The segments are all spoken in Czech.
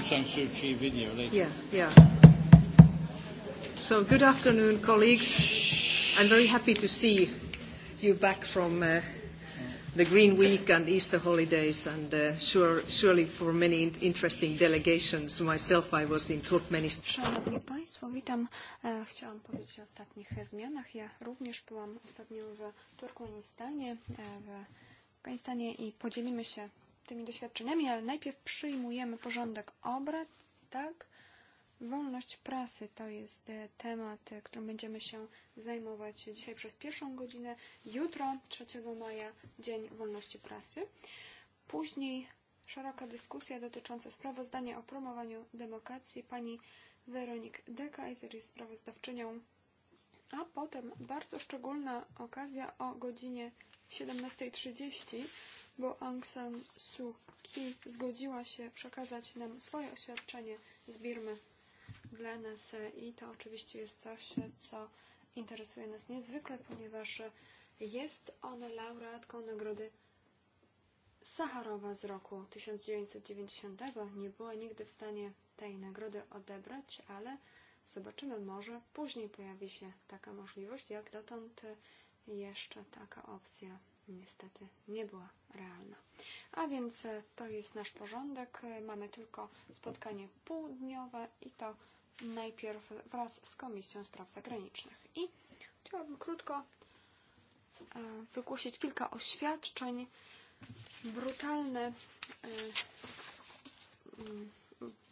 Aung San Suu Kyi video later. Yeah, yeah. So good afternoon, colleagues. I'm very happy to see you back from uh, the Green Week and Easter holidays, and uh, sure, surely for many interesting delegations. Myself, I was in Turkmenistan. Szanowni Państwo, witam. E, chciałam powiedzieć o ostatnich zmianach. Ja również byłam ostatnio w Turkmenistanie, e, w Afganistanie i podzielimy się tymi doświadczeniami, ale najpierw przyjmujemy porządek obrad, tak? Wolność prasy to jest e, temat, e, którym będziemy się zajmować dzisiaj przez pierwszą godzinę. Jutro, 3 maja, Dzień Wolności Prasy. Później szeroka dyskusja dotycząca sprawozdania o promowaniu demokracji. Pani Weronik Dekajzer jest sprawozdawczynią. A potem bardzo szczególna okazja o godzinie bo Aung San Suu Kyi zgodziła się przekazać nam swoje oświadczenie z Birmy dla nas i to oczywiście jest coś, co interesuje nas niezwykle, ponieważ jest ona laureatką nagrody Sacharowa z roku 1990. Nie była nigdy w stanie tej nagrody odebrać, ale zobaczymy, może później pojawi się taka możliwość, jak dotąd jeszcze taka opcja niestety nie była realna. A więc e, to jest nasz porządek. Mamy tylko spotkanie półdniowe i to najpierw wraz z Komisją Spraw Zagranicznych. I chciałabym krótko e, wygłosić kilka oświadczeń. Brutalne, e,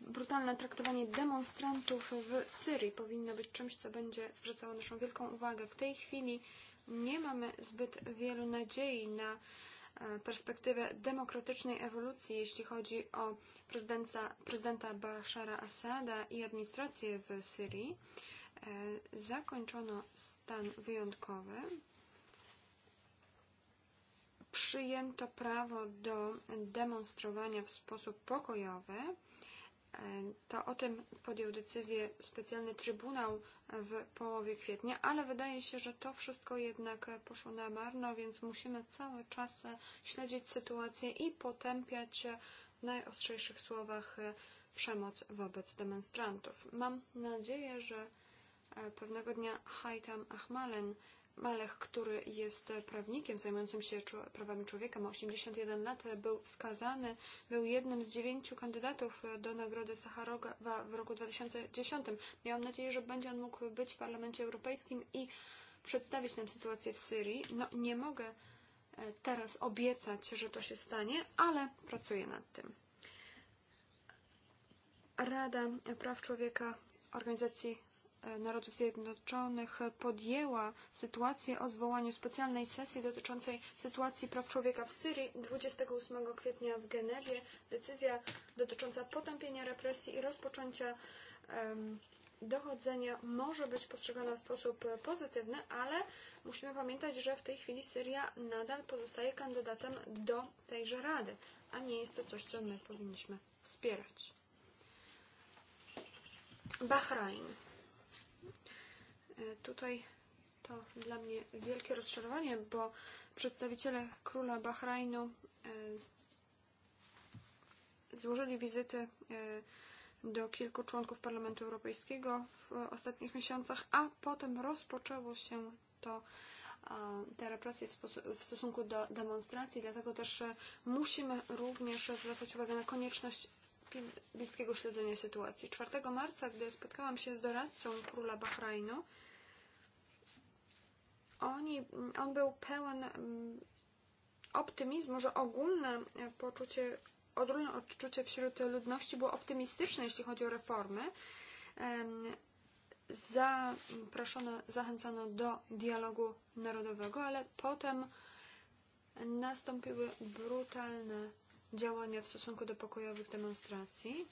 brutalne traktowanie demonstrantów w Syrii powinno być czymś, co będzie zwracało naszą wielką uwagę. W tej chwili nie mamy zbyt wielu nadziei na eh, perspektywę demokratycznej ewolucji, jeśli chodzi o prezydenta, prezydenta Bashara Assada i administrację w Syrii. Eh, Zakończono stan wyjątkowy. Przyjęto prawo do demonstrowania w sposób pokojowy to o tym podjął decyzję specjalny Trybunał w połowie kwietnia, ale wydaje się, że to wszystko jednak poszło na marno, więc musimy cały czas śledzić sytuację i potępiać w najostrzejszych słowach przemoc wobec demonstrantów. Mam nadzieję, że e, pewnego dnia Haitam Ahmalen Malech, który jest prawnikiem zajmującym się prawami człowieka, ma 81 lat, był skazany, był jednym z dziewięciu kandydatów do Nagrody Sacharowa w roku 2010. Miałam nadzieję, że będzie on mógł być w Parlamencie Europejskim i przedstawić nam sytuację w Syrii. No, nie mogę e, teraz obiecać, że to się stanie, ale pracuję nad tym. Rada Praw Człowieka Organizacji Narodów Zjednoczonych podjęła sytuację o zwołaniu specjalnej sesji dotyczącej sytuacji praw człowieka w Syrii 28 kwietnia w Genewie. Decyzja dotycząca potępienia represji i rozpoczęcia um, dochodzenia może być postrzegana w sposób pozytywny, ale musimy pamiętać, że w tej chwili Syria nadal pozostaje kandydatem do tejże Rady, a nie jest to coś, co my powinniśmy wspierać. Bahrajn. E, tutaj to dla mnie wielkie rozczarowanie, bo przedstawiciele króla Bahrajnu e, złożyli wizyty e, do kilku członków Parlamentu Europejskiego w ostatnich miesiącach, a potem rozpoczęło się to te represje w, w stosunku do demonstracji, dlatego też musimy również zwracać uwagę na konieczność bliskiego śledzenia sytuacji. 4 marca, gdy spotkałam się z doradcą króla Bahrajnu, Oni, mm, on był pełen mm, optymizmu, że ogólne e, poczucie, ogólne odczucie wśród ludności było optymistyczne, jeśli chodzi o reformy. Zaproszono, zachęcano do dialogu narodowego, ale potem nastąpiły brutalne działania w stosunku do pokojowych demonstracji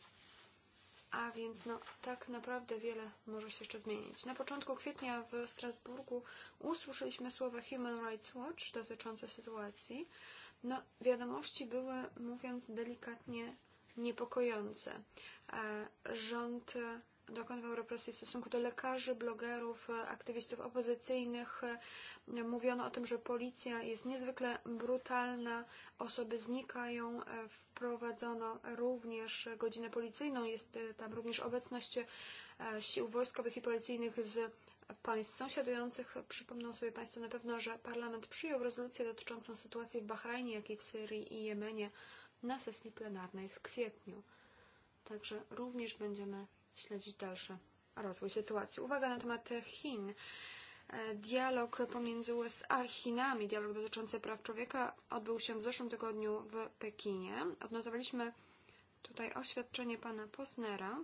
a więc no, tak naprawdę wiele może się jeszcze zmienić. Na początku kwietnia w Strasburgu usłyszeliśmy słowa Human Rights Watch dotyczące sytuacji. No, wiadomości były, mówiąc delikatnie, niepokojące. E, rząd dokąd w Europresji w stosunku do lekarzy, blogerów, aktywistów opozycyjnych. Mówiono o tym, że policja jest niezwykle brutalna, osoby znikają, wprowadzono również godzinę policyjną, jest tam również obecność e, sił wojskowych i policyjnych z państw sąsiadujących. Przypomną sobie Państwo na pewno, że parlament przyjął rezolucję dotyczącą sytuacji w Bahrajnie, jak i w Syrii i Jemenie na sesji plenarnej w kwietniu. Także również będziemy śledzić dalszy rozwój sytuacji. Uwaga na temat Chin. E, dialog pomiędzy USA a Chinami, dialog dotyczący praw człowieka odbył się w zeszłym tygodniu w Pekinie. Odnotowaliśmy tutaj oświadczenie pana Posnera,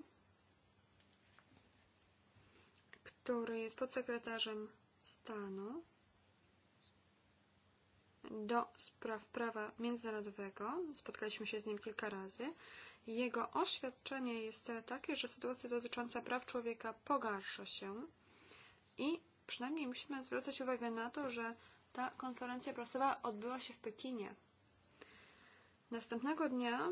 który jest podsekretarzem stanu do spraw prawa międzynarodowego. Spotkaliśmy się z nim kilka razy. Jego oświadczenie jest takie, że sytuacja dotycząca praw człowieka pogarsza się i przynajmniej musimy zwracać uwagę na to, że ta konferencja prasowa odbyła się w Pekinie. Następnego dnia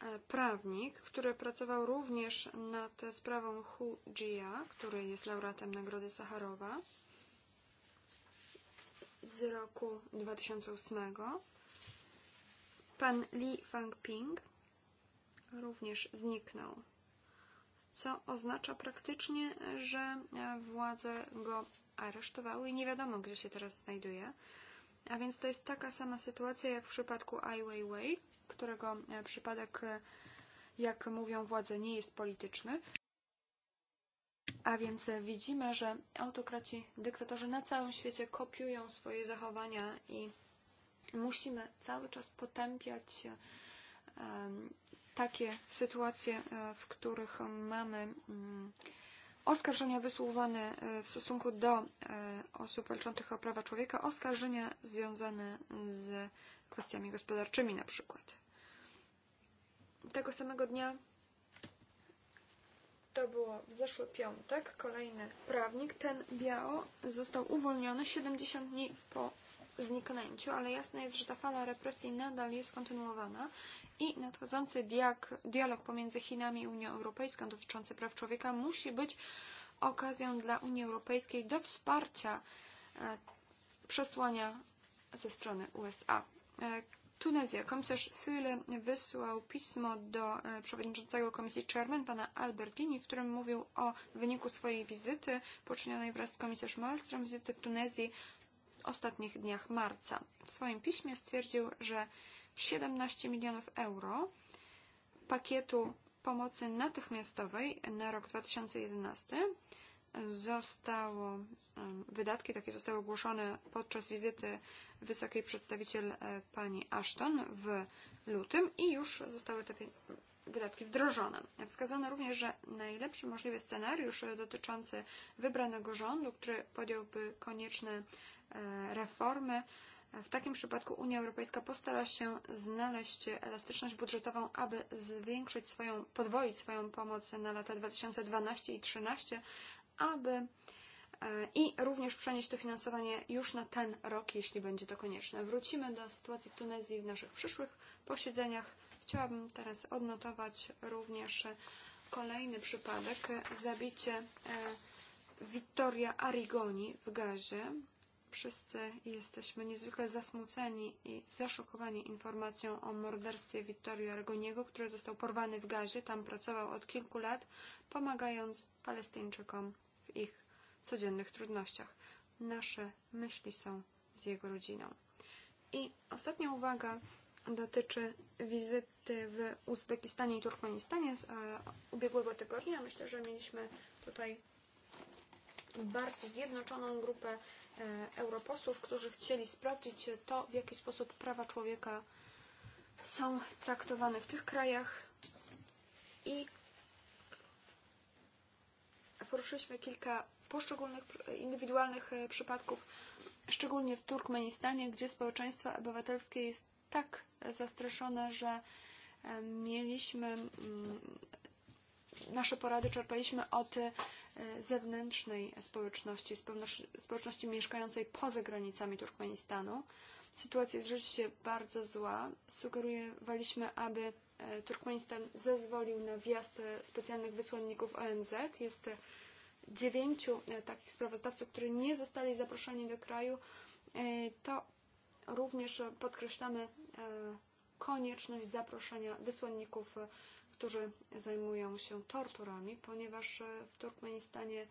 e, prawnik, który pracował również nad sprawą Hu Jia, który jest laureatem Nagrody Sacharowa z roku 2008, pan Li Fangping również zniknął, co oznacza praktycznie, że władze go aresztowały i nie wiadomo, gdzie się teraz znajduje. A więc to jest taka sama sytuacja jak w przypadku Ai Weiwei, którego e, przypadek, e, jak mówią władze, nie jest polityczny. A więc e, widzimy, że autokraci, dyktatorzy na całym świecie kopiują swoje zachowania i musimy cały czas potępiać takie sytuacje, e, w których mamy mm, oskarżenia wysuwane e, w stosunku do e, osób walczących o prawa człowieka, oskarżenia związane z kwestiami gospodarczymi na przykład. Tego samego dnia, to było w zeszły piątek, kolejny prawnik, ten biało, został uwolniony 70 dni po zniknięciu, ale jasne jest, że ta fala represji nadal jest kontynuowana i nadchodzący diak, dialog pomiędzy Chinami i Unią Europejską dotyczący praw człowieka musi być okazją dla Unii Europejskiej do wsparcia e, przesłania ze strony USA. E, Tunezja. Komisarz Füle wysłał pismo do e, przewodniczącego komisji Chairman, pana Albertini, w którym mówił o wyniku swojej wizyty poczynionej wraz z komisarz Malmström, wizyty w Tunezji ostatnich dniach marca. W swoim piśmie stwierdził, że 17 milionów euro pakietu pomocy natychmiastowej na rok 2011 zostało, wydatki takie zostały ogłoszone podczas wizyty wysokiej przedstawiciel e, pani Ashton w lutym i już zostały te wydatki wdrożone. Wskazano również, że najlepszy możliwy scenariusz dotyczący wybranego rządu, który podjąłby konieczne E, reformy, w takim przypadku Unia Europejska postara się znaleźć elastyczność budżetową, aby zwiększyć swoją, podwoić swoją pomoc na lata 2012 i 2013, aby e, i również przenieść to finansowanie już na ten rok, jeśli będzie to konieczne. Wrócimy do sytuacji w Tunezji w naszych przyszłych posiedzeniach. Chciałabym teraz odnotować również kolejny przypadek zabicie Wittoria e, Arigoni w gazie wszyscy jesteśmy niezwykle zasmuceni i zaszokowani informacją o morderstwie Vittorio Argoniego, który został porwany w gazie. Tam pracował od kilku lat, pomagając Palestyńczykom w ich codziennych trudnościach. Nasze myśli są z jego rodziną. I ostatnia uwaga dotyczy wizyty w Uzbekistanie i Turkmenistanie z e, ubiegłego tygodnia. Myślę, że mieliśmy tutaj bardziej zjednoczoną grupę e, europosłów, którzy chcieli sprawdzić to, w jaki sposób prawa człowieka są traktowane w tych krajach i poruszyliśmy kilka poszczególnych indywidualnych e, przypadków, szczególnie w Turkmenistanie, gdzie społeczeństwo obywatelskie jest tak zastraszone, że e, mieliśmy mm, nasze porady czerpaliśmy od zewnętrznej społeczności, społeczności mieszkającej poza granicami Turkmenistanu. Sytuacja jest rzeczywiście bardzo zła. Sugerowaliśmy, aby e, Turkmenistan zezwolił na wjazd e, specjalnych wysłanników ONZ. Jest e, dziewięciu takich sprawozdawców, którzy nie zostali zaproszeni do kraju. To również podkreślamy konieczność zaproszenia wysłanników którzy zajmują się torturami, ponieważ w Turkmenistanie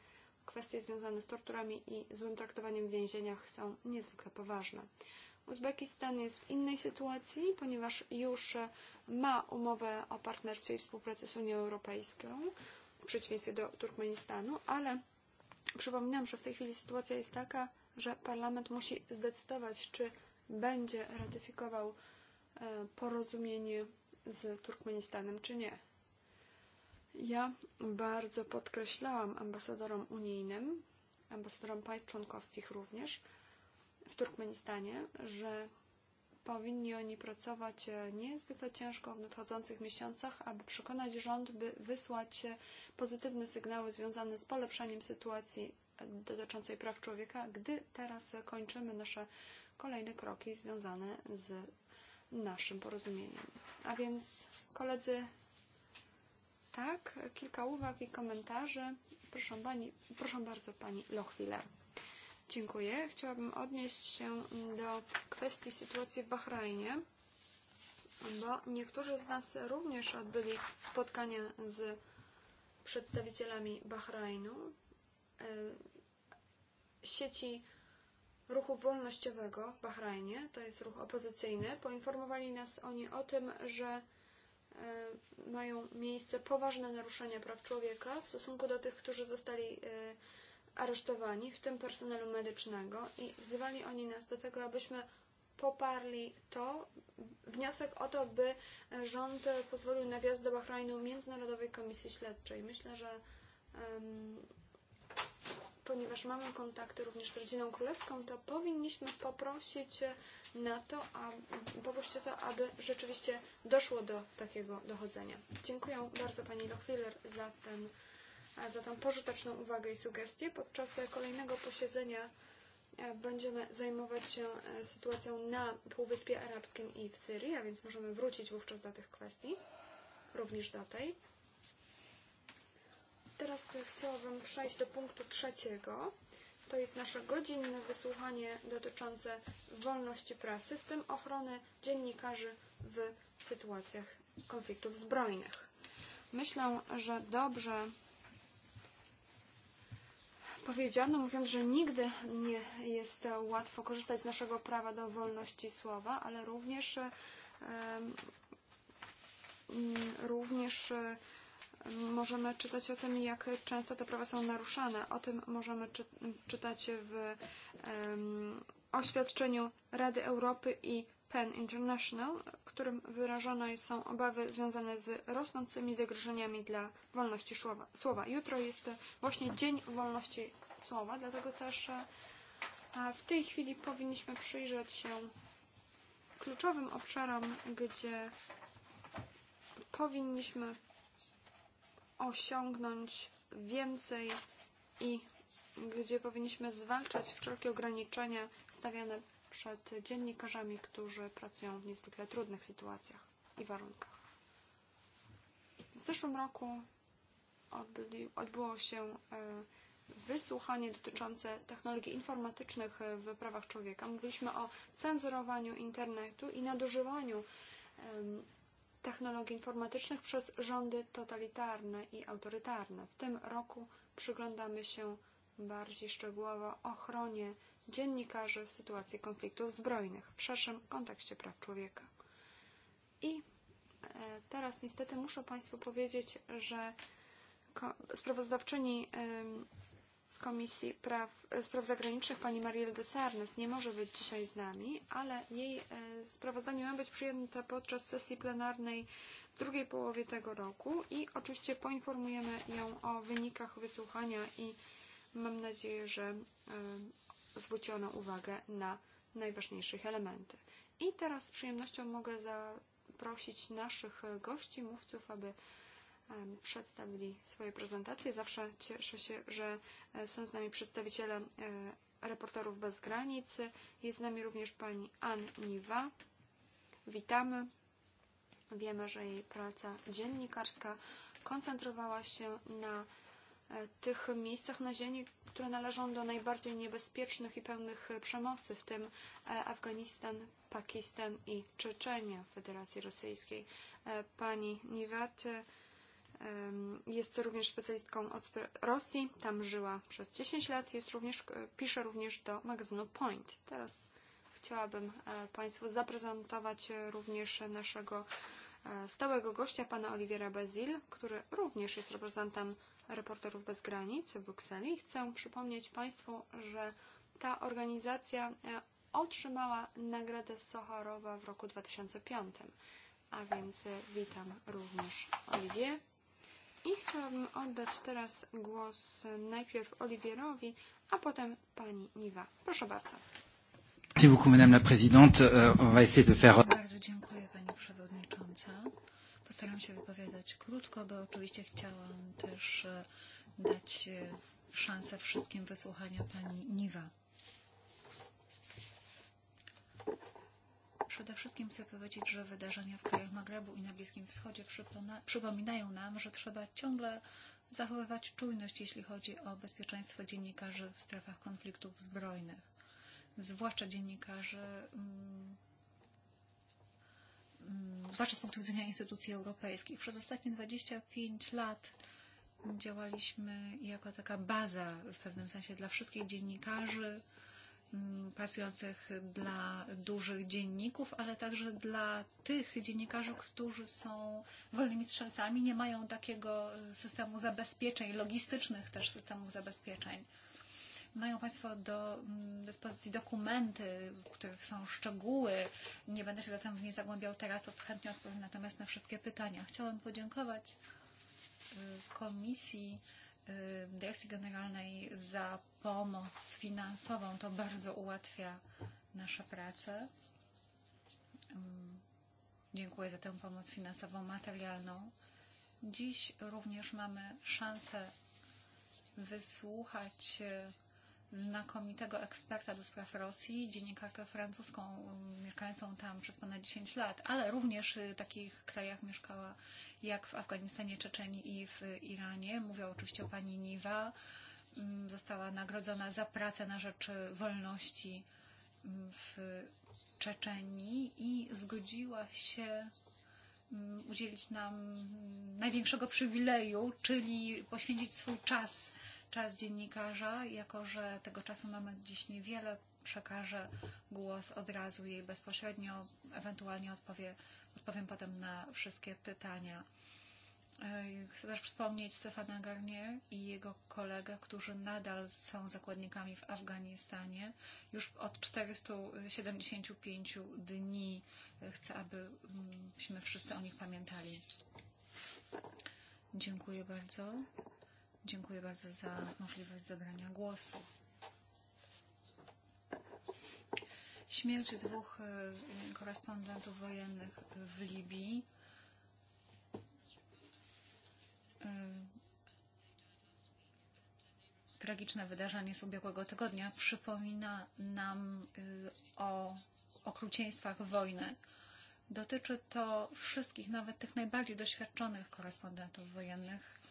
kwestie związane z torturami i złym traktowaniem w więzieniach są niezwykle poważne. Uzbekistan jest w innej sytuacji, ponieważ już ma umowę o partnerstwie i współpracy z Unią Europejską w przeciwieństwie do Turkmenistanu, ale przypominam, że w tej chwili sytuacja jest taka, że parlament musi zdecydować, czy będzie ratyfikował e, porozumienie z Turkmenistanem czy nie. Ja bardzo podkreślałam ambasadorom unijnym, ambasadorom państw członkowskich również w Turkmenistanie, że powinni oni pracować e, niezwykle ciężko w nadchodzących miesiącach, aby przekonać rząd, by wysłać e, pozytywne sygnały związane z polepszeniem sytuacji e, dotyczącej praw człowieka, gdy teraz kończymy nasze kolejne kroki związane z naszym porozumieniem. A więc, koledzy, tak, kilka uwag i komentarzy. Proszę, pani, proszę bardzo, pani Lochwiller. Dziękuję. Chciałabym odnieść się do kwestii sytuacji w Bahrajnie, bo niektórzy z nas również odbyli spotkania z przedstawicielami Bahrajnu, e, sieci ruchu wolnościowego w Bahrajnie, to jest ruch opozycyjny, poinformowali nas oni o tym, że eh, mają miejsce poważne naruszenia praw człowieka w stosunku do tych, którzy zostali eh, aresztowani, w tym personelu medycznego i wzywali oni nas do tego, abyśmy poparli to, wniosek o to, by eh, rząd pozwolił na wjazd do Bahrajnu Międzynarodowej Komisji Śledczej. Myślę, że um, ponieważ mamy kontakty również z rodziną królewską, to powinniśmy poprosić na to, a poprosić o to, aby rzeczywiście doszło do takiego dochodzenia. Dziękuję bardzo Pani Lochwiller za, ten, za tą pożyteczną uwagę i sugestię. Podczas kolejnego posiedzenia e, będziemy zajmować się e, sytuacją na Półwyspie Arabskim i w Syrii, a więc możemy wrócić wówczas do tych kwestii, również do tej. Teraz chciałabym przejść do punktu trzeciego. To jest nasze godzinne wysłuchanie dotyczące wolności prasy, w tym ochrony dziennikarzy w sytuacjach konfliktów zbrojnych. Myślę, że dobrze powiedziano, mówiąc, że nigdy nie jest łatwo korzystać z naszego prawa do wolności słowa, ale również, również możemy czytać o tym, jak często te prawa są naruszane. O tym możemy czy, czytać w um, oświadczeniu Rady Europy i PEN International, w którym wyrażone są obawy związane z rosnącymi zagrożeniami dla wolności słowa. Jutro jest właśnie Dzień Wolności Słowa, dlatego też e, w tej chwili powinniśmy przyjrzeć się kluczowym obszarom, gdzie powinniśmy osiągnąć więcej i gdzie powinniśmy zwalczać wszelkie ograniczenia stawiane przed dziennikarzami, którzy pracują w niezwykle trudnych sytuacjach i warunkach. W zeszłym roku odbyli, odbyło się e, wysłuchanie dotyczące technologii informatycznych w prawach człowieka. Mówiliśmy o cenzurowaniu internetu i nadużywaniu technologii informatycznych przez rządy totalitarne i autorytarne. W tym roku przyglądamy się bardziej szczegółowo ochronie dziennikarzy w sytuacji konfliktów zbrojnych w szerszym kontekście praw człowieka. I e, teraz niestety muszę Państwu powiedzieć, że sprawozdawczyni z Komisji Praw, e, Spraw Zagranicznych pani Marielle de Sarnes nie może być dzisiaj z nami, ale jej e, sprawozdanie ma być przyjęte podczas sesji plenarnej w drugiej połowie tego roku i oczywiście poinformujemy ją o wynikach wysłuchania i mam nadzieję, że e, zwrócono uwagę na najważniejszych elementy. I teraz z przyjemnością mogę zaprosić naszych gości, mówców, aby Ehm, przedstawili swoje prezentacje. Zawsze cieszę się, że e, są z nami przedstawiciele e, Reporterów Bez Granic. Jest z nami również pani Ann Niwa. Witamy. Wiemy, że jej praca dziennikarska koncentrowała się na e, tych miejscach na ziemi, które należą do najbardziej niebezpiecznych i pełnych przemocy, w tym Afganistan, Pakistan i Czeczenia w Federacji Rosyjskiej. Pani Niwat Jest również specjalistką od Rosji, tam żyła przez 10 lat, jest również, e, pisze również do magazynu Point. Teraz chciałabym e, Państwu zaprezentować również naszego e, stałego gościa, pana Oliwiera Bazil, który również jest reprezentantem Reporterów Bez Granic w Brukseli. Chcę przypomnieć Państwu, że ta organizacja otrzymała Nagrodę Socharowa w roku 2005. A więc witam również Oliwie i chciałabym oddać teraz głos najpierw Oliwierowi, a potem pani Niwa. Proszę bardzo. Merci beaucoup, Madame la Présidente. Euh, on va essayer de faire... Bardzo dziękuję, Pani Przewodnicząca. Postaram się wypowiadać krótko, bo oczywiście chciałam też e, dać e, szansę wszystkim wysłuchania Pani Niwa. Przede wszystkim chcę powiedzieć, że wydarzenia w krajach Magrebu i na Bliskim Wschodzie przypominają nam, że trzeba ciągle zachowywać czujność, jeśli chodzi o bezpieczeństwo dziennikarzy w strefach konfliktów zbrojnych, zwłaszcza dziennikarzy, mm, mm, zwłaszcza z punktu widzenia instytucji europejskich. Przez ostatnie 25 lat działaliśmy jako taka baza w pewnym sensie dla wszystkich dziennikarzy, Mm, pracujących dla dużych dzienników, ale także dla tych dziennikarzy, którzy są wolnymi strzelcami, nie mają takiego systemu zabezpieczeń, logistycznych też systemów zabezpieczeń. Mają Państwo do mm, dyspozycji dokumenty, w których są szczegóły. Nie będę się zatem w nie zagłębiał teraz, chętnie odpowiem natomiast na wszystkie pytania. Chciałam podziękować Komisji Dyrekcji Generalnej za pomoc finansową. To bardzo ułatwia nasze prace. Mm, dziękuję za tę pomoc finansową, materialną. Dziś również mamy szansę wysłuchać znakomitego eksperta do spraw Rosji, dziennikarkę francuską mieszkającą tam przez ponad 10 lat, ale również w takich krajach mieszkała jak w Afganistanie, Czeczeni i w Iranie. Mówię oczywiście o pani Niwa. Mm, została nagrodzona za pracę na rzecz wolności mm, w Czeczeni i zgodziła się mm, udzielić nam największego przywileju, czyli poświęcić swój czas czas dziennikarza, jako że tego czasu mamy dziś niewiele, przekażę głos od razu jej bezpośrednio, ewentualnie odpowie, odpowiem potem na wszystkie pytania. E, chcę też wspomnieć Stefana Garnier i jego kolegę, którzy nadal są zakładnikami w Afganistanie. Już od 475 dni chcę, abyśmy wszyscy o nich pamiętali. Dziękuję bardzo. Dziękuję bardzo za możliwość zabrania głosu. Śmierć dwóch korespondentów wojennych w eh, Libii eh, tragiczne wydarzenie z ubiegłego tygodnia przypomina nam eh, o okrucieństwach wojny. Dotyczy to wszystkich, nawet tych najbardziej doświadczonych korespondentów wojennych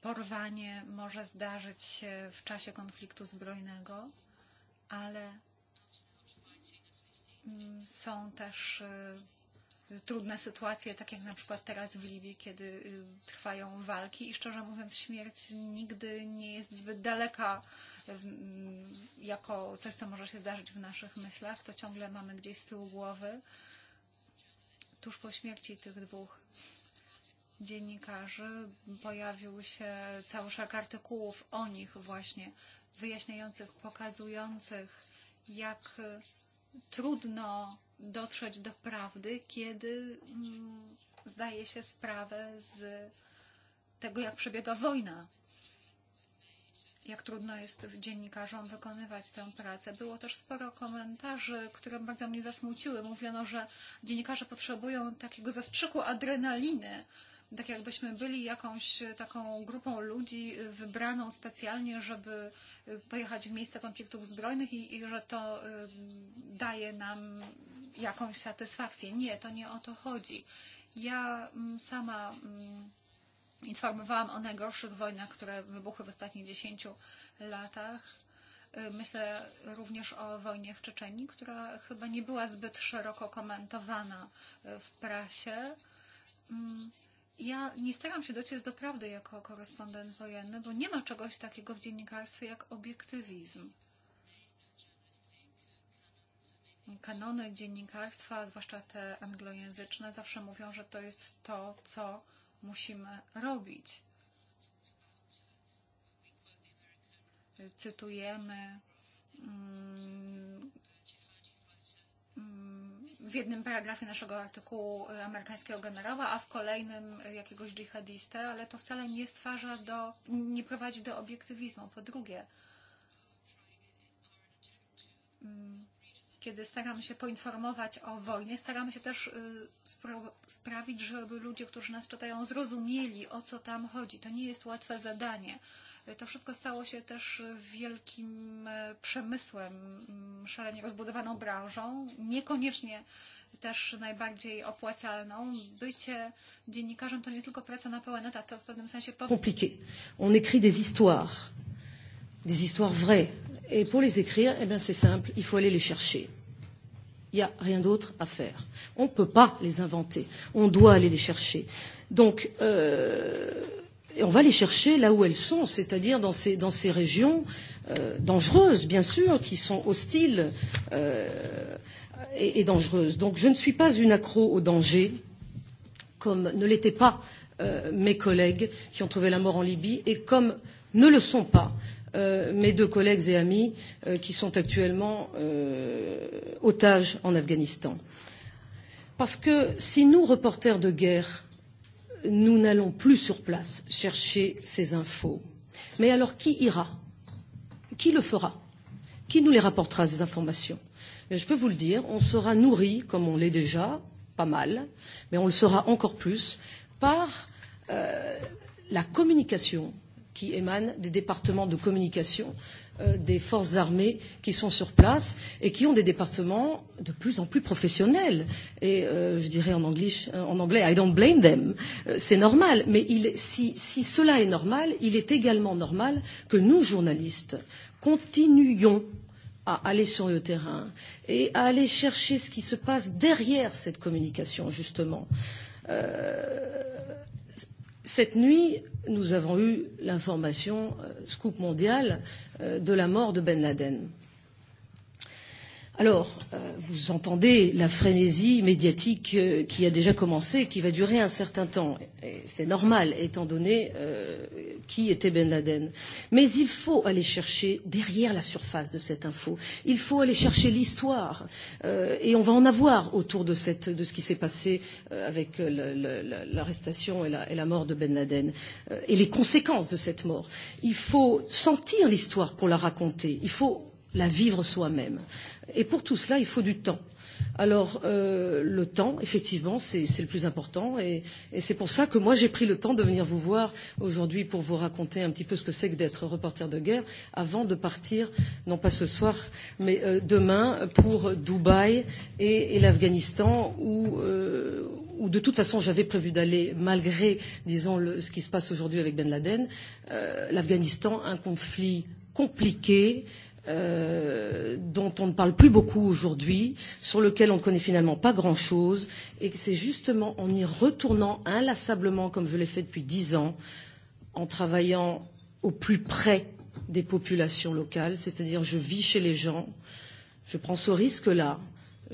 Porwanie może zdarzyć się w czasie konfliktu zbrojnego, ale mm, są też trudne sytuacje, tak jak na przykład teraz w Libii, kiedy trwają walki i szczerze mówiąc śmierć nigdy nie jest zbyt daleka mm, jako coś, co może się zdarzyć w naszych myślach. To ciągle mamy gdzieś z tyłu głowy tuż po śmierci tych dwóch dziennikarzy pojawił się cały szereg artykułów o nich właśnie, wyjaśniających, pokazujących, jak trudno dotrzeć do prawdy, kiedy mm, zdaje się sprawę z tego, jak przebiega wojna. Jak trudno jest dziennikarzom wykonywać tę pracę. Było też sporo komentarzy, które bardzo mnie zasmuciły. Mówiono, że dziennikarze potrzebują takiego zastrzyku adrenaliny, yy, tak jakbyśmy byli jakąś taką grupą ludzi wybraną specjalnie, żeby pojechać w miejsce konfliktów zbrojnych i, i że to daje nam jakąś satysfakcję. Nie, to nie o to chodzi. Ja mm, sama mm, informowałam o najgorszych wojnach, które wybuchły w ostatnich 10 latach. Myślę również o wojnie w Czeczeniu, która chyba nie była zbyt szeroko komentowana w prasie. Mm, ja nie staram się dociec do prawdy jako korespondent wojenny, bo nie ma czegoś takiego w dziennikarstwie jak obiektywizm. Kanony dziennikarstwa, zwłaszcza te anglojęzyczne, zawsze mówią, że to jest to, co musimy robić. Cytujemy mm, w jednym paragrafie naszego artykułu e, amerykańskiego generała, a w kolejnym jakiegoś dżihadistę, ale to wcale nie stwarza do, nie prowadzi do obiektywizmu. Po drugie, mm, kiedy staramy się poinformować o wojnie, staramy się też sprawić, żeby ludzie, którzy nas czytają, zrozumieli, o co tam chodzi. To nie jest łatwe zadanie. To wszystko stało się też wielkim e, przemysłem, mm, szalenie rozbudowaną branżą, niekoniecznie też najbardziej opłacalną. Bycie dziennikarzem to nie tylko praca na pełen etat, to w pewnym sensie... Compliqué. On écrit des histoires, des histoires vraies Et pour les écrire, eh bien c'est simple, il faut aller les chercher. Il n'y a rien d'autre à faire. On ne peut pas les inventer. On doit aller les chercher. Donc, euh, et on va les chercher là où elles sont, c'est-à-dire dans ces, dans ces régions euh, dangereuses, bien sûr, qui sont hostiles euh, et, et dangereuses. Donc, je ne suis pas une accro au danger, comme ne l'étaient pas euh, mes collègues qui ont trouvé la mort en Libye, et comme ne le sont pas Euh, mes deux collègues et amis euh, qui sont actuellement euh, otages en Afghanistan. Parce que si nous, reporters de guerre, nous n'allons plus sur place chercher ces infos, mais alors qui ira Qui le fera Qui nous les rapportera, ces informations Je peux vous le dire, on sera nourri, comme on l'est déjà, pas mal, mais on le sera encore plus, par euh, la communication qui émanent des départements de communication euh, des forces armées qui sont sur place et qui ont des départements de plus en plus professionnels. Et euh, je dirais en anglais, euh, en anglais I don't blame them. Euh, c'est normal. Mais il, si, si cela est normal, il est également normal que nous, journalistes, continuions à aller sur le terrain et à aller chercher ce qui se passe derrière cette communication, justement. Euh, cette nuit, nous avons eu l'information, euh, scoop mondial, euh, de la mort de Ben Laden. Alors, euh, vous entendez la frénésie médiatique euh, qui a déjà commencé, et qui va durer un certain temps. c'est normal, étant donné euh, qui était Ben Laden. Mais il faut aller chercher derrière la surface de cette info. Il faut aller chercher l'histoire. Euh, et on va en avoir autour de, cette, de ce qui s'est passé euh, avec euh, l'arrestation et, la, et la mort de Ben Laden. Euh, et les conséquences de cette mort. Il faut sentir l'histoire pour la raconter. Il faut la vivre soi-même. Euh, Et pour tout cela, il faut du temps. Alors, euh, le temps, effectivement, c'est le plus important. Et, et c'est pour ça que moi, j'ai pris le temps de venir vous voir aujourd'hui pour vous raconter un petit peu ce que c'est que d'être reporter de guerre avant de partir, non pas ce soir, mais euh, demain pour Dubaï et, et l'Afghanistan où. Euh, où de toute façon j'avais prévu d'aller malgré, disons, le, ce qui se passe aujourd'hui avec Ben Laden, euh, l'Afghanistan, un conflit compliqué, Euh, dont on ne parle plus beaucoup aujourd'hui, sur lequel on ne connaît finalement pas grand-chose, et que c'est justement en y retournant inlassablement, comme je l'ai fait depuis dix ans, en travaillant au plus près des populations locales, c'est-à-dire je vis chez les gens, je prends ce risque-là,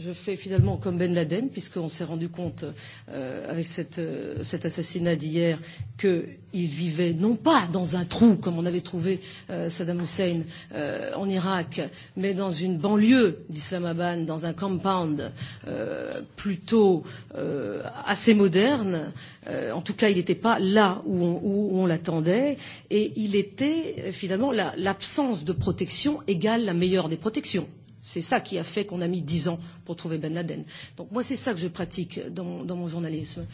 je fais finalement comme Ben Laden, puisqu'on s'est rendu compte euh, avec cette, euh, cet assassinat d'hier qu'il vivait non pas dans un trou, comme on avait trouvé euh, Saddam Hussein euh, en Irak, mais dans une banlieue d'Islamabad, dans un compound euh, plutôt euh, assez moderne. Euh, en tout cas, il n'était pas là où on, où on l'attendait. Et il était finalement l'absence la, de protection égale la meilleure des protections C'est ça qui a fait qu'on a mis dix ans pour trouver Ben Laden. Donc moi, c'est ça que je pratique dans mon, dans mon journalisme.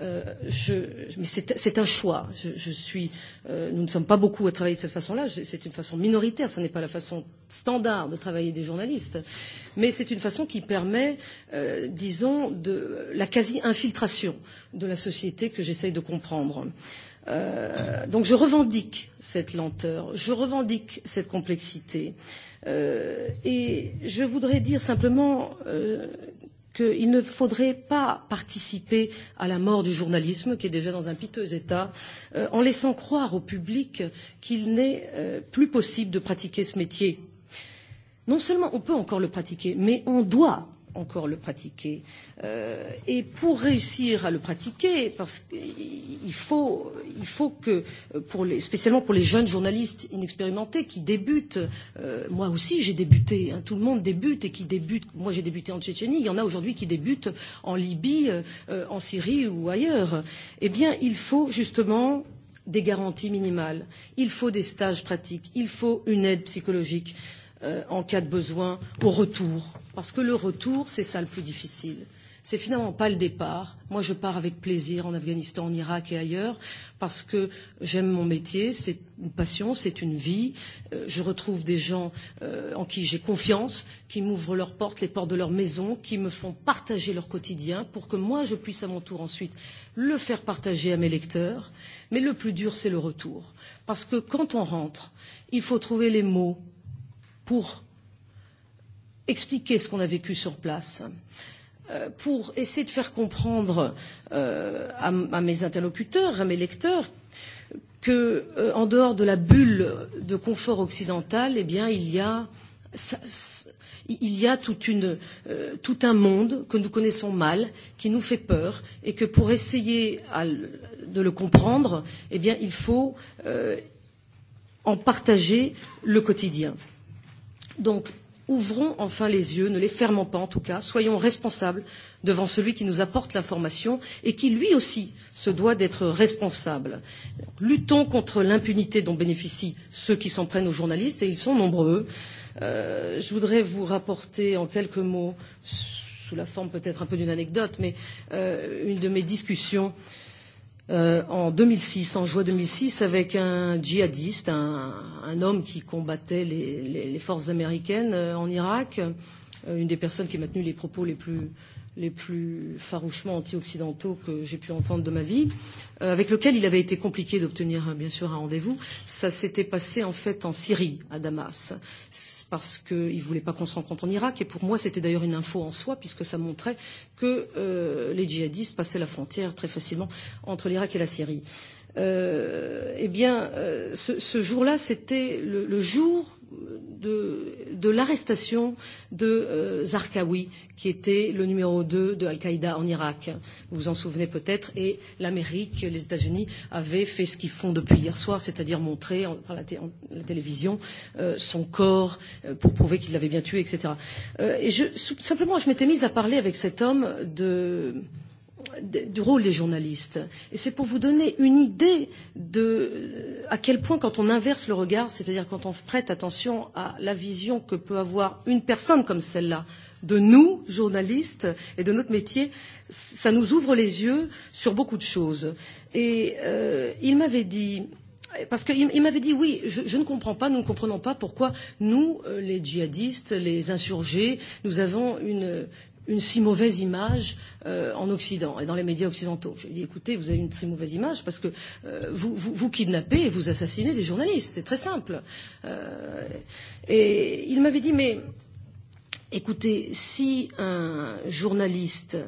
Euh, je, mais c'est un choix. Je, je suis, euh, nous ne sommes pas beaucoup à travailler de cette façon-là. C'est une façon minoritaire. Ce n'est pas la façon standard de travailler des journalistes. Mais c'est une façon qui permet, euh, disons, de la quasi-infiltration de la société que j'essaye de comprendre. Euh, Euh, donc je revendique cette lenteur, je revendique cette complexité. Euh, et je voudrais dire simplement euh, qu'il ne faudrait pas participer à la mort du journalisme, qui est déjà dans un piteux état, euh, en laissant croire au public qu'il n'est euh, plus possible de pratiquer ce métier. Non seulement on peut encore le pratiquer, mais on doit encore le pratiquer. Euh, et pour réussir à le pratiquer, parce qu'il faut, il faut que, pour les, spécialement pour les jeunes journalistes inexpérimentés qui débutent, euh, moi aussi j'ai débuté, hein, tout le monde débute et qui débute, moi j'ai débuté en Tchétchénie, il y en a aujourd'hui qui débutent en Libye, euh, en Syrie ou ailleurs. Eh bien, il faut justement des garanties minimales, il faut des stages pratiques, il faut une aide psychologique. Euh, euh, en cas de besoin au retour. Parce que le retour, c'est ça le plus difficile. C'est finalement pas le départ. Moi, je pars avec plaisir en Afghanistan, en Irak et ailleurs, parce que j'aime mon métier, c'est une passion, c'est une vie. Euh, je retrouve des gens euh, en qui j'ai confiance, qui m'ouvrent leurs portes, les portes de leur maison, qui me font partager leur quotidien pour que moi, je puisse à mon tour ensuite le faire partager à mes lecteurs. Mais le plus dur, c'est le retour. Parce que quand on rentre, il faut trouver les mots pour expliquer ce qu'on a vécu sur place, euh, pour essayer de faire comprendre euh, à, à mes interlocuteurs, à mes lecteurs, que euh, en dehors de la bulle de confort occidental, eh bien, il y a ça, il y a toute une, euh, tout un monde que nous connaissons mal, qui nous fait peur, et que pour essayer à, de le comprendre, eh bien, il faut euh, en partager le quotidien. Donc, ouvrons enfin les yeux, ne les fermons pas en tout cas, soyons responsables devant celui qui nous apporte l'information et qui lui aussi se doit d'être responsable. Luttons contre l'impunité dont bénéficient ceux qui s'en prennent aux journalistes et ils sont nombreux. Euh, je voudrais vous rapporter en quelques mots, sous la forme peut-être un peu d'une anecdote, mais euh, une de mes discussions euh, euh, en 2006, en juin 2006, avec un djihadiste, un, un homme qui combattait les, les, les forces américaines euh, en Irak, euh, une des personnes qui a maintenu les propos les plus, euh, les plus farouchement anti-occidentaux que j'ai pu entendre de ma vie, euh, avec lequel il avait été compliqué d'obtenir euh, bien sûr un rendez-vous. Ça s'était passé en fait en Syrie, à Damas, parce qu'il ne voulait pas qu'on se rencontre en Irak. Et pour moi, c'était d'ailleurs une info en soi, puisque ça montrait que euh, les djihadistes passaient la frontière très facilement entre l'Irak et la Syrie. Euh, eh bien, euh, ce, ce jour-là, c'était le, le jour de, de l'arrestation de euh, Zarqawi, qui était le numéro 2 de Al-Qaïda en Irak. Vous vous en souvenez peut-être. Et l'Amérique, les États-Unis avaient fait ce qu'ils font depuis hier soir, c'est-à-dire montrer en, par la, té en, la télévision euh, son corps euh, pour prouver qu'il l'avait bien tué, etc. Euh, et je, simplement, je m'étais mise à parler avec cet homme de. Euh, du rôle des journalistes. Et c'est pour vous donner une idée de à quel point quand on inverse le regard, c'est-à-dire quand on prête attention à la vision que peut avoir une personne comme celle-là de nous, journalistes, et de notre métier, ça nous ouvre les yeux sur beaucoup de choses. Et euh, il m'avait dit, parce qu'il m'avait dit oui, je, je ne comprends pas, nous ne comprenons pas pourquoi nous, euh, les djihadistes, les insurgés, nous avons une, une si mauvaise image euh, en Occident et dans les médias occidentaux. Je lui ai dit, écoutez, vous avez une si mauvaise image parce que euh, vous, vous, vous kidnappez et vous assassinez des journalistes. C'est très simple. Euh, et il m'avait dit, mais écoutez, si un journaliste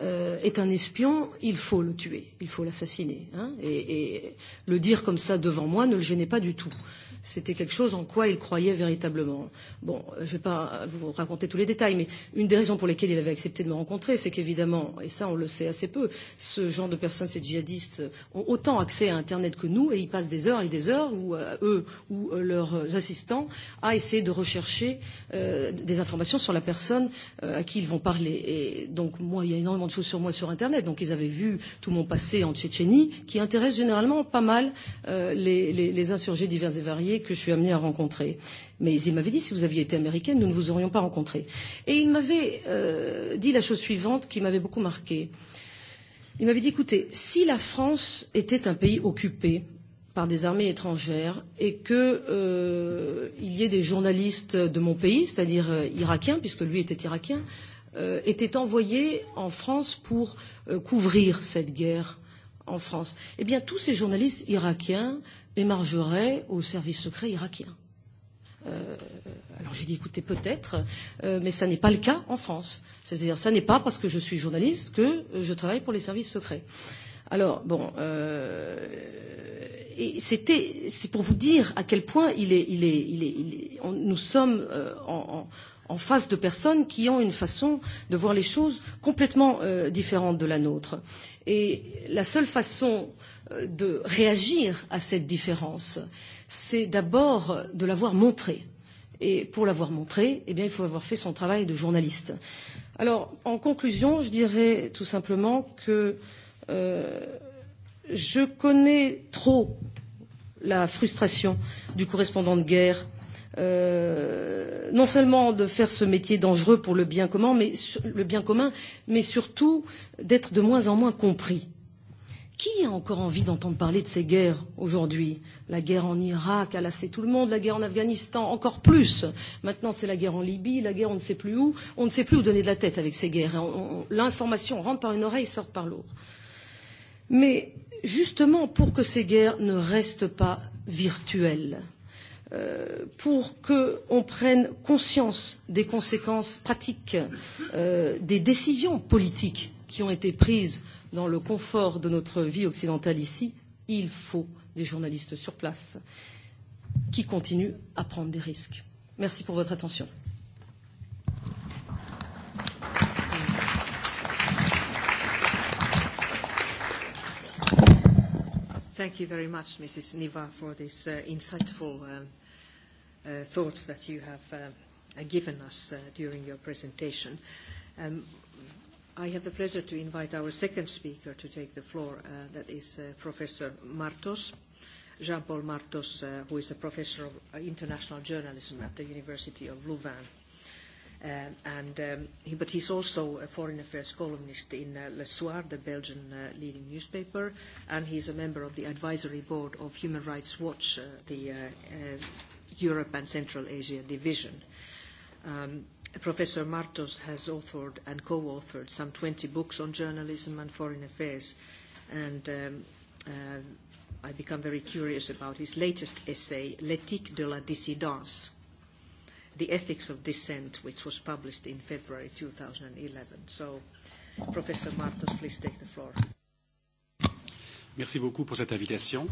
euh, est un espion, il faut le tuer, il faut l'assassiner. Hein, et, et le dire comme ça devant moi ne le gênait pas du tout. Euh, c'était quelque chose en quoi il croyait véritablement. Bon, je ne vais pas vous raconter tous les détails, mais une des raisons pour lesquelles il avait accepté de me rencontrer, c'est qu'évidemment, et ça on le sait assez peu, ce genre de personnes, ces djihadistes, ont autant accès à Internet que nous et ils passent des heures et des heures, ou euh, eux ou euh, leurs assistants, à essayer de rechercher euh, des informations sur la personne euh, à qui ils vont parler. Et donc, moi, il y a énormément de choses sur moi sur Internet. Donc, ils avaient vu tout mon passé en Tchétchénie, qui intéresse généralement pas mal euh, les, les, les insurgés divers et variés employés que je suis amenée à rencontrer. Mais il m'avait dit, si vous aviez été américaine, nous ne vous aurions pas rencontré. Et il m'avait euh, dit la chose suivante qui m'avait beaucoup marquée. Il m'avait dit, écoutez, si la France était un pays occupé, par des armées étrangères et qu'il euh, y ait des journalistes de mon pays, c'est-à-dire euh, irakiens, puisque lui était irakien, euh, étaient envoyés en France pour euh, couvrir cette guerre en France. Eh bien, tous ces journalistes irakiens émargerait au service secret irakien. Euh, alors je dis écoutez peut-être, euh, mais ça n'est pas le cas en France. C'est-à-dire ça n'est pas parce que je suis journaliste que je travaille pour les services secrets. Alors bon, euh, et c'était c'est pour vous dire à quel point il est il est il est, il est on, nous sommes euh, en, en en face de personnes qui ont une façon de voir les choses complètement euh, différente de la nôtre. Et la seule façon euh, de réagir à cette différence, c'est d'abord de l'avoir montrée. Et pour l'avoir montrée, eh bien, il faut avoir fait son travail de journaliste. Alors, en conclusion, je dirais tout simplement que euh, je connais trop la frustration du correspondant de guerre euh, euh, non seulement de faire ce métier dangereux pour le bien commun, mais, le bien commun, mais surtout d'être de moins en moins compris. Qui a encore envie d'entendre parler de ces guerres aujourd'hui La guerre en Irak a lassé tout le monde, la guerre en Afghanistan encore plus. Maintenant, c'est la guerre en Libye, la guerre on ne sait plus où. On ne sait plus où donner de la tête avec ces guerres. L'information rentre par une oreille, et sort par l'autre. Mais justement, pour que ces guerres ne restent pas virtuelles, Euh, pour qu'on prenne conscience des conséquences pratiques euh, des décisions politiques qui ont été prises dans le confort de notre vie occidentale ici, il faut des journalistes sur place qui continuent à prendre des risques. Merci pour votre attention. Thank you very much, Mrs. Niva, for this uh, insightful um, Uh, thoughts that you have uh, given us uh, during your presentation. Um, I have the pleasure to invite our second speaker to take the floor. Uh, that is uh, Professor Martos, Jean-Paul Martos, uh, who is a professor of uh, international journalism at the University of Louvain. Uh, and, um, he, but he's also a foreign affairs columnist in uh, Le Soir, the Belgian uh, leading newspaper, and he's a member of the advisory board of Human Rights Watch, uh, the uh, uh, Europe and Central Asia division. Um, Professor Martos has authored and co-authored some 20 books on journalism and foreign affairs, and um, uh, I become very curious about his latest essay, L'éthique de la dissidence, The Ethics of Dissent, which was published in February 2011. So, Professor Martos, please take the floor. Merci beaucoup pour cette invitation.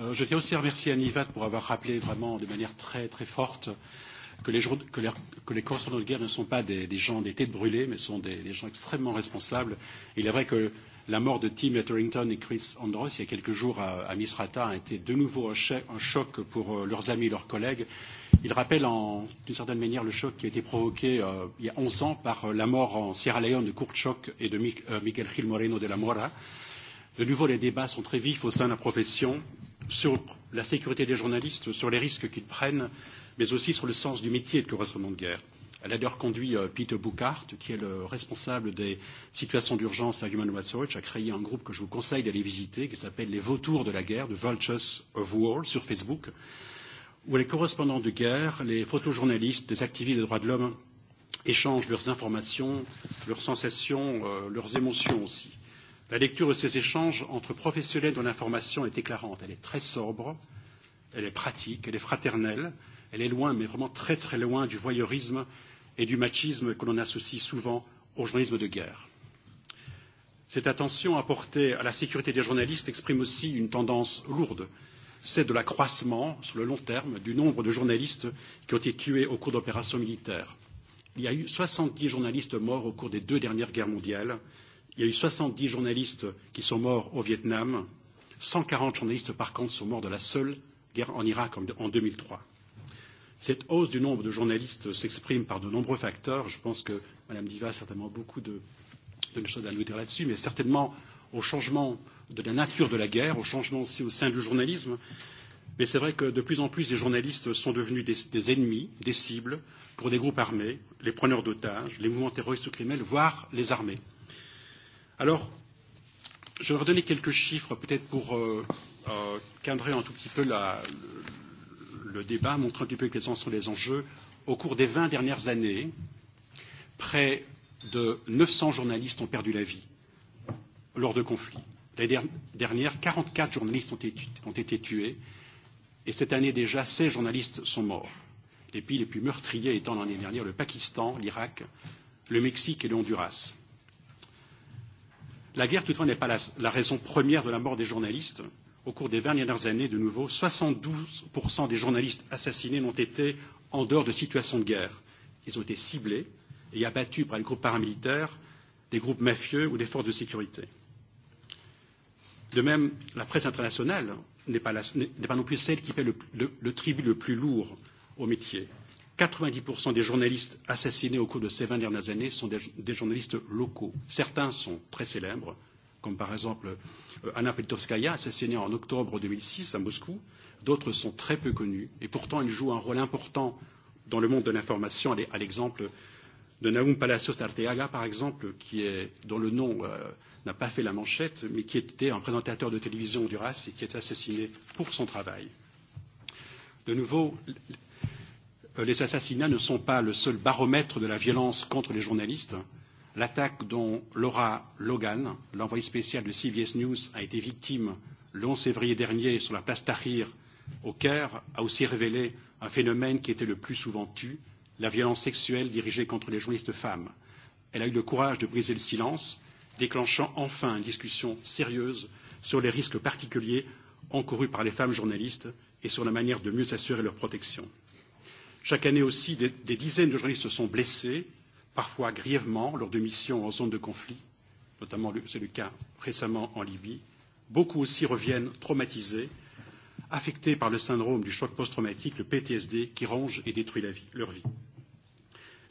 Euh, je tiens aussi à remercier Annie Vatt pour avoir rappelé vraiment de manière très très forte que les, jour, que les, que les correspondants de guerre ne sont pas des, des gens des têtes brûlées, mais sont des, des gens extrêmement responsables. Et il est vrai que la mort de Tim Etherington et Chris Andros il y a quelques jours à, à Misrata a été de nouveau un, ch un choc pour euh, leurs amis et leurs collègues. Il rappelle d'une certaine manière le choc qui a été provoqué euh, il y a 11 ans par euh, la mort en Sierra Leone de Kurt Choc et de Mi euh, Miguel Gil Moreno de la Mora. De nouveau, les débats sont très vifs au sein de la profession sur la sécurité des journalistes, sur les risques qu'ils prennent, mais aussi sur le sens du métier de correspondant de guerre. Elle a d'ailleurs conduit euh, Peter Buchart, qui est le responsable des situations d'urgence à Human Rights Watch, à créer un groupe que je vous conseille d'aller visiter, qui s'appelle Les Vautours de la guerre, The Vultures of War, sur Facebook, où les correspondants de guerre, les photojournalistes, les activistes des droits de l'homme échangent leurs informations, leurs sensations, euh, leurs émotions aussi. La lecture de ces échanges entre professionnels dont l'information est éclairante. Elle est très sobre, elle est pratique, elle est fraternelle, elle est loin, mais vraiment très très loin du voyeurisme et du machisme que l'on associe souvent au journalisme de guerre. Cette attention apportée à la sécurité des journalistes exprime aussi une tendance lourde, celle de l'accroissement sur le long terme du nombre de journalistes qui ont été tués au cours d'opérations militaires. Il y a eu 70 journalistes morts au cours des deux dernières guerres mondiales, Il y a eu 70 journalistes qui sont morts au Vietnam. 140 journalistes, par contre, sont morts de la seule guerre en Irak en 2003. Cette hausse du nombre de journalistes s'exprime par de nombreux facteurs. Je pense que Mme Diva a certainement beaucoup de, de choses à nous dire là-dessus, mais certainement au changement de la nature de la guerre, au changement aussi au sein du journalisme. Mais c'est vrai que de plus en plus, les journalistes sont devenus des, des ennemis, des cibles pour des groupes armés, les preneurs d'otages, les mouvements terroristes ou criminels, voire les armées. Alors, je vais redonner quelques chiffres, peut-être pour euh, euh, cadrer un tout petit peu la, le, le débat, montrer un petit peu quels sont les enjeux. Au cours des 20 dernières années, près de 900 journalistes ont perdu la vie lors de conflits. L'année dernière, 44 journalistes ont été, ont été tués et cette année déjà, 16 journalistes sont morts. Les pays les plus meurtriers étant l'année dernière le Pakistan, l'Irak, le Mexique et le Honduras. La guerre, toutefois, n'est pas la, la raison première de la mort des journalistes. Au cours des 20 dernières années, de nouveau, 72% des journalistes assassinés n'ont été en dehors de situations de guerre. Ils ont été ciblés et abattus par les groupes paramilitaires, des groupes mafieux ou des forces de sécurité. De même, la presse internationale n'est pas, pas non plus celle qui paie le, le, le tribut le plus lourd au métier. 90% des journalistes assassinés au cours de ces 20 dernières années sont des, des journalistes locaux. Certains sont très célèbres, comme par exemple euh, Anna Politkovskaya, assassinée en octobre 2006 à Moscou. D'autres sont très peu connus et pourtant ils jouent un rôle important dans le monde de l'information, à l'exemple de Naum Palacios Arteaga, par exemple, qui est, dont le nom euh, n'a pas fait la manchette, mais qui était un présentateur de télévision du RAS et qui est assassiné pour son travail. De nouveau, Euh, les assassinats ne sont pas le seul baromètre de la violence contre les journalistes. L'attaque dont Laura Logan, l'envoyée spéciale de CBS News, a été victime le 11 février dernier sur la place Tahrir au Caire a aussi révélé un phénomène qui était le plus souvent tu, la violence sexuelle dirigée contre les journalistes femmes. Elle a eu le courage de briser le silence, déclenchant enfin une discussion sérieuse sur les risques particuliers encourus par les femmes journalistes et sur la manière de mieux assurer leur protection. Chaque année aussi, des, des dizaines de journalistes sont blessés, parfois grièvement, lors de missions en zone de conflit, notamment c'est le cas récemment en Libye. Beaucoup aussi reviennent traumatisés, affectés par le syndrome du choc post-traumatique, le PTSD, qui ronge et détruit la vie, leur vie.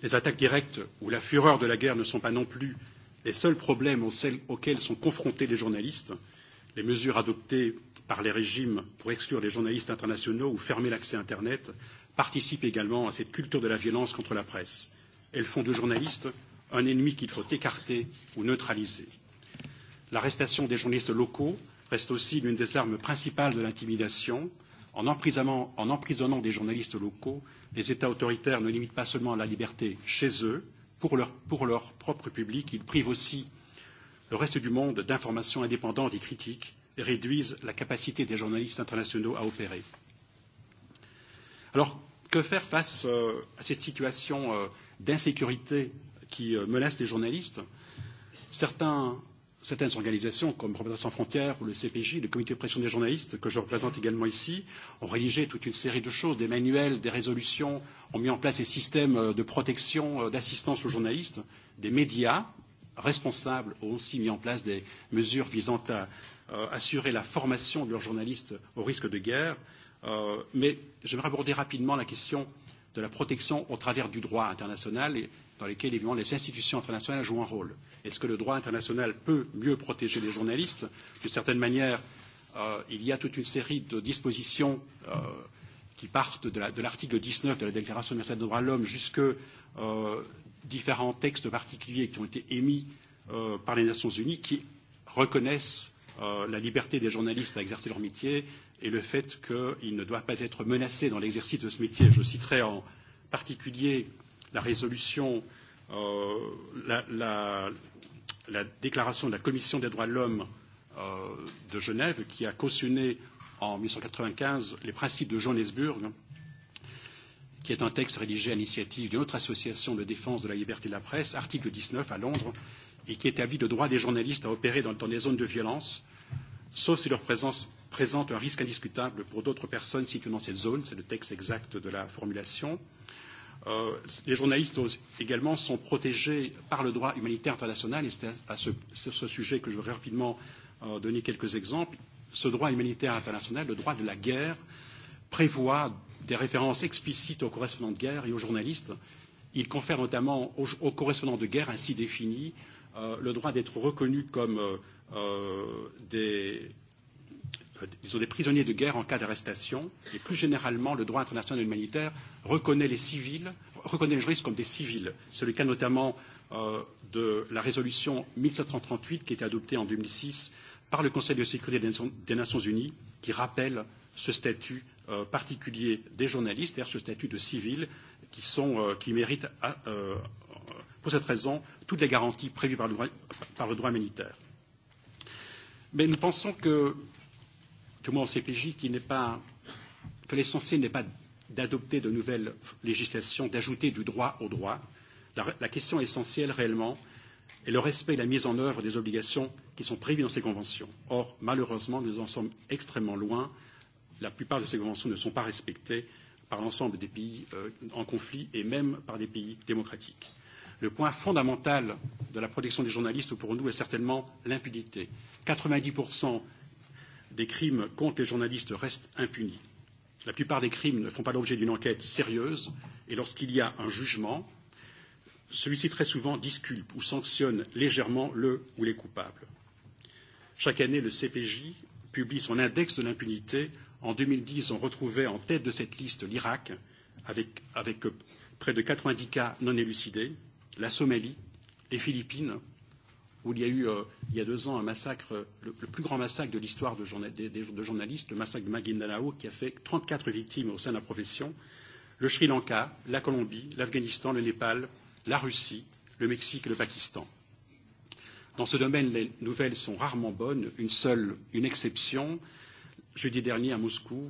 Les attaques directes ou la fureur de la guerre ne sont pas non plus les seuls problèmes auxquels sont confrontés les journalistes. Les mesures adoptées par les régimes pour exclure les journalistes internationaux ou fermer l'accès à Internet participent également à cette culture de la violence contre la presse. Elles font du journaliste un ennemi qu'il faut écarter ou neutraliser. L'arrestation des journalistes locaux reste aussi l'une des armes principales de l'intimidation. En emprisonnant, en emprisonnant des journalistes locaux, les États autoritaires ne limitent pas seulement la liberté chez eux, pour leur, pour leur propre public, ils privent aussi le reste du monde d'informations indépendantes et critiques et réduisent la capacité des journalistes internationaux à opérer. Alors, que faire face euh, à cette situation euh, d'insécurité qui euh, menace les journalistes Certains, Certaines organisations, comme Représentants sans frontières ou le CPJ, le Comité de pression des journalistes, que je représente également ici, ont rédigé toute une série de choses, des manuels, des résolutions, ont mis en place des systèmes euh, de protection, euh, d'assistance aux journalistes, des médias responsables ont aussi mis en place des mesures visant à euh, assurer la formation de leurs journalistes au risque de guerre. Euh, Euh, mais j'aimerais aborder rapidement la question de la protection au travers du droit international, et dans lequel évidemment les institutions internationales jouent un rôle. Est-ce que le droit international peut mieux protéger les journalistes D'une certaine manière, euh, il y a toute une série de dispositions euh, qui partent de l'article la, 19 de la Déclaration universelle des droits de l'homme jusque euh, différents textes particuliers qui ont été émis euh, par les Nations unies qui reconnaissent euh, la liberté des journalistes à exercer leur métier, et le fait qu'il ne doit pas être menacé dans l'exercice de ce métier. Je citerai en particulier la résolution, euh, la, la, la déclaration de la Commission des droits de l'homme euh, de Genève qui a cautionné en 1995 les principes de Johannesburg, qui est un texte rédigé à l'initiative d'une autre association de défense de la liberté de la presse, article 19 à Londres, et qui établit le droit des journalistes à opérer dans, dans des zones de violence, sauf si leur présence présente un risque indiscutable pour d'autres personnes situées dans cette zone. C'est le texte exact de la formulation. Euh, les journalistes également sont protégés par le droit humanitaire international et c'est à, ce, sur ce sujet que je voudrais rapidement euh, donner quelques exemples. Ce droit humanitaire international, le droit de la guerre, prévoit des références explicites aux correspondants de guerre et aux journalistes. Il confère notamment aux, aux correspondants de guerre ainsi définis euh, le droit d'être reconnus comme euh, euh, des disons, des prisonniers de guerre en cas d'arrestation. Et plus généralement, le droit international humanitaire reconnaît les civils, reconnaît les juristes comme des civils. C'est le cas notamment euh, de la résolution 1738 qui a été adoptée en 2006 par le Conseil de sécurité des Nations Unies, qui rappelle ce statut euh, particulier des journalistes, c'est-à-dire ce statut de civils, qui, sont, euh, qui méritent, à, euh, euh, pour cette raison, toutes les garanties prévues par le droit, par le droit humanitaire. Mais nous pensons que du moins au CPJ, qu'il n'est pas, que l'essentiel n'est pas d'adopter de nouvelles législations, d'ajouter du droit au droit. La, la question essentielle réellement est le respect et la mise en œuvre des obligations qui sont prévues dans ces conventions. Or, malheureusement, nous en sommes extrêmement loin. La plupart de ces conventions ne sont pas respectées par l'ensemble des pays euh, en conflit et même par des pays démocratiques. Le point fondamental de la protection des journalistes pour nous est certainement l'impunité. 90 des crimes contre les journalistes restent impunis. La plupart des crimes ne font pas l'objet d'une enquête sérieuse et lorsqu'il y a un jugement, celui-ci très souvent disculpe ou sanctionne légèrement le ou les coupables. Chaque année, le CPJ publie son index de l'impunité. En 2010, on retrouvait en tête de cette liste l'Irak, avec, avec euh, près de 90 cas non élucidés, la Somalie, les Philippines, où il y a eu, euh, il y a deux ans, un massacre, le, le plus grand massacre de l'histoire de, journa de, de, de journalistes, le massacre de Maguindanao, qui a fait 34 victimes au sein de la profession, le Sri Lanka, la Colombie, l'Afghanistan, le Népal, la Russie, le Mexique et le Pakistan. Dans ce domaine, les nouvelles sont rarement bonnes. Une seule, une exception. Jeudi dernier, à Moscou,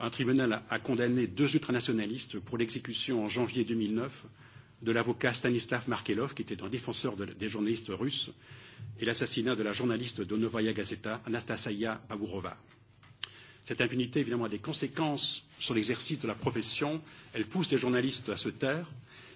un tribunal a, a condamné deux ultranationalistes pour l'exécution en janvier 2009 de l'avocat Stanislav Markelov, qui était un défenseur de, des journalistes russes, et l'assassinat de la journaliste de Novaya Gazeta, Anastasia Agourova. Cette impunité, évidemment, a des conséquences sur l'exercice de la profession. Elle pousse les journalistes à se taire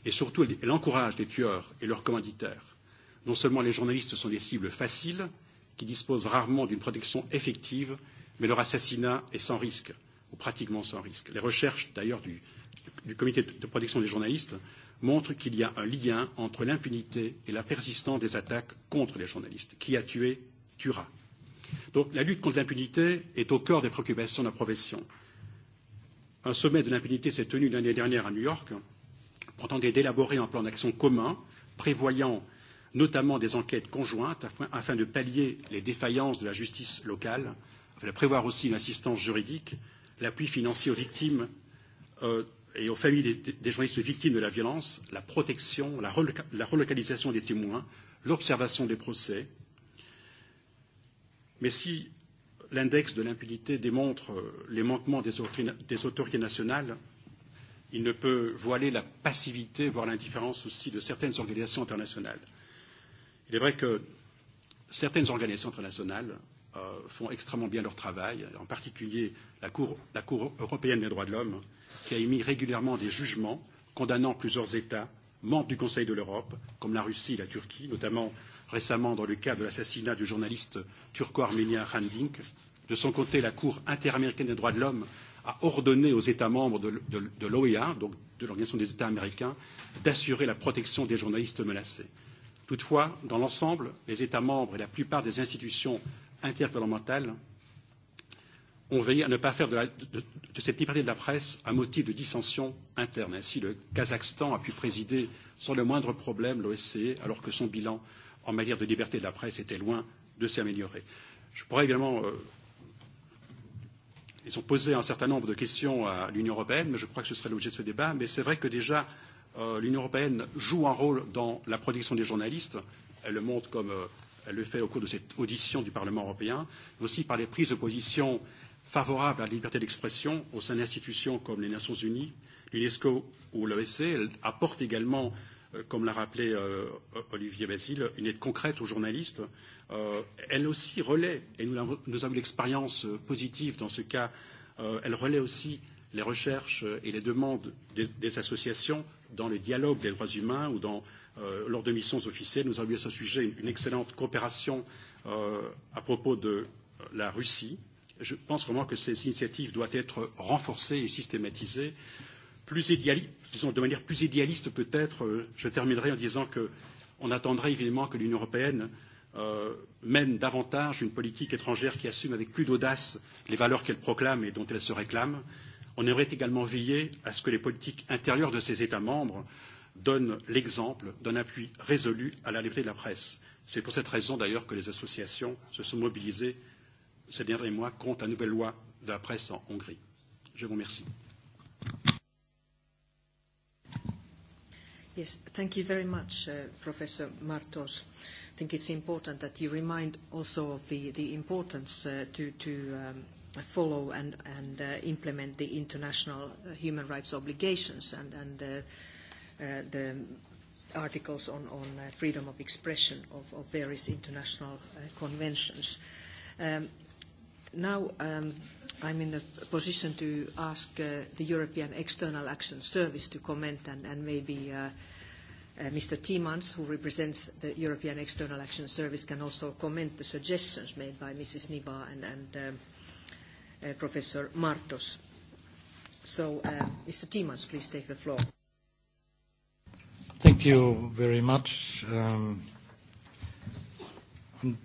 et surtout, elle, elle encourage les tueurs et leurs commanditaires. Non seulement les journalistes sont des cibles faciles, qui disposent rarement d'une protection effective, mais leur assassinat est sans risque, ou pratiquement sans risque. Les recherches, d'ailleurs, du, du comité de protection des journalistes montre qu'il y a un lien entre l'impunité et la persistance des attaques contre les journalistes. Qui a tué, tuera. Donc la lutte contre l'impunité est au cœur des préoccupations de la profession. Un sommet de l'impunité s'est tenu l'année dernière à New York pour tenter d'élaborer un plan d'action commun prévoyant notamment des enquêtes conjointes afin de pallier les défaillances de la justice locale, afin de prévoir aussi une assistance juridique, l'appui financier aux victimes euh, et aux familles des, des, des journalistes victimes de la violence la protection, la, reloca la relocalisation des témoins, l'observation des procès. Mais si l'index de l'impunité démontre euh, les manquements des, des autorités nationales, il ne peut voiler la passivité, voire l'indifférence aussi de certaines organisations internationales. Il est vrai que certaines organisations internationales Euh, font extrêmement bien leur travail, en particulier la Cour, la Cour européenne des droits de l'homme, qui a émis régulièrement des jugements condamnant plusieurs États membres du Conseil de l'Europe, comme la Russie et la Turquie, notamment récemment dans le cas de l'assassinat du journaliste turco-arménien Handink. De son côté, la Cour interaméricaine des droits de l'homme a ordonné aux États membres de, de, de l'OEA, donc de l'Organisation des États américains, d'assurer la protection des journalistes menacés. Toutefois, dans l'ensemble, les États membres et la plupart des institutions intergouvernementales ont veillé à ne pas faire de, la, de, de cette liberté de la presse un motif de dissension interne. Ainsi, le Kazakhstan a pu présider sans le moindre problème l'OSCE, alors que son bilan en matière de liberté de la presse était loin de s'améliorer. Je pourrais également. Euh, ils ont posé un certain nombre de questions à l'Union européenne, mais je crois que ce serait l'objet de ce débat. Mais c'est vrai que déjà, euh, l'Union européenne joue un rôle dans la protection des journalistes. Elle le montre comme euh, Elle le fait au cours de cette audition du Parlement européen, mais aussi par les prises de position favorables à la liberté d'expression au sein d'institutions comme les Nations Unies, l'UNESCO ou l'OSCE. Elle apporte également, euh, comme l'a rappelé euh, Olivier Basile, une aide concrète aux journalistes. Euh, elle aussi relaie, et nous avons eu l'expérience positive dans ce cas, elle relaie aussi les recherches et les demandes des, des associations dans le dialogue des droits humains ou dans euh, lors de missions officielles. Nous avons eu à ce sujet une, une excellente coopération euh, à propos de euh, la Russie. Je pense vraiment que ces initiatives doivent être renforcées et systématisées. Plus idéaliste, disons, de manière plus idéaliste peut-être, euh, je terminerai en disant qu'on attendrait évidemment que l'Union européenne euh, mène davantage une politique étrangère qui assume avec plus d'audace les valeurs qu'elle proclame et dont elle se réclame. On aimerait également veiller à ce que les politiques intérieures de ces États membres donne l'exemple d'un appui résolu à la liberté de la presse. C'est pour cette raison d'ailleurs que les associations se sont mobilisées ces derniers mois contre la nouvelle loi de la presse en Hongrie. Je vous remercie. Yes, thank you very much, uh, Professor Martos. I think it's important that you remind also of the, the importance uh, to, to um, follow and, and uh, implement the international uh, human rights obligations and, and uh, Uh, the articles on, on uh, freedom of expression of, of various international uh, conventions. Um, now um, I'm in a position to ask uh, the European External Action Service to comment and, and maybe uh, uh, Mr. Tiemans, who represents the European External Action Service, can also comment the suggestions made by Mrs. Niba and, and um, uh, Professor Martos. So, uh, Mr. Tiemans, please take the floor. Thank you very much. Um, um,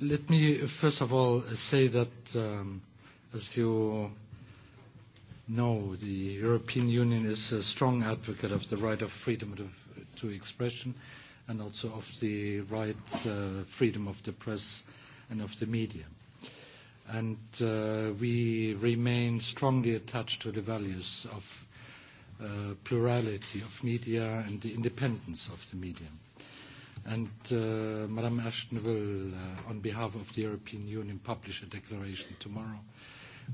let me first of all say that, um, as you know, the European Union is a strong advocate of the right of freedom to, to expression and also of the right uh, freedom of the press and of the media. And uh, we remain strongly attached to the values of uh, plurality of media and the independence of the media. And uh, Madame Ashton will, uh, on behalf of the European Union, publish a declaration tomorrow,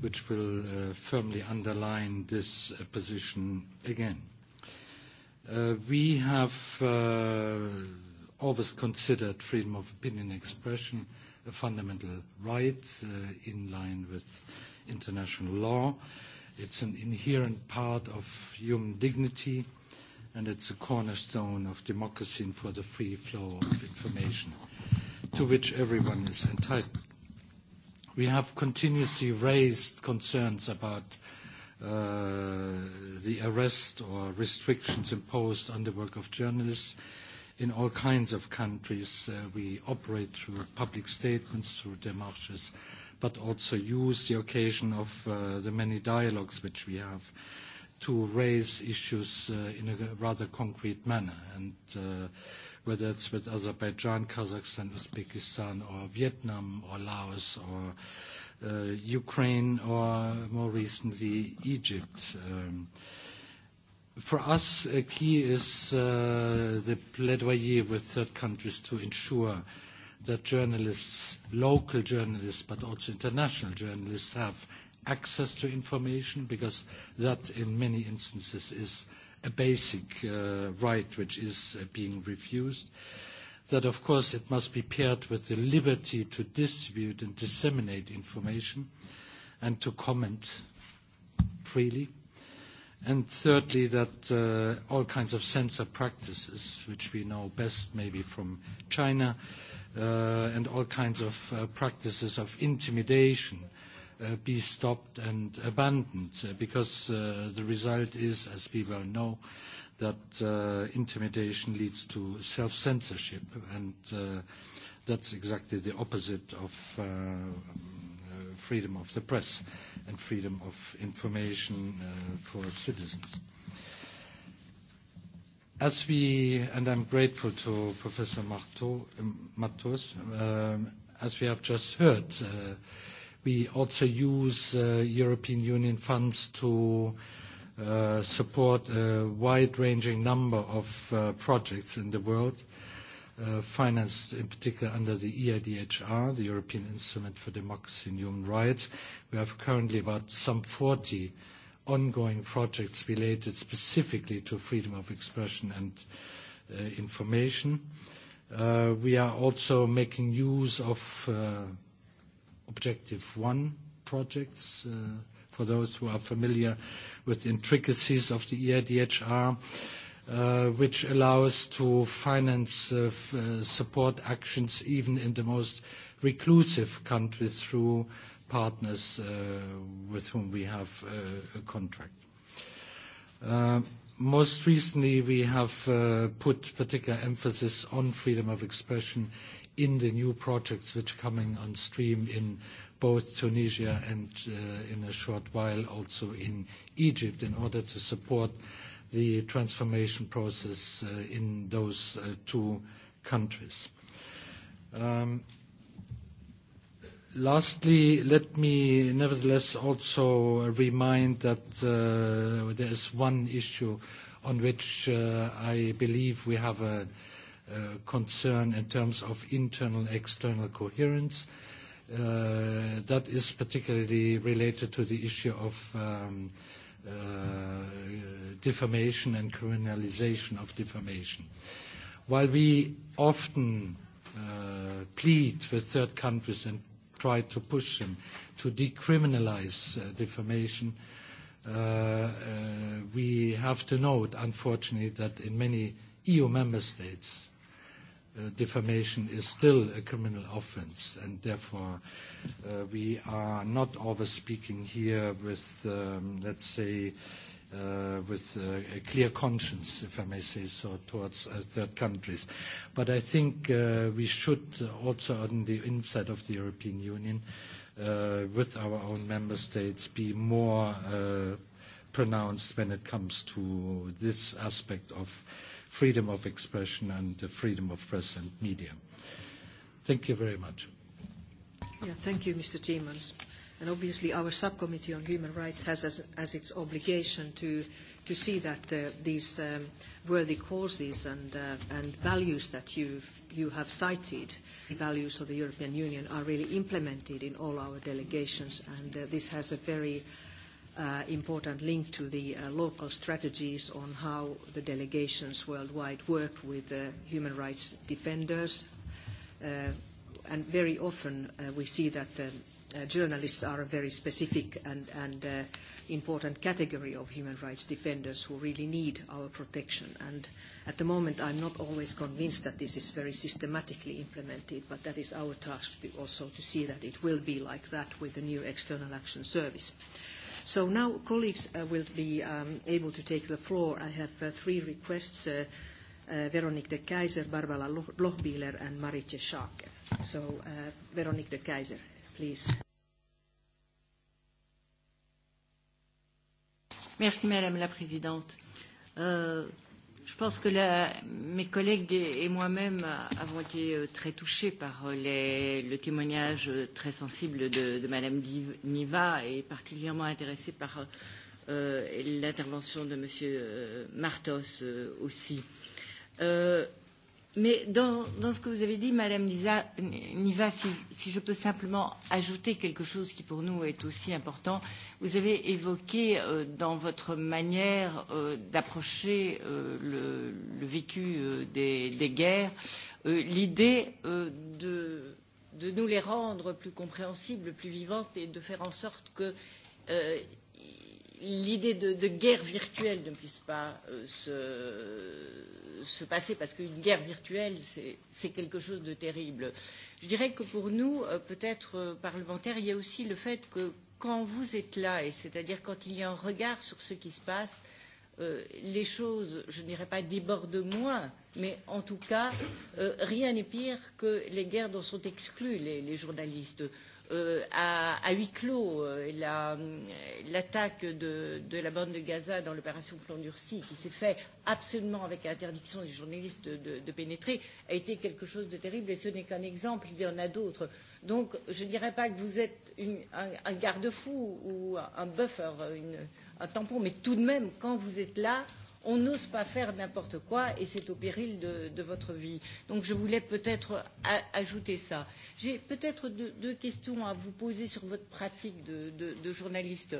which will uh, firmly underline this uh, position again. Uh, we have uh, always considered freedom of opinion and expression a fundamental right uh, in line with international law. Uh, It's an inherent part of human dignity, and it's a cornerstone of democracy and for the free flow of information to which everyone is entitled. We have continuously raised concerns about uh, the arrest or restrictions imposed on the work of journalists in all kinds of countries. Uh, we operate through public statements, through demarches, but also use the occasion of uh, the many dialogues which we have to raise issues uh, in a rather concrete manner. And uh, whether it's with Azerbaijan, Kazakhstan, Uzbekistan, or Vietnam, or Laos, or uh, Ukraine, or more recently, Egypt. Um, for us, a key is uh, the plaidoyer with third countries to ensure that journalists, local journalists, but also international journalists have access to information because that in many instances is a basic uh, right which is uh, being refused. That of course it must be paired with the liberty to distribute and disseminate information and to comment freely. And thirdly, that uh, all kinds of censor practices, which we know best maybe from China, uh, Uh, and all kinds of uh, practices of intimidation uh, be stopped and abandoned because the result is, as we well know, that intimidation leads to self-censorship and that's exactly the opposite of uh, freedom of the press and freedom of information uh, for citizens. As we, and I'm grateful to Professor Marteau, um, um, as we have just heard, uh, we also use uh, European Union funds to uh, support a wide-ranging number of uh, projects in the world, uh, financed in particular under the EIDHR, the European Instrument for Democracy and Human Rights. We have currently about some 40 ongoing projects related specifically to freedom of expression and uh, information. Uh, we are also making use of uh, Objective One projects. For those who are familiar with the intricacies of the EIDHR, Uh, which allows to finance uh, uh, support actions even in the most reclusive countries through partners uh, with whom we have uh, a contract. Uh, most recently, we have put particular emphasis on freedom of expression in the new projects which coming on stream in both Tunisia and in a short while also in Egypt in order to support the transformation process in those two countries. Um, Lastly, let me nevertheless also remind that uh, there is one issue on which uh, I believe we have a, a concern in terms of internal-external coherence. Uh, that is particularly related to the issue of um, uh, defamation and criminalization of defamation. While we often uh, plead with third countries and tried to push him to decriminalize uh, defamation. Uh, uh, we have to note, unfortunately, that in many EU member states, uh, defamation is still a criminal offense, and therefore uh, we are not always speaking here with, um, let's say, uh, Uh, with uh, a clear conscience, if I may say so, towards uh, third countries. But I think uh, we should also on the inside of the European Union, uh, with our own member states, be more uh, pronounced when it comes to this aspect of freedom of expression and the freedom of press and media. Thank you very much. Yeah, thank you, Mr. Timmermans. And obviously our subcommittee on human rights has as, as its obligation to, to see that uh, these um, worthy causes and, uh, and values that you've, you have cited, the values of the European Union, are really implemented in all our delegations. And uh, this has a very Uh, important link to the uh, local strategies on how the delegations worldwide work with uh, human rights defenders. Uh, and very often uh, we see that um, uh, journalists are a very specific and, and uh, important category of human rights defenders who really need our protection. And at the moment, I'm not always convinced that this is very systematically implemented, but that is our task to also to see that it will be like that with the new External Action Service. So now colleagues uh, will be um, able to take the floor. I have uh, three requests, uh, uh, Veronique de Kaiser, Barbara Lochbieler, and Marietje Schaake. So uh, Veronique de Kaiser, please. Merci Madame la Présidente. Euh, je pense que la, mes collègues et, et moi-même avons été euh, très touchés par euh, les, le témoignage euh, très sensible de, de Madame Niva et particulièrement intéressés par euh, l'intervention de Monsieur Martos euh, aussi. Euh, Mais dans, dans ce que vous avez dit, Madame Lisa Niva, si, si je peux simplement ajouter quelque chose qui pour nous est aussi important, vous avez évoqué euh, dans votre manière euh, d'approcher euh, le, le vécu euh, des, des guerres euh, l'idée euh, de, de nous les rendre plus compréhensibles, plus vivantes et de faire en sorte que euh, l'idée de, de guerre virtuelle ne puisse pas euh, se, se passer, parce qu'une guerre virtuelle, c'est quelque chose de terrible. Je dirais que pour nous, euh, peut-être euh, parlementaires, il y a aussi le fait que quand vous êtes là, et c'est-à-dire quand il y a un regard sur ce qui se passe, euh, les choses, je ne dirais pas débordent moins, mais en tout cas, euh, rien n'est pire que les guerres dont sont exclus les, les journalistes. Euh, euh, à, à huis clos euh, l'attaque la, de, de la bande de Gaza dans l'opération Plan durci, qui s'est fait absolument avec interdiction des journalistes de, de, de pénétrer, a été quelque chose de terrible et ce n'est qu'un exemple, il y en a d'autres. Donc je ne dirais pas que vous êtes une, un, un garde-fou ou un buffer, une, un tampon, mais tout de même, quand vous êtes là, on n'ose pas faire n'importe quoi et c'est au péril de, de votre vie. Donc je voulais peut-être ajouter ça. J'ai peut-être deux, deux questions à vous poser sur votre pratique de, de, de journaliste.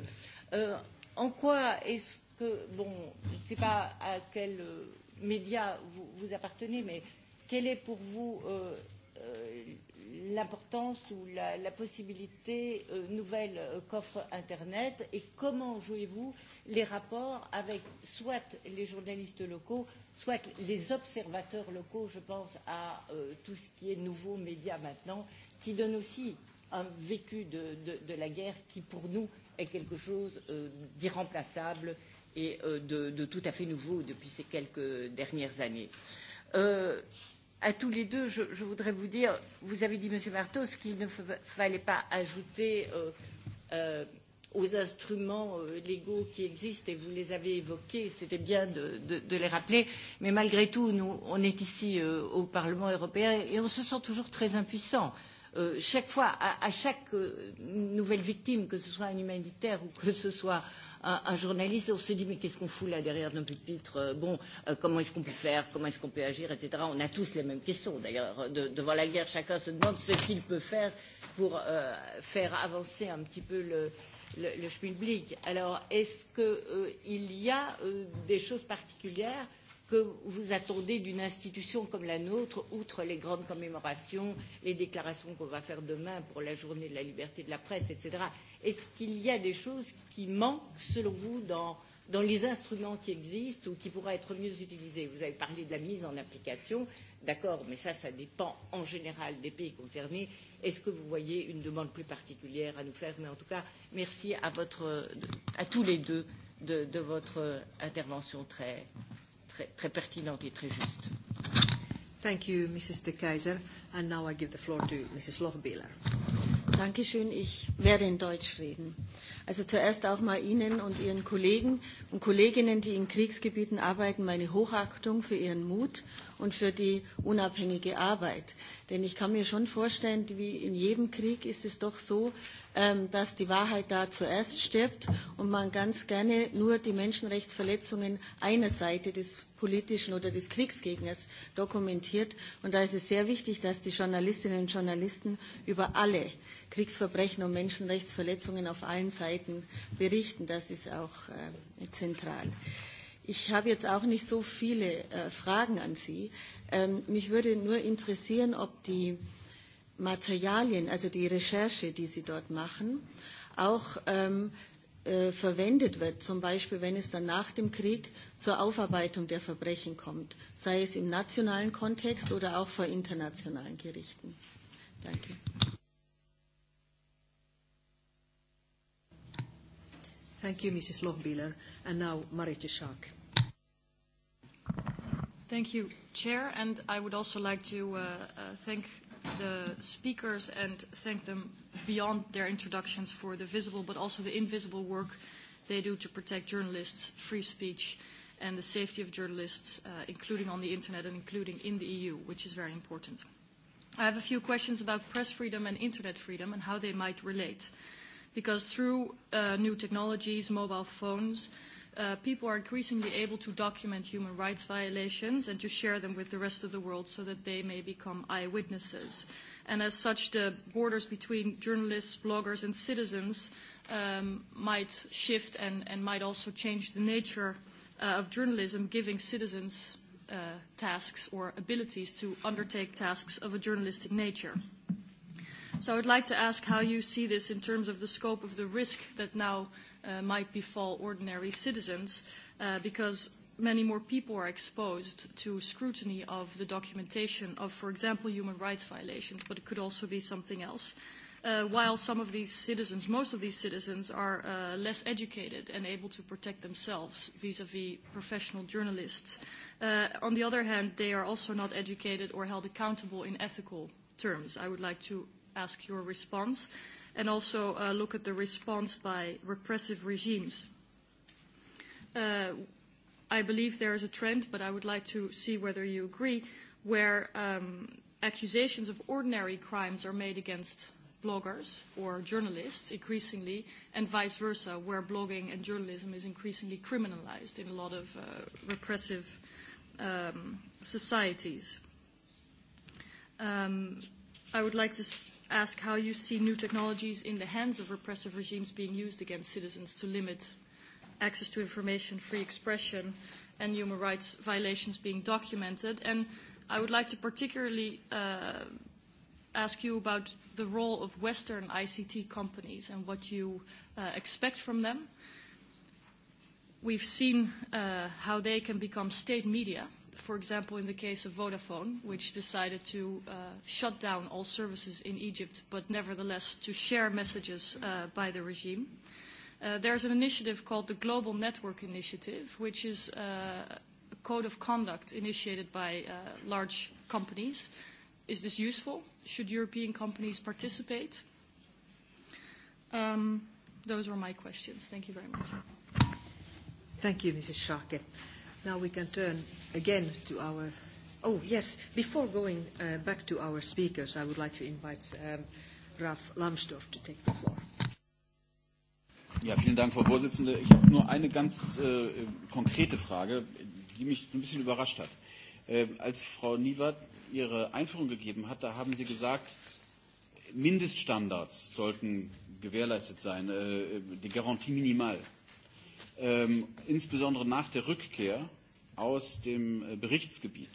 Euh, en quoi est-ce que, bon, je ne sais pas à quel euh, média vous, vous appartenez, mais quel est pour vous euh, euh, l'importance ou la, la possibilité euh, nouvelle euh, qu'offre Internet et comment jouez-vous les rapports avec soit les journalistes locaux, soit les observateurs locaux, je pense à euh, tout ce qui est nouveaux médias maintenant, qui donne aussi un vécu de, de, de la guerre qui pour nous est quelque chose euh, d'irremplaçable et euh, de, de tout à fait nouveau depuis ces quelques dernières années. Euh, à tous les deux, je, je voudrais vous dire, vous avez dit, Monsieur Martos, qu'il ne fallait pas ajouter euh, euh, aux instruments euh, légaux qui existent, et vous les avez évoqués, c'était bien de, de, de les rappeler, mais malgré tout, nous, on est ici euh, au Parlement européen et on se sent toujours très impuissant. Euh, chaque fois, à, à chaque euh, nouvelle victime, que ce soit un humanitaire ou que ce soit euh, un, un journaliste, on se dit mais qu'est-ce qu'on fout là derrière nos pupitres euh, Bon, euh, comment est-ce qu'on peut faire Comment est-ce qu'on peut agir etc. On a tous les mêmes questions d'ailleurs. De, devant la guerre, chacun se demande ce qu'il peut faire pour euh, faire avancer un petit peu le, le, le schmilblick. Alors, est-ce qu'il euh, y a euh, des choses particulières euh, que vous attendez d'une institution comme la nôtre, outre les grandes commémorations, les déclarations qu'on va faire demain pour la journée de la liberté de la presse, etc. Est-ce qu'il y a des choses qui manquent, selon vous, dans, dans les instruments qui existent ou qui pourraient être mieux utilisés Vous avez parlé de la mise en application, d'accord, mais ça, ça dépend en général des pays concernés. Est-ce que vous voyez une demande plus particulière à nous faire Mais en tout cas, merci à, votre, à tous les deux de, de votre intervention très, très, très pertinente et très juste. Thank you, Mrs. De Kaiser. And now I give the floor to Mrs. Lochbieler. Dankeschön. Ich werde in Deutsch reden. Also zuerst auch mal Ihnen und Ihren Kollegen und Kolleginnen, die in Kriegsgebieten arbeiten, meine Hochachtung für Ihren Mut und für die unabhängige Arbeit. Denn ich kann mir schon vorstellen, wie in jedem Krieg ist es doch so, ähm, dass die Wahrheit da zuerst stirbt und man ganz gerne nur die Menschenrechtsverletzungen einer Seite des politischen oder des Kriegsgegners dokumentiert. Und da ist es sehr wichtig, dass die Journalistinnen und Journalisten über alle Kriegsverbrechen und Menschenrechtsverletzungen auf allen Seiten berichten. Das ist auch äh, zentral. Äh, Ich habe jetzt auch nicht so viele äh, Fragen an Sie. Ähm, mich würde nur interessieren, ob die Materialien, also die Recherche, die Sie dort machen, auch ähm, äh, verwendet wird, zum Beispiel wenn es dann nach dem Krieg zur Aufarbeitung der Verbrechen kommt, sei es im nationalen Kontext oder auch vor internationalen Gerichten. Danke. Thank you, Mrs. Lochbihler. And now, Marietje Schaak. Thank you, Chair. And I would also like to uh, uh, thank the speakers and thank them beyond their introductions for the visible but also the invisible work they do to protect journalists, free speech, and the safety of journalists, uh, including on the internet and including in the EU, which is very important. I have a few questions about press freedom and internet freedom and how they might relate. Uh, because through uh, new technologies, mobile phones, uh, people are increasingly able to document human rights violations and to share them with the rest of the world so that they may become eyewitnesses. And as such, the borders between journalists, bloggers, and citizens um, might shift and, and might also change the nature uh, of journalism, giving citizens uh, tasks or abilities to undertake tasks of a journalistic nature. So I would like to ask how you see this in terms of the scope of the risk that now uh, might befall ordinary citizens, uh, because many more people are exposed to scrutiny of the documentation of, for example, human rights violations, but it could also be something else. Uh, while some of these citizens, most of these citizens, are uh, less educated and able to protect themselves vis-à-vis professional journalists. Uh, on the other hand, they are also not educated or held accountable in ethical terms. I would like to ask your response, and also uh, look at the response by repressive regimes. Uh, I believe there is a trend, but I would like to see whether you agree, where um, accusations of ordinary crimes are made against bloggers or journalists increasingly, and vice versa, where blogging and journalism is increasingly criminalized in a lot of uh, repressive um, societies. Um, I would like to ask how you see new technologies in the hands of repressive regimes being used against citizens to limit access to information, free expression, and human rights violations being documented. And I would like to particularly uh, ask you about the role of Western ICT companies and what you uh, expect from them. We've seen uh, how they can become state media for example, in the case of Vodafone, which decided to uh, shut down all services in Egypt, but nevertheless to share messages uh, by the regime. Uh, there's an initiative called the Global Network Initiative, which is uh, a code of conduct initiated by uh, large companies. Is this useful? Should European companies participate? Um, those were my questions. Thank you very much. Thank you, Mrs. Sharkey. Now we can turn again to our. Oh, yes. Before going uh, back to our speakers, I would like to invite um, Ralf Lambsdorff to take the floor. Ja, vielen Dank, Frau Vorsitzende. Ich habe nur eine ganz äh, konkrete Frage, die mich ein bisschen überrascht hat. Äh, als Frau Niewert ihre Einführung gegeben hat, da haben Sie gesagt, Mindeststandards sollten gewährleistet sein, äh, die Garantie minimal. Äh, ähm, insbesondere nach der Rückkehr aus dem äh, Berichtsgebiet.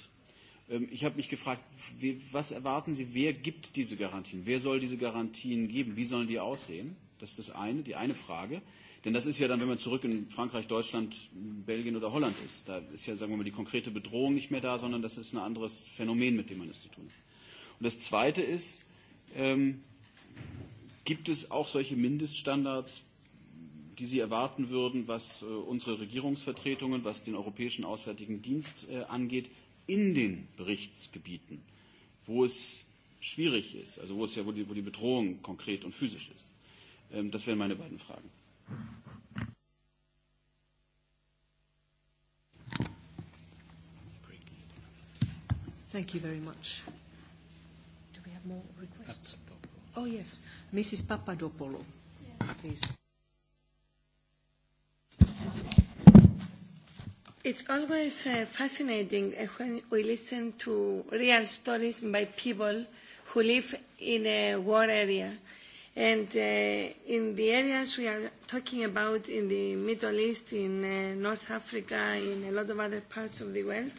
Ähm, ich habe mich gefragt, was erwarten Sie, wer gibt diese Garantien? Wer soll diese Garantien geben? Wie sollen die aussehen? Das ist das eine, die eine Frage. Denn das ist ja dann, wenn man zurück in Frankreich, Deutschland, Belgien oder Holland ist, da ist ja, sagen wir mal, die konkrete Bedrohung nicht mehr da, sondern das ist ein anderes Phänomen, mit dem man es zu tun hat. Und das Zweite ist, ähm, gibt es auch solche Mindeststandards die Sie erwarten würden, was äh, unsere Regierungsvertretungen, was den Europäischen Auswärtigen Dienst äh, angeht, in den Berichtsgebieten, wo es schwierig ist, also wo, es ja, wo, die, wo die Bedrohung konkret und physisch ist. Ähm, das wären meine beiden Fragen. Thank you very much. Do we have more requests? Oh yes, Mrs. Papadopoulou, please. It's always uh, fascinating uh, when we listen to real stories by people who live in a war area. And uh, in the areas we are talking about in the Middle East, in uh, North Africa, in a lot of other parts of the world,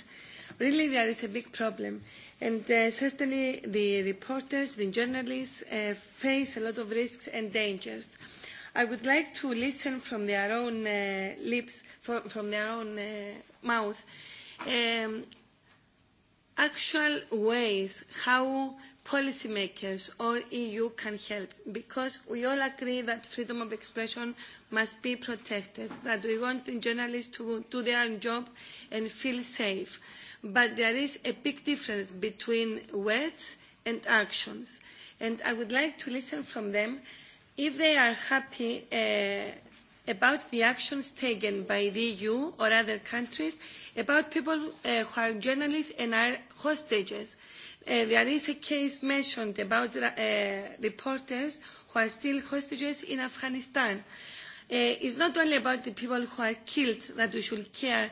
really there is a big problem. And uh, certainly the reporters, the journalists uh, face a lot of risks and dangers. Uh, i would like to listen from their own uh, lips, from, from their own uh, mouth, um, actual ways how policymakers or EU can help, because we all agree that freedom of expression must be protected, that we want the journalists to do their job and feel safe. But there is a big difference between words and actions. And I would like to listen from them if they are happy uh, about the actions taken by the EU or other countries about people uh, who are journalists and are hostages. Uh, there is a case mentioned about uh, reporters who are still hostages in Afghanistan. Uh, it's not only about the people who are killed that we should care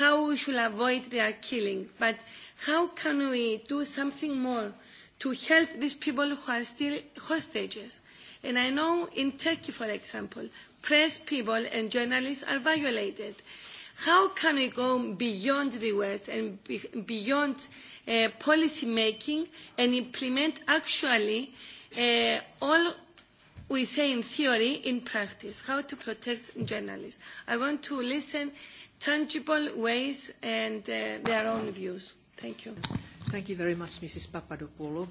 how we should avoid their killing, but how can we do something more to help these people who are still hostages? Uh, And I know in Turkey, for example, press people and journalists are violated. How can we go beyond the words and be, beyond uh, policy making and implement actually uh, all we say in theory in practice, how to protect journalists? I want to listen tangible ways and uh, their own views. Thank you. Thank you very much, Mrs. Papadopoulou.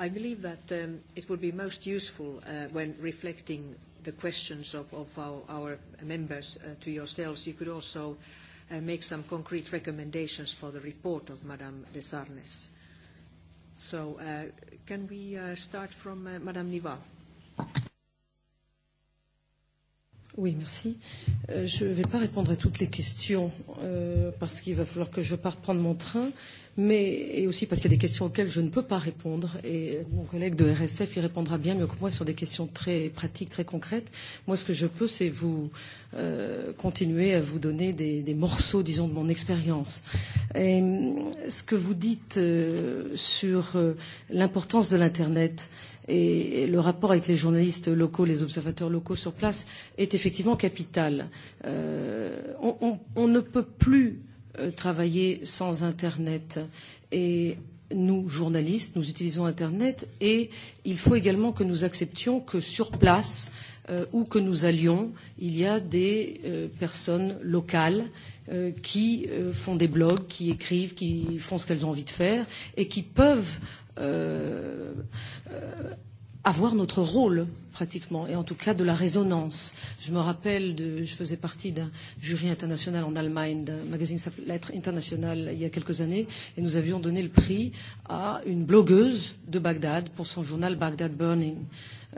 I believe that um, it would be most useful uh, when reflecting the questions of, of our, our members uh, to yourselves. You could also uh, make some concrete recommendations for the report of Madame de Sarnes. So uh, can we uh, start from uh, Madame Niva? Oui, merci. Euh, je ne vais pas répondre à toutes les questions euh, parce qu'il va falloir que je parte prendre mon train. Euh, mais et aussi parce qu'il y a des questions auxquelles je ne peux pas répondre et mon collègue de RSF y répondra bien mieux que moi sur des questions très pratiques, très concrètes. Moi, ce que je peux, c'est vous euh, continuer à vous donner des, des morceaux, disons, de mon expérience. Et ce que vous dites euh, sur euh, l'importance de l'internet et le rapport avec les journalistes locaux, les observateurs locaux sur place est effectivement capital. Euh, on, on, on ne peut plus Euh, travailler sans Internet. Et nous, journalistes, nous utilisons Internet et il faut également que nous acceptions que sur place, euh, où que nous allions, il y a des euh, personnes locales euh, qui euh, font des blogs, qui écrivent, qui font ce qu'elles ont envie de faire et qui peuvent euh, euh, avoir notre rôle pratiquement, et en tout cas de la résonance. Je me rappelle, de, je faisais partie d'un jury international en Allemagne, d'un magazine Lettres International il y a quelques années, et nous avions donné le prix à une blogueuse de Bagdad pour son journal Bagdad Burning.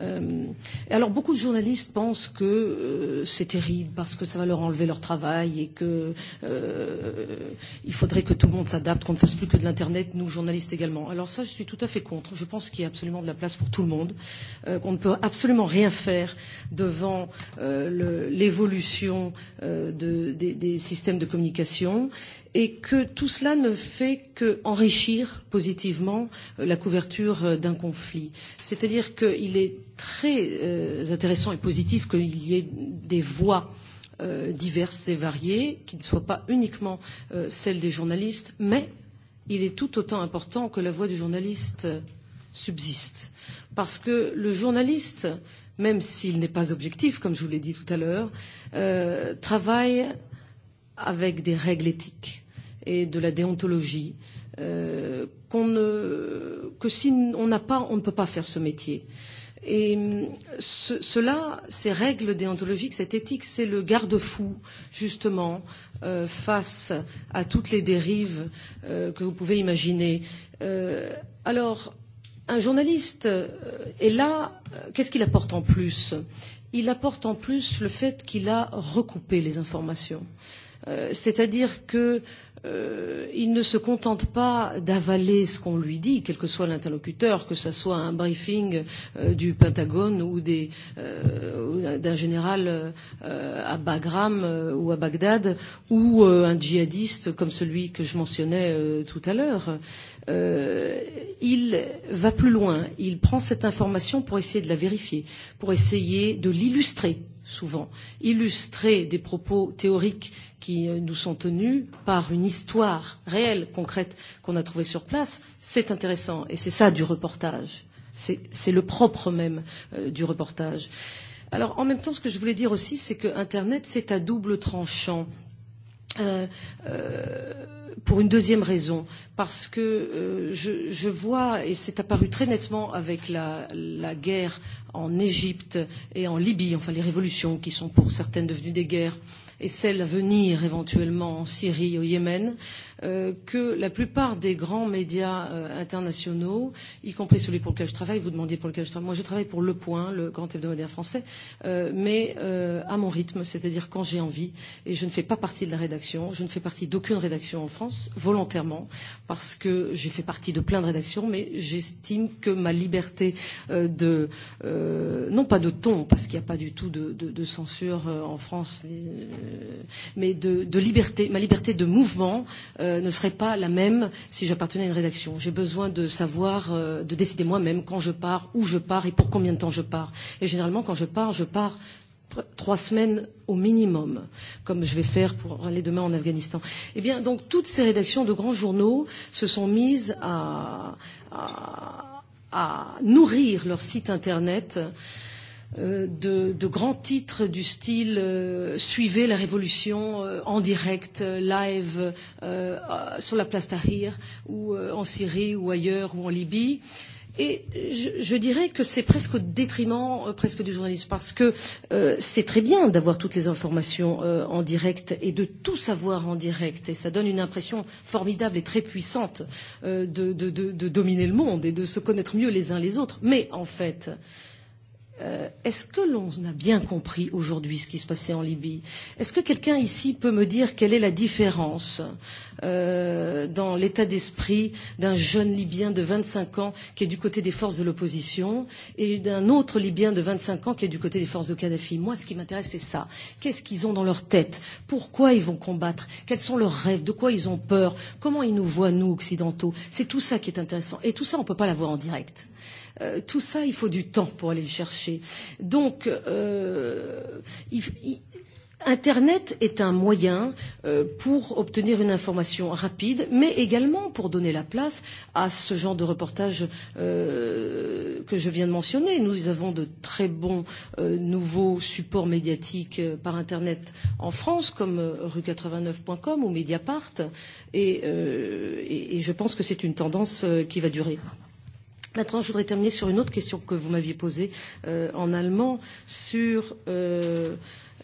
Euh, et alors beaucoup de journalistes pensent que euh, c'est terrible parce que ça va leur enlever leur travail et que euh, il faudrait que tout le monde s'adapte, qu'on ne fasse plus que de l'internet, nous journalistes également. Alors ça, je suis tout à fait contre. Je pense qu'il y a absolument de la place pour tout le monde, euh, qu'on ne peut absolument absolument rien faire devant euh, l'évolution euh, de, des, des systèmes de communication et que tout cela ne fait qu'enrichir positivement euh, la couverture euh, d'un conflit. C'est-à-dire qu'il est très euh, intéressant et positif qu'il y ait des voix diverses et variées, qui ne soient pas uniquement celles des journalistes, mais il est tout autant important que la voix du journaliste subsiste parce que le journaliste, même s'il n'est pas objectif, comme je vous l'ai dit tout à l'heure, euh, travaille avec des règles éthiques et de la déontologie euh, qu'on ne, que si on n'a pas, on ne peut pas faire ce métier. Et ce, cela, ces règles déontologiques, cette éthique, c'est le garde-fou, justement, euh, face à toutes les dérives euh, que vous pouvez imaginer. Euh, alors, un journaliste euh, est là, euh, qu'est-ce qu'il apporte en plus Il apporte en plus le fait qu'il a recoupé les informations. Euh, C'est-à-dire que euh, il ne se contente pas d'avaler ce qu'on lui dit, quel que soit l'interlocuteur, que ce soit un briefing euh, du Pentagone ou des, euh, d'un général euh, à Bagram euh, ou à Bagdad, ou euh, un djihadiste comme celui que je mentionnais euh, tout à l'heure. Euh, il va plus loin, il prend cette information pour essayer de la vérifier, pour essayer de l'illustrer souvent illustrer des propos théoriques qui euh, nous sont tenus par une histoire réelle, concrète qu'on a trouvée sur place, c'est intéressant et c'est ça du reportage. C'est le propre même euh, du reportage. Alors en même temps, ce que je voulais dire aussi, c'est que Internet, c'est à double tranchant. Euh, Euh, euh, pour une deuxième raison, parce que euh, je, je vois, et c'est apparu très nettement avec la, la guerre en Égypte et en Libye, enfin les révolutions qui sont pour certaines devenues des guerres, et celles à venir éventuellement en Syrie et au Yémen, euh, Euh, que la plupart des grands médias euh, internationaux, y compris celui pour lequel je travaille, vous demandiez pour lequel je travaille, moi je travaille pour Le Point, le grand hebdomadaire français, euh, mais euh, à mon rythme, c'est-à-dire quand j'ai envie, et je ne fais pas partie de la rédaction, je ne fais partie d'aucune rédaction en France, volontairement, parce que j'ai fait partie de plein de rédactions, mais j'estime que ma liberté euh, de, euh, non pas de ton, parce qu'il n'y a pas du tout de, de, de censure euh, en France, mais, euh, mais de, de liberté, ma liberté de mouvement, euh, Euh, ne serait pas la même si j'appartenais à une rédaction. J'ai besoin de savoir, euh, de décider moi-même quand je pars, où je pars et pour combien de temps je pars. Et généralement, quand je pars, je pars trois semaines au minimum, comme je vais faire pour aller demain en Afghanistan. Eh bien, donc, toutes ces rédactions de grands journaux se sont mises à, à, à nourrir leur site Internet euh, Euh, de, de grands titres du style euh, Suivez la révolution euh, en direct, euh, live, euh, euh, sur la place Tahrir, ou euh, en Syrie, ou ailleurs, ou en Libye. Et je, je dirais que c'est presque au détriment euh, presque du journalisme, parce que euh, c'est très bien d'avoir toutes les informations euh, en direct et de tout savoir en direct, et ça donne une impression formidable et très puissante euh, de, de, de, de dominer le monde et de se connaître mieux les uns les autres. Mais en fait, euh, euh, est-ce que l'on a bien compris aujourd'hui ce qui se passait en Libye Est-ce que quelqu'un ici peut me dire quelle est la différence euh, dans l'état d'esprit d'un jeune Libyen de 25 ans qui est du côté des forces de l'opposition et d'un autre Libyen de 25 ans qui est du côté des forces de Kadhafi Moi, ce qui m'intéresse, c'est ça. Qu'est-ce qu'ils ont dans leur tête Pourquoi ils vont combattre Quels sont leurs rêves De quoi ils ont peur Comment ils nous voient, nous, occidentaux C'est tout ça qui est intéressant. Et tout ça, on ne peut pas l'avoir en direct. Euh, tout ça, il faut du temps pour aller le chercher. Donc, euh, il, il, Internet est un moyen euh, pour obtenir une information rapide, mais également pour donner la place à ce genre de reportage euh, que je viens de mentionner. Nous avons de très bons nouveaux supports médiatiques par Internet en France, comme rue89.com ou Mediapart, et, je pense que c'est une tendance qui va durer. Maintenant, je voudrais terminer sur une autre question que vous m'aviez posée euh, en allemand sur euh,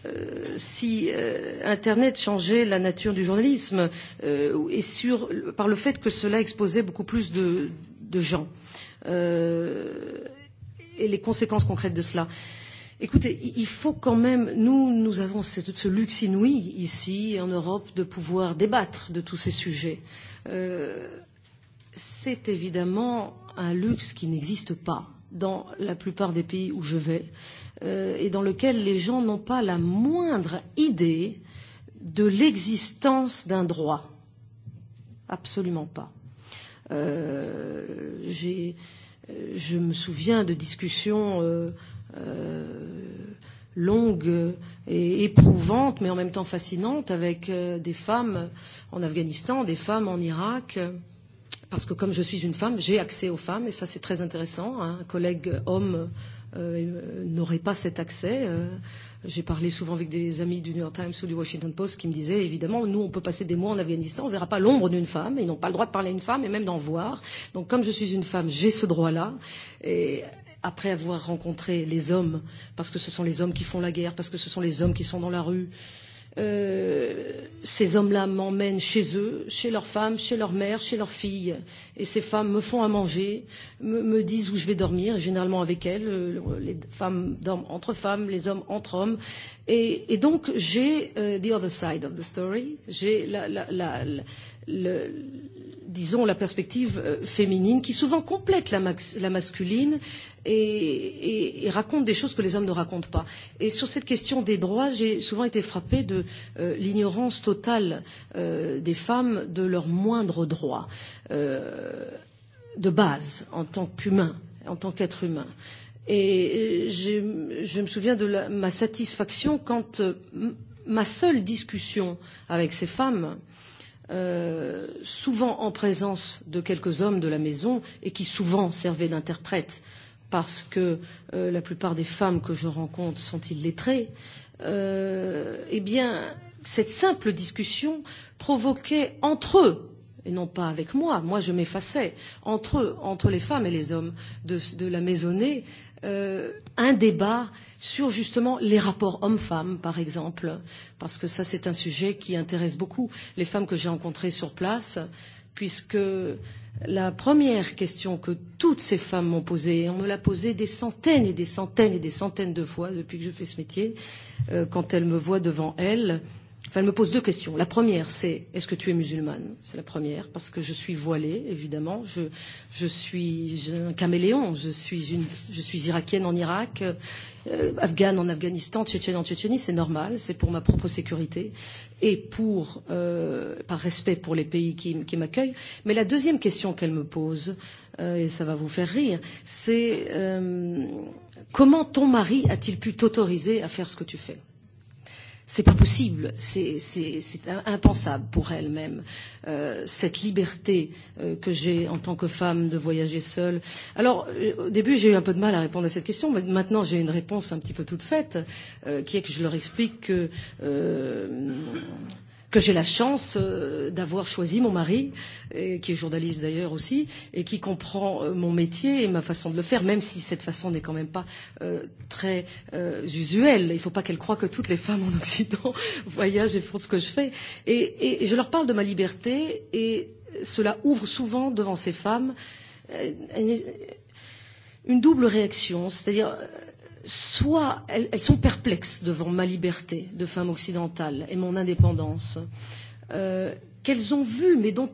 euh, si euh, Internet changeait la nature du journalisme euh, et sur, par le fait que cela exposait beaucoup plus de, de gens euh, et les conséquences concrètes de cela. Écoutez, il faut quand même, nous, nous avons ce, ce luxe inouï ici en Europe de pouvoir débattre de tous ces sujets. Euh, C'est évidemment un luxe qui n'existe pas dans la plupart des pays où je vais euh, et dans lequel les gens n'ont pas la moindre idée de l'existence d'un droit. Absolument pas. Euh, euh je me souviens de discussions euh, euh, longues et éprouvantes, mais en même temps fascinantes, avec euh, des femmes en Afghanistan, des femmes en Irak, Euh, parce que comme je suis une femme, j'ai accès aux femmes, et ça c'est très intéressant. Hein. Un collègue homme euh, n'aurait pas cet accès. Euh, j'ai parlé souvent avec des amis du New York Times ou du Washington Post qui me disaient, évidemment, nous, on peut passer des mois en Afghanistan, on ne verra pas l'ombre d'une femme, ils n'ont pas le droit de parler à une femme et même d'en voir. Donc comme je suis une femme, j'ai ce droit-là. Et après avoir rencontré les hommes, parce que ce sont les hommes qui font la guerre, parce que ce sont les hommes qui sont dans la rue, euh, Euh, ces hommes-là m'emmènent chez eux, chez leurs femmes, chez leurs mères, chez leurs filles. Et ces femmes me font à manger, me, me disent où je vais dormir, généralement avec elles. Euh, les femmes dorment entre femmes, les hommes entre hommes. Et, et donc j'ai uh, the other side of the story, j'ai la, la, la, la, le, disons, la perspective euh, féminine, qui souvent complète la, max, la masculine et, et, et raconte des choses que les hommes ne racontent pas. Et sur cette question des droits, j'ai souvent été frappée de euh, l'ignorance totale euh, des femmes de leurs moindres droits euh, de base en tant qu'humain, en tant qu'être humain. Et euh, je, je me souviens de la, ma satisfaction quand euh, ma seule discussion avec ces femmes Euh, souvent en présence de quelques hommes de la maison et qui souvent servaient d'interprète parce que euh, la plupart des femmes que je rencontre sont illettrées, euh, eh bien, cette simple discussion provoquait entre eux et non pas avec moi, moi je m'effaçais, entre eux, entre les femmes et les hommes de, de la maisonnée, euh, euh, un débat sur justement les rapports hommes-femmes, par exemple, parce que ça c'est un sujet qui intéresse beaucoup les femmes que j'ai rencontrées sur place, puisque la première question que toutes ces femmes m'ont posée, et on me l'a posée des centaines et des centaines et des centaines de fois depuis que je fais ce métier, euh, quand elles me voient devant elles, Enfin, elle me pose deux questions. La première, c'est est-ce que tu es musulmane C'est la première, parce que je suis voilée, évidemment. Je, je suis un caméléon. Je suis, une, je suis irakienne en Irak, euh, afghane en Afghanistan, tchétchène en Tchétchénie. C'est normal, c'est pour ma propre sécurité et pour, euh, par respect pour les pays qui, qui m'accueillent. Mais la deuxième question qu'elle me pose, euh, et ça va vous faire rire, c'est euh, comment ton mari a-t-il pu t'autoriser à faire ce que tu fais C'est pas possible, c'est impensable pour elle-même euh, cette liberté euh, que j'ai en tant que femme de voyager seule. Alors euh, au début j'ai eu un peu de mal à répondre à cette question, mais maintenant j'ai une réponse un petit peu toute faite, euh, qui est que je leur explique que euh, que j'ai la chance euh, d'avoir choisi mon mari, et, qui est journaliste d'ailleurs aussi, et qui comprend euh, mon métier et ma façon de le faire, même si cette façon n'est quand même pas euh, très euh, usuelle. Il ne faut pas qu'elle croie que toutes les femmes en Occident voyagent et font ce que je fais. Et, et, et je leur parle de ma liberté, et cela ouvre souvent devant ces femmes euh, une double réaction, c'est-à-dire soit elles, elles sont perplexes devant ma liberté de femme occidentale et mon indépendance, euh, qu'elles ont vu, mais dont,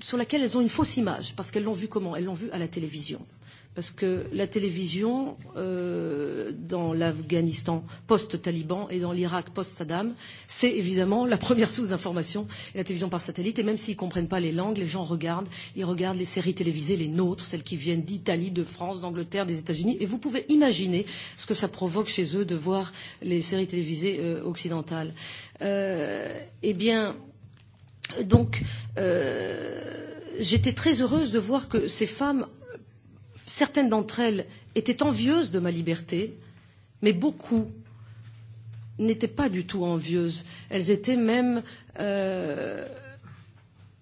sur laquelle elles ont une fausse image, parce qu'elles l'ont vu comment Elles l'ont vu à la télévision parce que la télévision euh, dans l'Afghanistan post-Taliban et dans l'Irak post-Saddam, c'est évidemment la première source d'information, la télévision par satellite. Et même s'ils ne comprennent pas les langues, les gens regardent, ils regardent les séries télévisées, les nôtres, celles qui viennent d'Italie, de France, d'Angleterre, des États-Unis. Et vous pouvez imaginer ce que ça provoque chez eux de voir les séries télévisées euh, occidentales. Euh, eh bien, donc. Euh, j'étais très heureuse de voir que ces femmes certaines d'entre elles étaient envieuses de ma liberté, mais beaucoup n'étaient pas du tout envieuses. Elles étaient même, euh,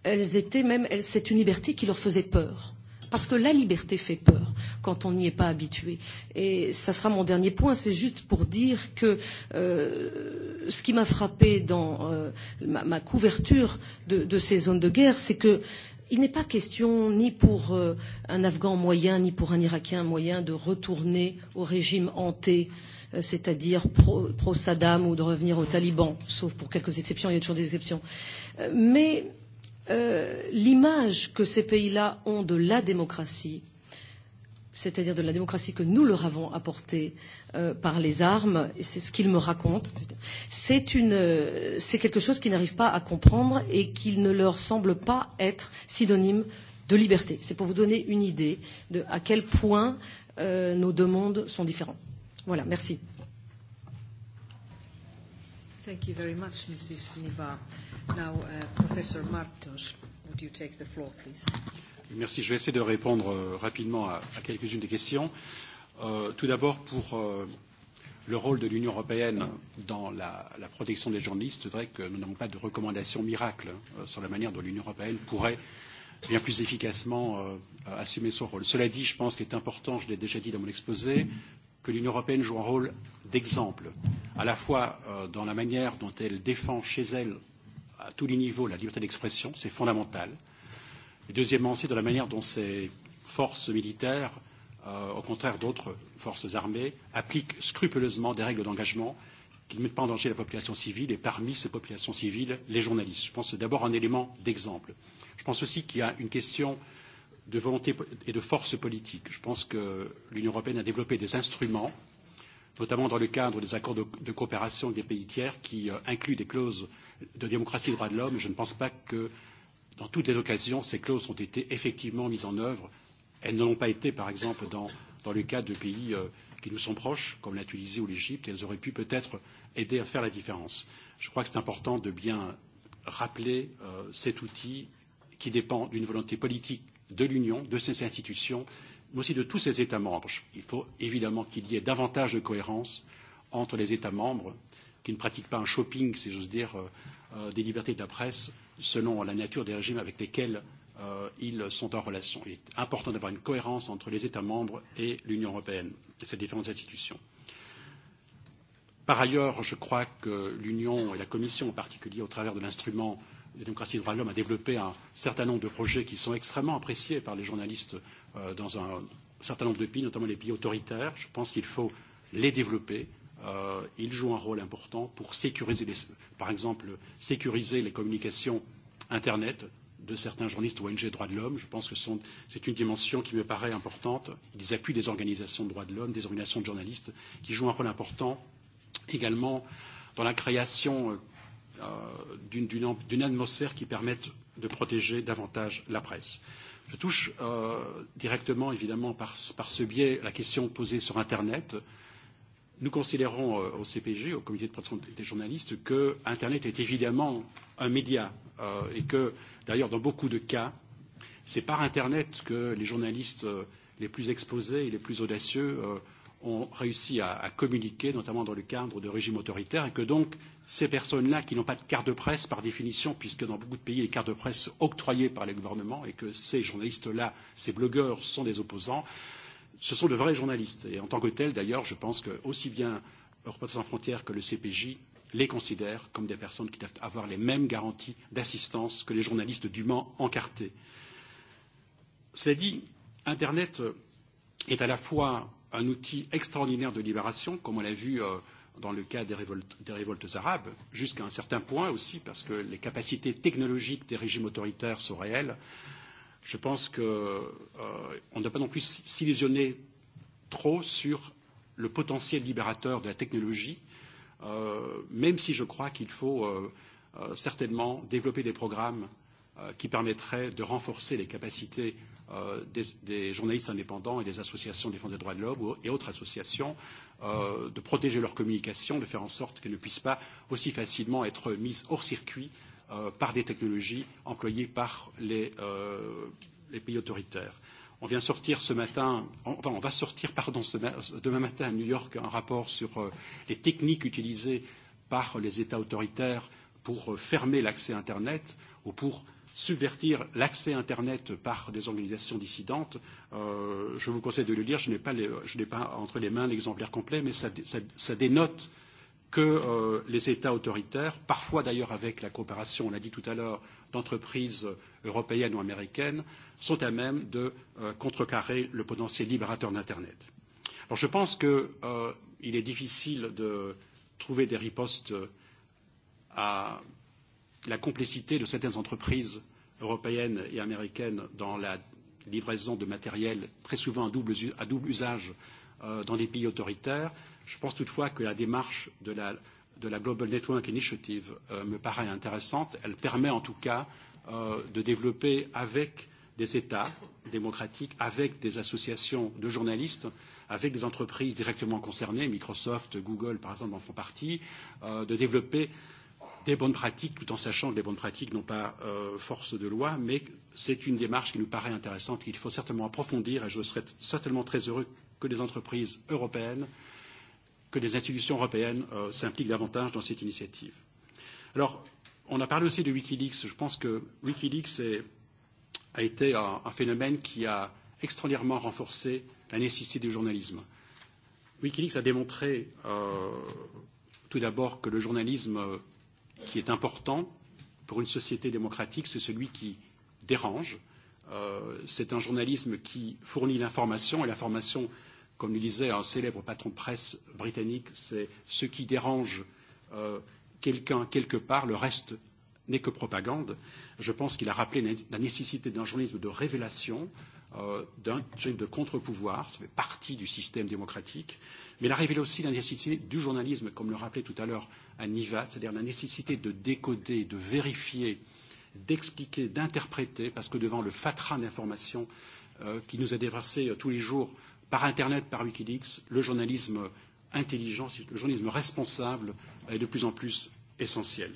elles étaient même, c'est une liberté qui leur faisait peur. Parce que la liberté fait peur quand on n'y est pas habitué. Et ça sera mon dernier point, c'est juste pour dire que euh, ce qui m'a frappé dans euh, ma, ma couverture de, de ces zones de guerre, c'est que euh, Il n'est pas question, ni pour euh, un Afghan moyen, ni pour un Irakien moyen, de retourner au régime hanté, euh, c'est-à-dire pro-Saddam ou de revenir aux talibans, sauf pour quelques exceptions, il y a toujours des exceptions. Euh, mais euh, l'image que ces pays-là ont de la démocratie, c'est-à-dire de la démocratie que nous leur avons apportée euh, par les armes, et c'est ce qu'ils me racontent, c'est, une, euh, c'est quelque chose qu'ils n'arrivent pas à comprendre et qu'il ne leur semble pas être synonyme de liberté. C'est pour vous donner une idée de à quel point euh, nos deux mondes sont différents. Voilà, merci. Thank you very much, Mrs. Now, uh, Professor Martos, would you take the floor, please? Merci. Je vais essayer de répondre euh, rapidement à, quelques-unes des questions. Euh, tout d'abord, pour euh, le rôle de l'Union européenne dans la, protection des journalistes, je voudrais que nous n'avons pas de recommandations miracles sur la manière dont l'Union européenne pourrait bien plus efficacement assumer son rôle. Cela dit, je pense qu'il est important, je l'ai déjà dit dans mon exposé, que l'Union européenne joue un rôle d'exemple, à la fois dans la manière dont elle défend chez elle, à tous les niveaux, la liberté d'expression, c'est fondamental, euh, Et deuxièmement, c'est de la manière dont ces forces militaires, euh, au contraire d'autres forces armées, appliquent scrupuleusement des règles d'engagement qui ne mettent pas en danger la population civile et parmi ces populations civiles, les journalistes. Je pense d'abord un élément d'exemple. Je pense aussi qu'il y a une question de volonté et de force politique. Je pense que l'Union européenne a développé des instruments, notamment dans le cadre des accords de, de coopération avec des pays tiers, qui euh, incluent des clauses de démocratie et de droits de l'homme. Je ne pense pas que euh, Dans toutes les occasions, ces clauses ont été effectivement mises en œuvre. Elles ne l'ont pas été, par exemple, dans, dans le cas de pays euh, qui nous sont proches, comme la Tunisie ou l'Égypte, et elles auraient pu peut-être aider à faire la différence. Je crois que c'est important de bien rappeler euh, cet outil qui dépend d'une volonté politique de l'Union, de ses institutions, mais aussi de tous ses États membres. Il faut évidemment qu'il y ait davantage de cohérence entre les États membres qui ne pratiquent pas un shopping, si j'ose dire, euh, euh des libertés de la presse selon la nature des régimes avec lesquels euh, ils sont en relation. Il est important d'avoir une cohérence entre les États membres et l'Union européenne et ses différentes institutions. Par ailleurs, je crois que l'Union et la Commission en particulier, au travers de l'instrument la démocratie et droits de l'homme a développé un certain nombre de projets qui sont extrêmement appréciés par les journalistes euh, dans un certain nombre de pays, notamment les pays autoritaires. Je pense qu'il faut les développer, euh, ils jouent un rôle important pour sécuriser, les, par exemple, sécuriser les communications Internet de certains journalistes ONG droits de l'homme. Je pense que c'est une dimension qui me paraît importante. Ils appuient des organisations de droits de l'homme, des organisations de journalistes, qui jouent un rôle important également dans la création euh, euh d'une atmosphère qui permette de protéger davantage la presse. Je touche euh, directement, évidemment, par, par ce biais, la question posée sur Internet. Euh, Nous considérons euh, au CPG, au Comité de protection des journalistes, que Internet est évidemment un média euh, et que, d'ailleurs, dans beaucoup de cas, c'est par Internet que les journalistes euh, les plus exposés et les plus audacieux euh, ont réussi à, à communiquer, notamment dans le cadre de régimes autoritaires, et que donc ces personnes-là qui n'ont pas de carte de presse, par définition, puisque dans beaucoup de pays, les cartes de presse sont octroyées par les gouvernements, et que ces journalistes-là, ces blogueurs sont des opposants, ce sont de vrais journalistes. Et en tant que tels, d'ailleurs, je pense que aussi bien Reporters sans frontières que le CPJ les considèrent comme des personnes qui doivent avoir les mêmes garanties d'assistance que les journalistes dûment encartés. Cela dit, Internet euh, est à la fois un outil extraordinaire de libération, comme on l'a vu euh, dans le cas des révoltes, des révoltes arabes, jusqu'à un certain point aussi, parce que les capacités technologiques des régimes autoritaires sont réelles. Je pense qu'on euh, ne doit pas non plus s'illusionner trop sur le potentiel libérateur de la technologie, euh, même si je crois qu'il faut euh, euh, certainement développer des programmes euh, qui permettraient de renforcer les capacités euh, des, des journalistes indépendants et des associations de défense des droits de l'homme et autres associations euh, de protéger leur communication, de faire en sorte qu'elles ne puissent pas aussi facilement être mises hors circuit euh, Euh, par des technologies employées par les, euh, les pays autoritaires. On vient sortir ce matin, on, enfin on va sortir, pardon, ce, demain matin à New York un rapport sur euh, les techniques utilisées par les États autoritaires pour euh, fermer l'accès Internet ou pour subvertir l'accès Internet par des organisations dissidentes. Euh, je vous conseille de le lire. Je n'ai pas, pas entre les mains l'exemplaire complet, mais ça, ça, ça dénote euh, que euh, les États autoritaires, parfois d'ailleurs avec la coopération, on l'a dit tout à l'heure, d'entreprises européennes ou américaines, sont à même de euh, contrecarrer le potentiel libérateur d'Internet. Alors je pense qu'il euh, est difficile de trouver des ripostes euh, à la complicité de certaines entreprises européennes et américaines dans la livraison de matériel très souvent à double, à double usage euh, dans des pays autoritaires. Je pense toutefois que la démarche de la, de la Global Network Initiative euh, me paraît intéressante. Elle permet en tout cas euh, de développer avec des États démocratiques, avec des associations de journalistes, avec des entreprises directement concernées, Microsoft, Google par exemple en font partie, euh, de développer des bonnes pratiques, tout en sachant que les bonnes pratiques n'ont pas euh, force de loi, mais c'est une démarche qui nous paraît intéressante, qu'il faut certainement approfondir, et je serais certainement très heureux que les entreprises européennes que les institutions européennes euh, s'impliquent davantage dans cette initiative. Alors, on a parlé aussi de Wikileaks. Je pense que Wikileaks est, a été un, un phénomène qui a extraordinairement renforcé la nécessité du journalisme. Wikileaks a démontré euh, tout d'abord que le journalisme euh, qui est important pour une société démocratique, c'est celui qui dérange. Euh, c'est un journalisme qui fournit l'information et l'information euh, Comme le disait un célèbre patron de presse britannique, c'est ce qui dérange euh, quelqu'un quelque part, le reste n'est que propagande. Je pense qu'il a rappelé la nécessité d'un journalisme de révélation, euh, d'un journalisme de contre-pouvoir, ça fait partie du système démocratique, mais il a révélé aussi la nécessité du journalisme, comme le rappelait tout à l'heure Aniva, c'est-à-dire la nécessité de décoder, de vérifier, d'expliquer, d'interpréter, parce que devant le fatras d'informations euh, qui nous est déversé euh, tous les jours par Internet, par Wikileaks, le journalisme intelligent, le journalisme responsable est de plus en plus essentiel.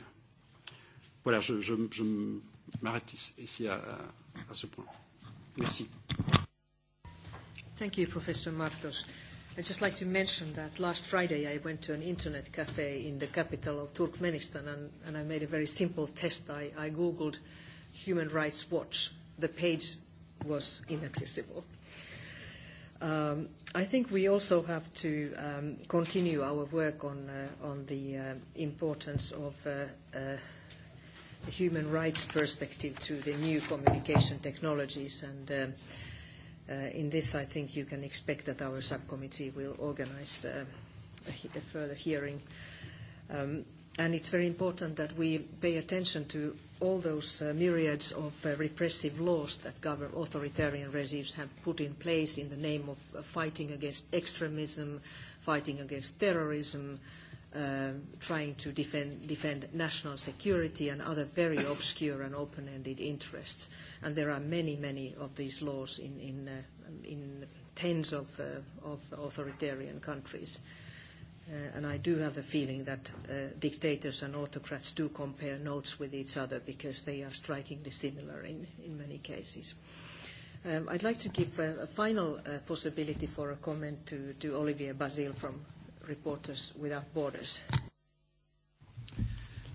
Voilà, je, je, je m'arrête ici à, à, à ce point. Merci. Thank you, Professor Martos. I'd just like to mention that last Friday I went to an internet cafe in the capital of Turkmenistan and, and I made a very simple test. I, I Googled Human Rights Watch. The page was inaccessible. Um, I think we also have to um, continue our work on, uh, on the uh, importance of uh, uh, human rights perspective to the new communication technologies. And um, in this, I think you can expect that our subcommittee will organize a further hearing. and it's very important that we pay attention to all those uh, myriads of uh, repressive laws that govern authoritarian regimes have put in place in the name of uh, fighting against extremism, fighting against terrorism, uh, trying to defend, defend national security and other very obscure and open-ended interests. And there are many, many of these laws in, in, uh, in tens of, uh, of authoritarian countries. Uh, Uh, and I do have a feeling that uh, dictators and autocrats do compare notes with each other because they are strikingly similar in, in many cases. Um, I'd like to give a, a final uh, possibility for a comment to, to Olivier Bazil from Reporters Without Borders.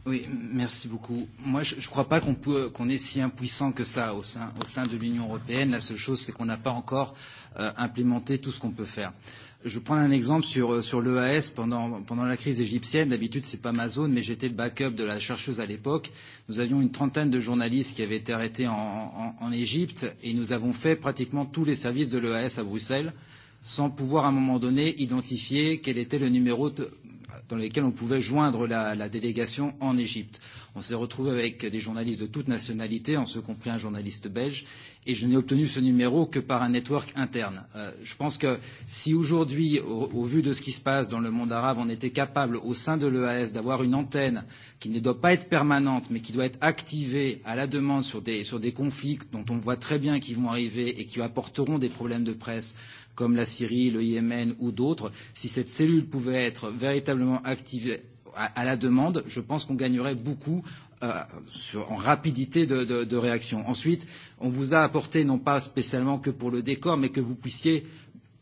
Oui, merci beaucoup. Moi, je ne crois pas qu'on qu est si impuissant que ça au sein, au sein de l'Union européenne. La seule chose, c'est qu'on n'a pas encore euh, implémenté tout ce qu'on peut faire. Euh, je prends un exemple sur, euh, sur l'EAS pendant, pendant la crise égyptienne. D'habitude, c'est pas ma zone, mais j'étais le backup de la chercheuse à l'époque. Nous avions une trentaine de journalistes qui avaient été arrêtés en, en, en Égypte et nous avons fait pratiquement tous les services de l'EAS à Bruxelles sans pouvoir à un moment donné identifier quel était le numéro de, dans lesquels on pouvait joindre la, la délégation en Égypte. On s'est retrouvé avec des journalistes de toutes nationalités, en ce compris un journaliste belge, et je n'ai obtenu ce numéro que par un network interne. Euh, je pense que si aujourd'hui, au, au vu de ce qui se passe dans le monde arabe, on était capable au sein de l'EAS d'avoir une antenne qui ne doit pas être permanente, mais qui doit être activée à la demande sur des, sur des conflits dont on voit très bien qu'ils vont arriver et qui apporteront des problèmes de presse comme la Syrie, le Yémen ou d'autres, si cette cellule pouvait être véritablement activée à, à la demande, je pense qu'on gagnerait beaucoup euh, sur, en rapidité de, de, de réaction. Ensuite, on vous a apporté, non pas spécialement que pour le décor, mais que vous puissiez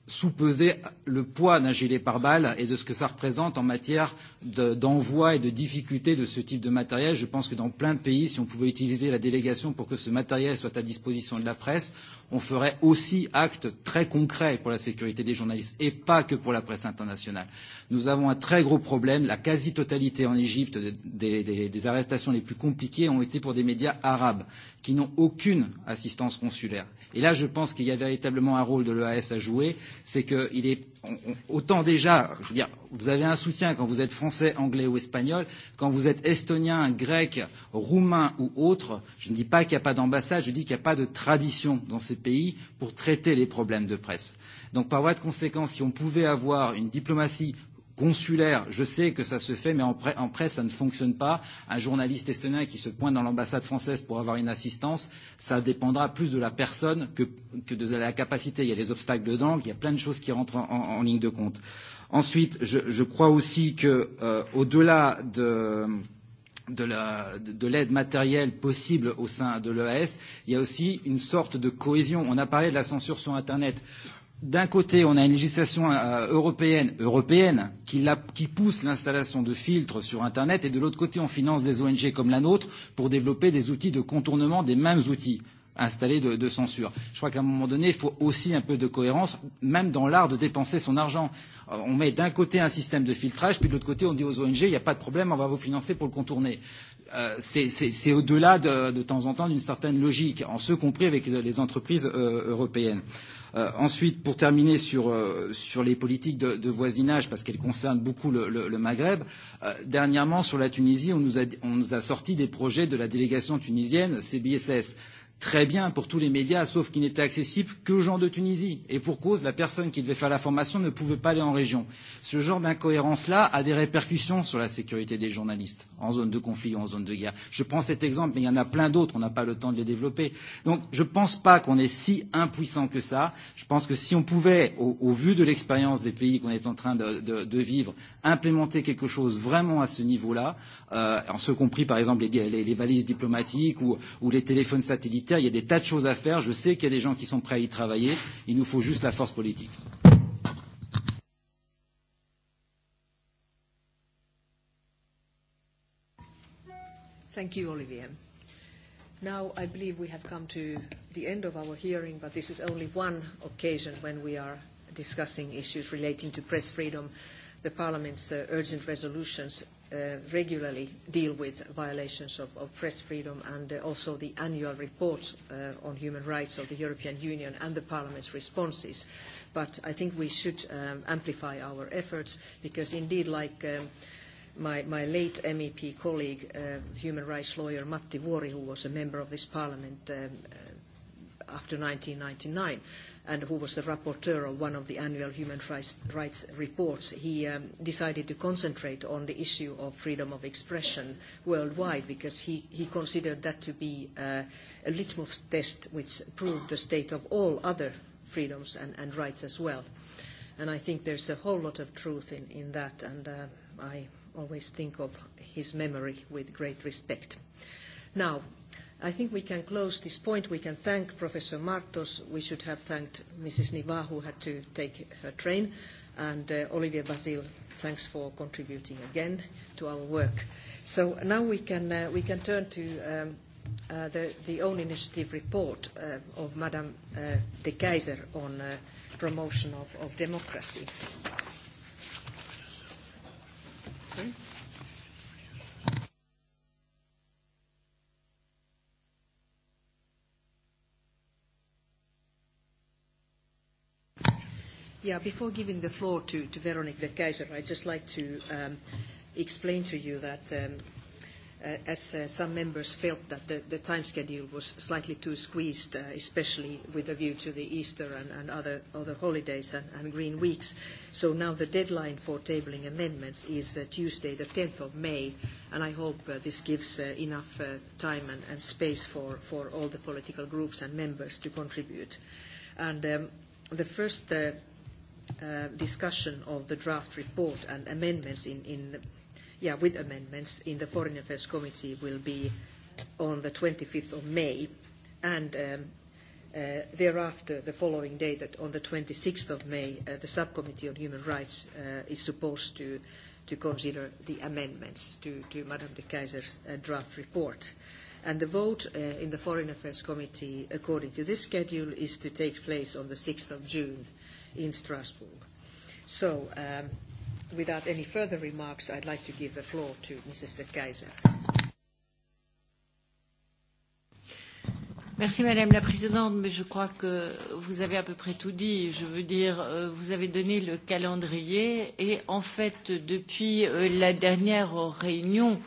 sous-peser le poids d'un gilet pare-balles et de ce que ça représente en matière d'envoi de, et de difficulté de ce type de matériel. Je pense que dans plein de pays, si on pouvait utiliser la délégation pour que ce matériel soit à disposition de la presse, on ferait aussi acte très concret pour la sécurité des journalistes et pas que pour la presse internationale. Nous avons un très gros problème. La quasi-totalité en Égypte des, des, des arrestations les plus compliquées ont été pour des médias arabes qui n'ont aucune assistance consulaire. Et là, je pense qu'il y a véritablement un rôle de l'EAS à jouer, c'est qu'il est autant déjà, je veux dire, vous avez un soutien quand vous êtes français, anglais ou espagnol, quand vous êtes estonien, grec, roumain ou autre, je ne dis pas qu'il n'y a pas d'ambassade, je dis qu'il n'y a pas de tradition dans ces pays pour traiter les problèmes de presse. Donc par voie de conséquence, si on pouvait avoir une diplomatie consulaire. Je sais que ça se fait, mais en, pré, en presse, ça ne fonctionne pas. Un journaliste estonien qui se pointe dans l'ambassade française pour avoir une assistance, ça dépendra plus de la personne que, que de la capacité. Il y a des obstacles dedans, il y a plein de choses qui rentrent en, en, en ligne de compte. Ensuite, je, je crois aussi qu'au-delà euh, de de l'aide la, de matérielle possible au sein de l'EAS, il y a aussi une sorte de cohésion. On a parlé de la censure sur Internet d'un côté, on a une législation euh, européenne, européenne qui, la, qui pousse l'installation de filtres sur Internet, et de l'autre côté, on finance des ONG comme la nôtre pour développer des outils de contournement des mêmes outils installés de, de censure. Je crois qu'à un moment donné, il faut aussi un peu de cohérence, même dans l'art de dépenser son argent. Euh, on met d'un côté un système de filtrage, puis de l'autre côté, on dit aux ONG, il n'y a pas de problème, on va vous financer pour le contourner. Euh, C'est au-delà de, de temps en temps d'une certaine logique, en ce compris avec les entreprises euh, européennes. Euh, Euh, ensuite, pour terminer sur, euh, sur les politiques de, de voisinage, parce qu'elles concernent beaucoup le, le, le Maghreb, euh, dernièrement, sur la Tunisie, on nous, a, on nous a sorti des projets de la délégation tunisienne CBSS. Euh, très bien pour tous les médias, sauf qu'il n'était accessible qu'aux gens de Tunisie. Et pour cause, la personne qui devait faire la formation ne pouvait pas aller en région. Ce genre d'incohérence-là a des répercussions sur la sécurité des journalistes en zone de conflit ou en zone de guerre. Je prends cet exemple, mais il y en a plein d'autres, on n'a pas le temps de les développer. Donc je ne pense pas qu'on est si impuissant que ça. Je pense que si on pouvait, au, au vu de l'expérience des pays qu'on est en train de, de, de vivre, implémenter quelque chose vraiment à ce niveau-là, euh, en ce compris par exemple les, les, les valises diplomatiques ou, ou les téléphones satellitaires, il y a des tas de choses à faire. Je sais qu'il y a des gens qui sont prêts à y travailler. Il nous faut juste la force politique. Thank you, Olivier. Now, I believe we have come to the end of our hearing, but this is only one occasion when we are discussing issues relating to press freedom the Parliament's uh, urgent resolutions Uh, regularly deal with violations of, of press freedom and uh, also the annual report uh, on human rights of the European Union and the Parliament's responses. But I think we should um, amplify our efforts because indeed like um, my, my late MEP colleague, uh, human rights lawyer Matti Vuori, who was a member of this Parliament um, uh, after 1999, and who was the rapporteur of one of the annual human rights reports, he um, decided to concentrate on the issue of freedom of expression worldwide because he, he considered that to be uh, a litmus test which proved the state of all other freedoms and, and rights as well. And I think there's a whole lot of truth in, in that, and uh, I always think of his memory with great respect. Now, i think we can close this point. We can thank Professor Martos. We should have thanked Mrs. Niva, who had to take her train, and uh, Olivier Basile. Thanks for contributing again to our work. So now we can, uh, we can turn to um, uh, the, the own initiative report uh, of Madame uh, de Keyser on uh, promotion of, of democracy. Yeah, before giving the floor to, to Veronique de Keyser, I'd just like to um, explain to you that um, Uh, as uh, some members felt that the, the time schedule was slightly too squeezed, uh, especially with a view to the Easter and, and other, other holidays and, and green weeks. So now the deadline for tabling amendments is uh, Tuesday, the 10th of May, and I hope uh, this gives uh, enough uh, time and, and space for, for all the political groups and members to contribute. And um, the first Uh, Uh, discussion of the draft report and amendments in, in yeah, with amendments in the Foreign Affairs Committee will be on the 25th of May, and um, uh, thereafter, the following day, that on the 26th of May, uh, the Subcommittee on Human Rights uh, is supposed to, to consider the amendments to, to Madame de Kaiser's uh, draft report. And the vote uh, in the Foreign Affairs Committee, according to this schedule, is to take place on the 6th of June in Strasbourg. So, um, without any further remarks, I'd like to give the floor to Mrs. de Keyser. Merci Madame la Présidente, mais je crois que vous avez à peu près tout dit. Je veux dire, euh, vous avez donné le calendrier et en fait, depuis euh, la dernière réunion euh,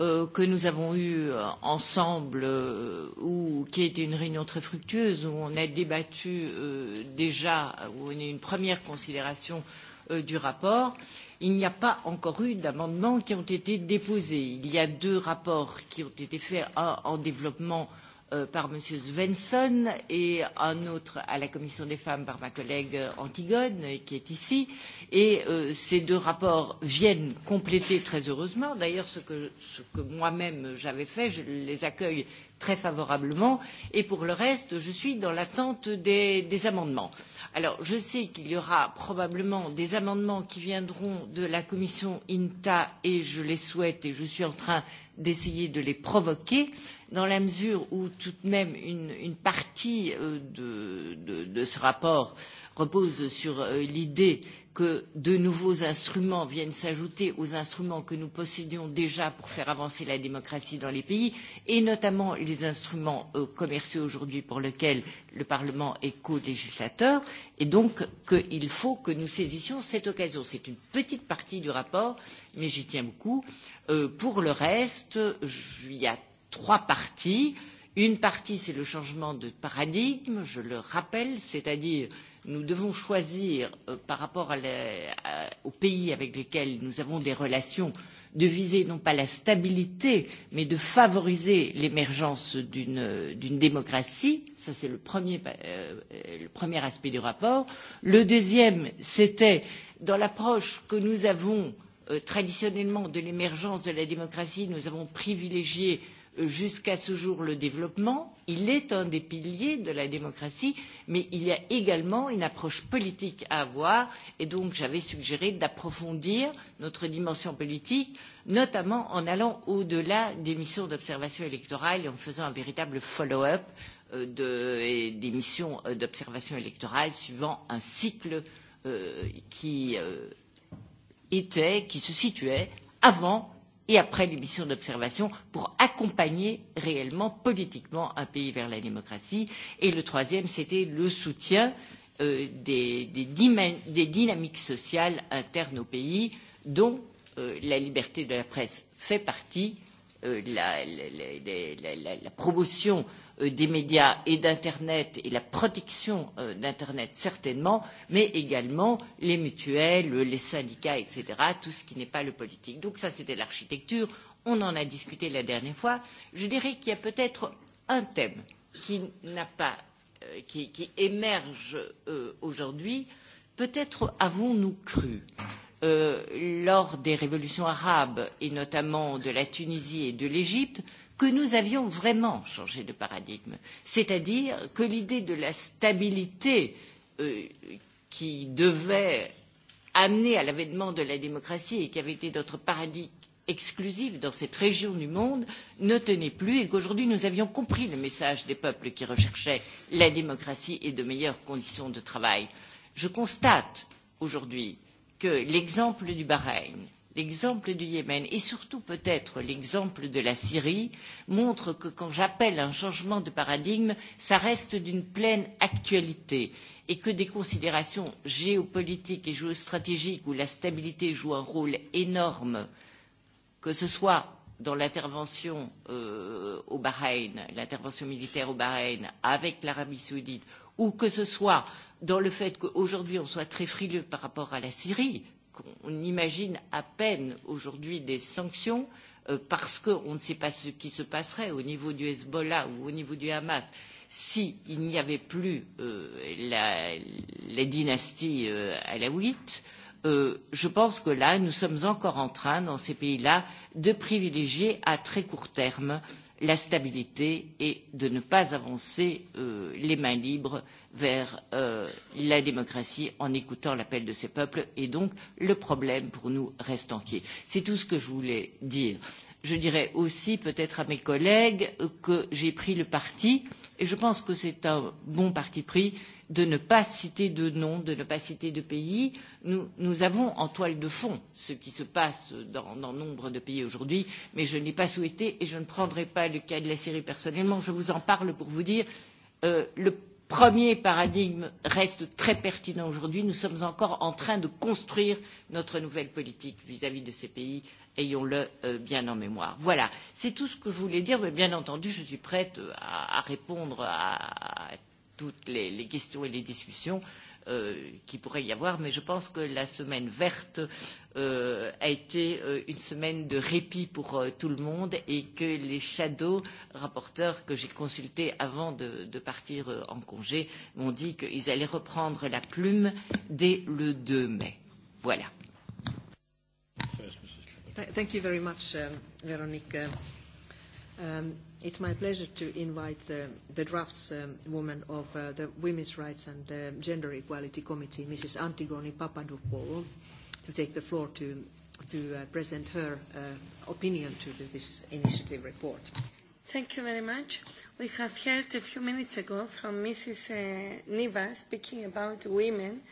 Euh, que nous avons eue euh, ensemble, euh, ou qui était une réunion très fructueuse, où on a débattu euh, déjà, où on a eu une première considération euh, du rapport, il n'y a pas encore eu d'amendements qui ont été déposés. Il y a deux rapports qui ont été faits, un en développement euh, Euh, par M. Svensson et un autre à la Commission des femmes par ma collègue euh, Antigone euh, qui est ici. Et euh, ces deux rapports viennent compléter très heureusement. D'ailleurs, ce que, ce que moi-même j'avais fait, je les accueille très favorablement. Et pour le reste, je suis dans l'attente des, des amendements. Alors, je sais qu'il y aura probablement des amendements qui viendront de la commission INTA et je les souhaite et je suis en train d'essayer de les provoquer dans la mesure où tout de même une, une partie euh, de, de, de ce rapport repose sur euh, l'idée que de nouveaux instruments viennent s'ajouter aux instruments que nous possédions déjà pour faire avancer la démocratie dans les pays, et notamment les instruments euh, commerciaux aujourd'hui pour lesquels le Parlement est co-législateur, et donc qu'il faut que nous saisissions cette occasion. C'est une petite partie du rapport, mais j'y tiens beaucoup. Euh, pour le reste, il y a trois parties. Une partie, c'est le changement de paradigme, je le rappelle, c'est-à-dire nous devons choisir euh, par rapport à les, à, aux pays avec lesquels nous avons des relations de viser non pas la stabilité mais de favoriser l'émergence d'une démocratie ça c'est le, euh, le premier aspect du rapport. le deuxième c'était dans l'approche que nous avons euh, traditionnellement de l'émergence de la démocratie nous avons privilégié euh, jusqu'à ce jour le développement. Il est un des piliers de la démocratie, mais il y a également une approche politique à avoir. Et donc, j'avais suggéré d'approfondir notre dimension politique, notamment en allant au-delà des missions d'observation électorale et en faisant un véritable follow-up euh, de, des missions euh, d'observation électorale suivant un cycle euh, qui euh, était, qui se situait avant et après les missions d'observation pour accompagner réellement politiquement un pays vers la démocratie. Et le troisième, c'était le soutien euh, des, des, des dynamiques sociales internes au pays, dont euh, la liberté de la presse fait partie, euh, la, la, la, la, la, promotion euh, Euh, des médias et d'Internet et la protection euh, d'Internet certainement, mais également les mutuelles, les syndicats, etc., tout ce qui n'est pas le politique. Donc ça, c'était l'architecture. On en a discuté la dernière fois. Je dirais qu'il y a peut-être un thème qui n'a pas, euh, qui, qui émerge euh, aujourd'hui. Peut-être avons-nous cru euh, lors des révolutions arabes et notamment de la Tunisie et de l'Égypte que nous avions vraiment changé de paradigme, c'est-à-dire que l'idée de la stabilité euh, qui devait amener à l'avènement de la démocratie et qui avait été notre paradigme exclusive dans cette région du monde ne tenait plus et qu'aujourd'hui nous avions compris le message des peuples qui recherchaient la démocratie et de meilleures conditions de travail. Je constate aujourd'hui que l'exemple du Bahreïn, l'exemple du Yémen et surtout peut-être l'exemple de la Syrie montrent que quand j'appelle un changement de paradigme, ça reste d'une pleine actualité et que des considérations géopolitiques et géostratégiques où la stabilité joue un rôle énorme, que ce soit dans l'intervention euh, au Bahreïn, l'intervention militaire au Bahreïn avec l'Arabie saoudite, ou que ce soit dans le fait qu'aujourd'hui on soit très frileux par rapport à la Syrie, qu'on imagine à peine aujourd'hui des sanctions euh, parce qu'on ne sait pas ce qui se passerait au niveau du Hezbollah ou au niveau du Hamas s'il si n'y avait plus euh, la, la dynastie euh, alaouite. Euh, je pense que là, nous sommes encore en train, dans ces pays-là, de privilégier à très court terme la stabilité et de ne pas avancer euh, les mains libres vers euh, la démocratie en écoutant l'appel de ces peuples et donc le problème pour nous reste entier. C'est tout ce que je voulais dire. Je dirais aussi peut-être à mes collègues que j'ai pris le parti et je pense que c'est un bon parti pris de ne pas citer de nom, de ne pas citer de pays. Nous, nous avons en toile de fond ce qui se passe dans, dans nombre de pays aujourd'hui, mais je n'ai pas souhaité et je ne prendrai pas le cas de la Syrie personnellement. Je vous en parle pour vous dire euh, le premier paradigme reste très pertinent aujourd'hui. Nous sommes encore en train de construire notre nouvelle politique vis-à-vis -vis de ces pays. Ayons-le euh, bien en mémoire. Voilà, c'est tout ce que je voulais dire, mais bien entendu, je suis prête euh, à, répondre à toutes les, les questions et les discussions euh, qui pourraient y avoir, mais je pense que la semaine verte euh, a été euh, une semaine de répit pour euh, tout le monde et que les shadow rapporteurs que j'ai consultés avant de, de partir euh, en congé m'ont dit qu'ils allaient reprendre la plume dès le 2 mai. Voilà. Thank you very much, um, Véronique. Um, um It's my pleasure to invite uh, the drafts um, of uh, the Women's Rights and uh, Gender Equality Committee, Mrs. Antigoni Papadopoulou, to take the floor to, to uh, present her uh, opinion to the, this initiative report. Thank you very much. We have heard a few minutes ago from Mrs. Uh, Niva speaking about women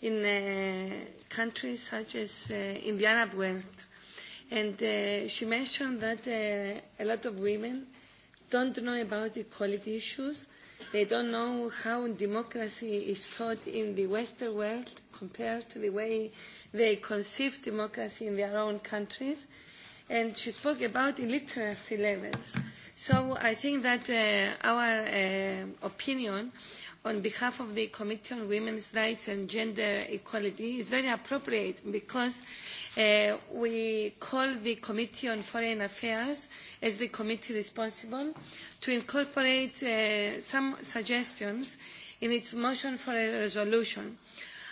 in uh, countries such as uh, in the Arab world. And uh, she mentioned that uh, a lot of women don't know about equality issues. They don't know how democracy is taught in the Western world compared to the way they conceive democracy in their own countries. And she spoke about illiteracy levels. So I think that uh, our uh, opinion on behalf of the Committee on Women's Rights and Gender Equality is very appropriate because uh, we call the Committee on Foreign Affairs as the committee responsible to incorporate uh, some suggestions in its motion for a resolution.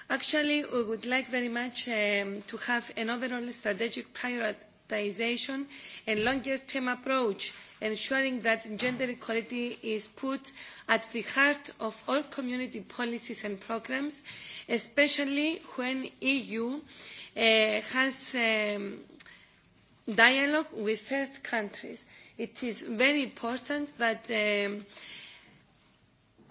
Actually, we would like very much um, to have an overall strategic prioritization and longer-term approach ensuring that gender equality is put at the heart of all community policies and programs, especially when EU uh, eh, has um, dialogue with third countries. It is very important that um,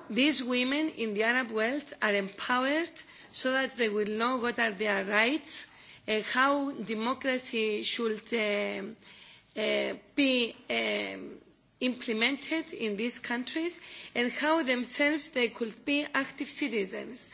these women in the Arab world are empowered so that they will know what are their rights, uh, how democracy should uh, Uh, be um, implemented in these countries and how themselves they could be active citizens.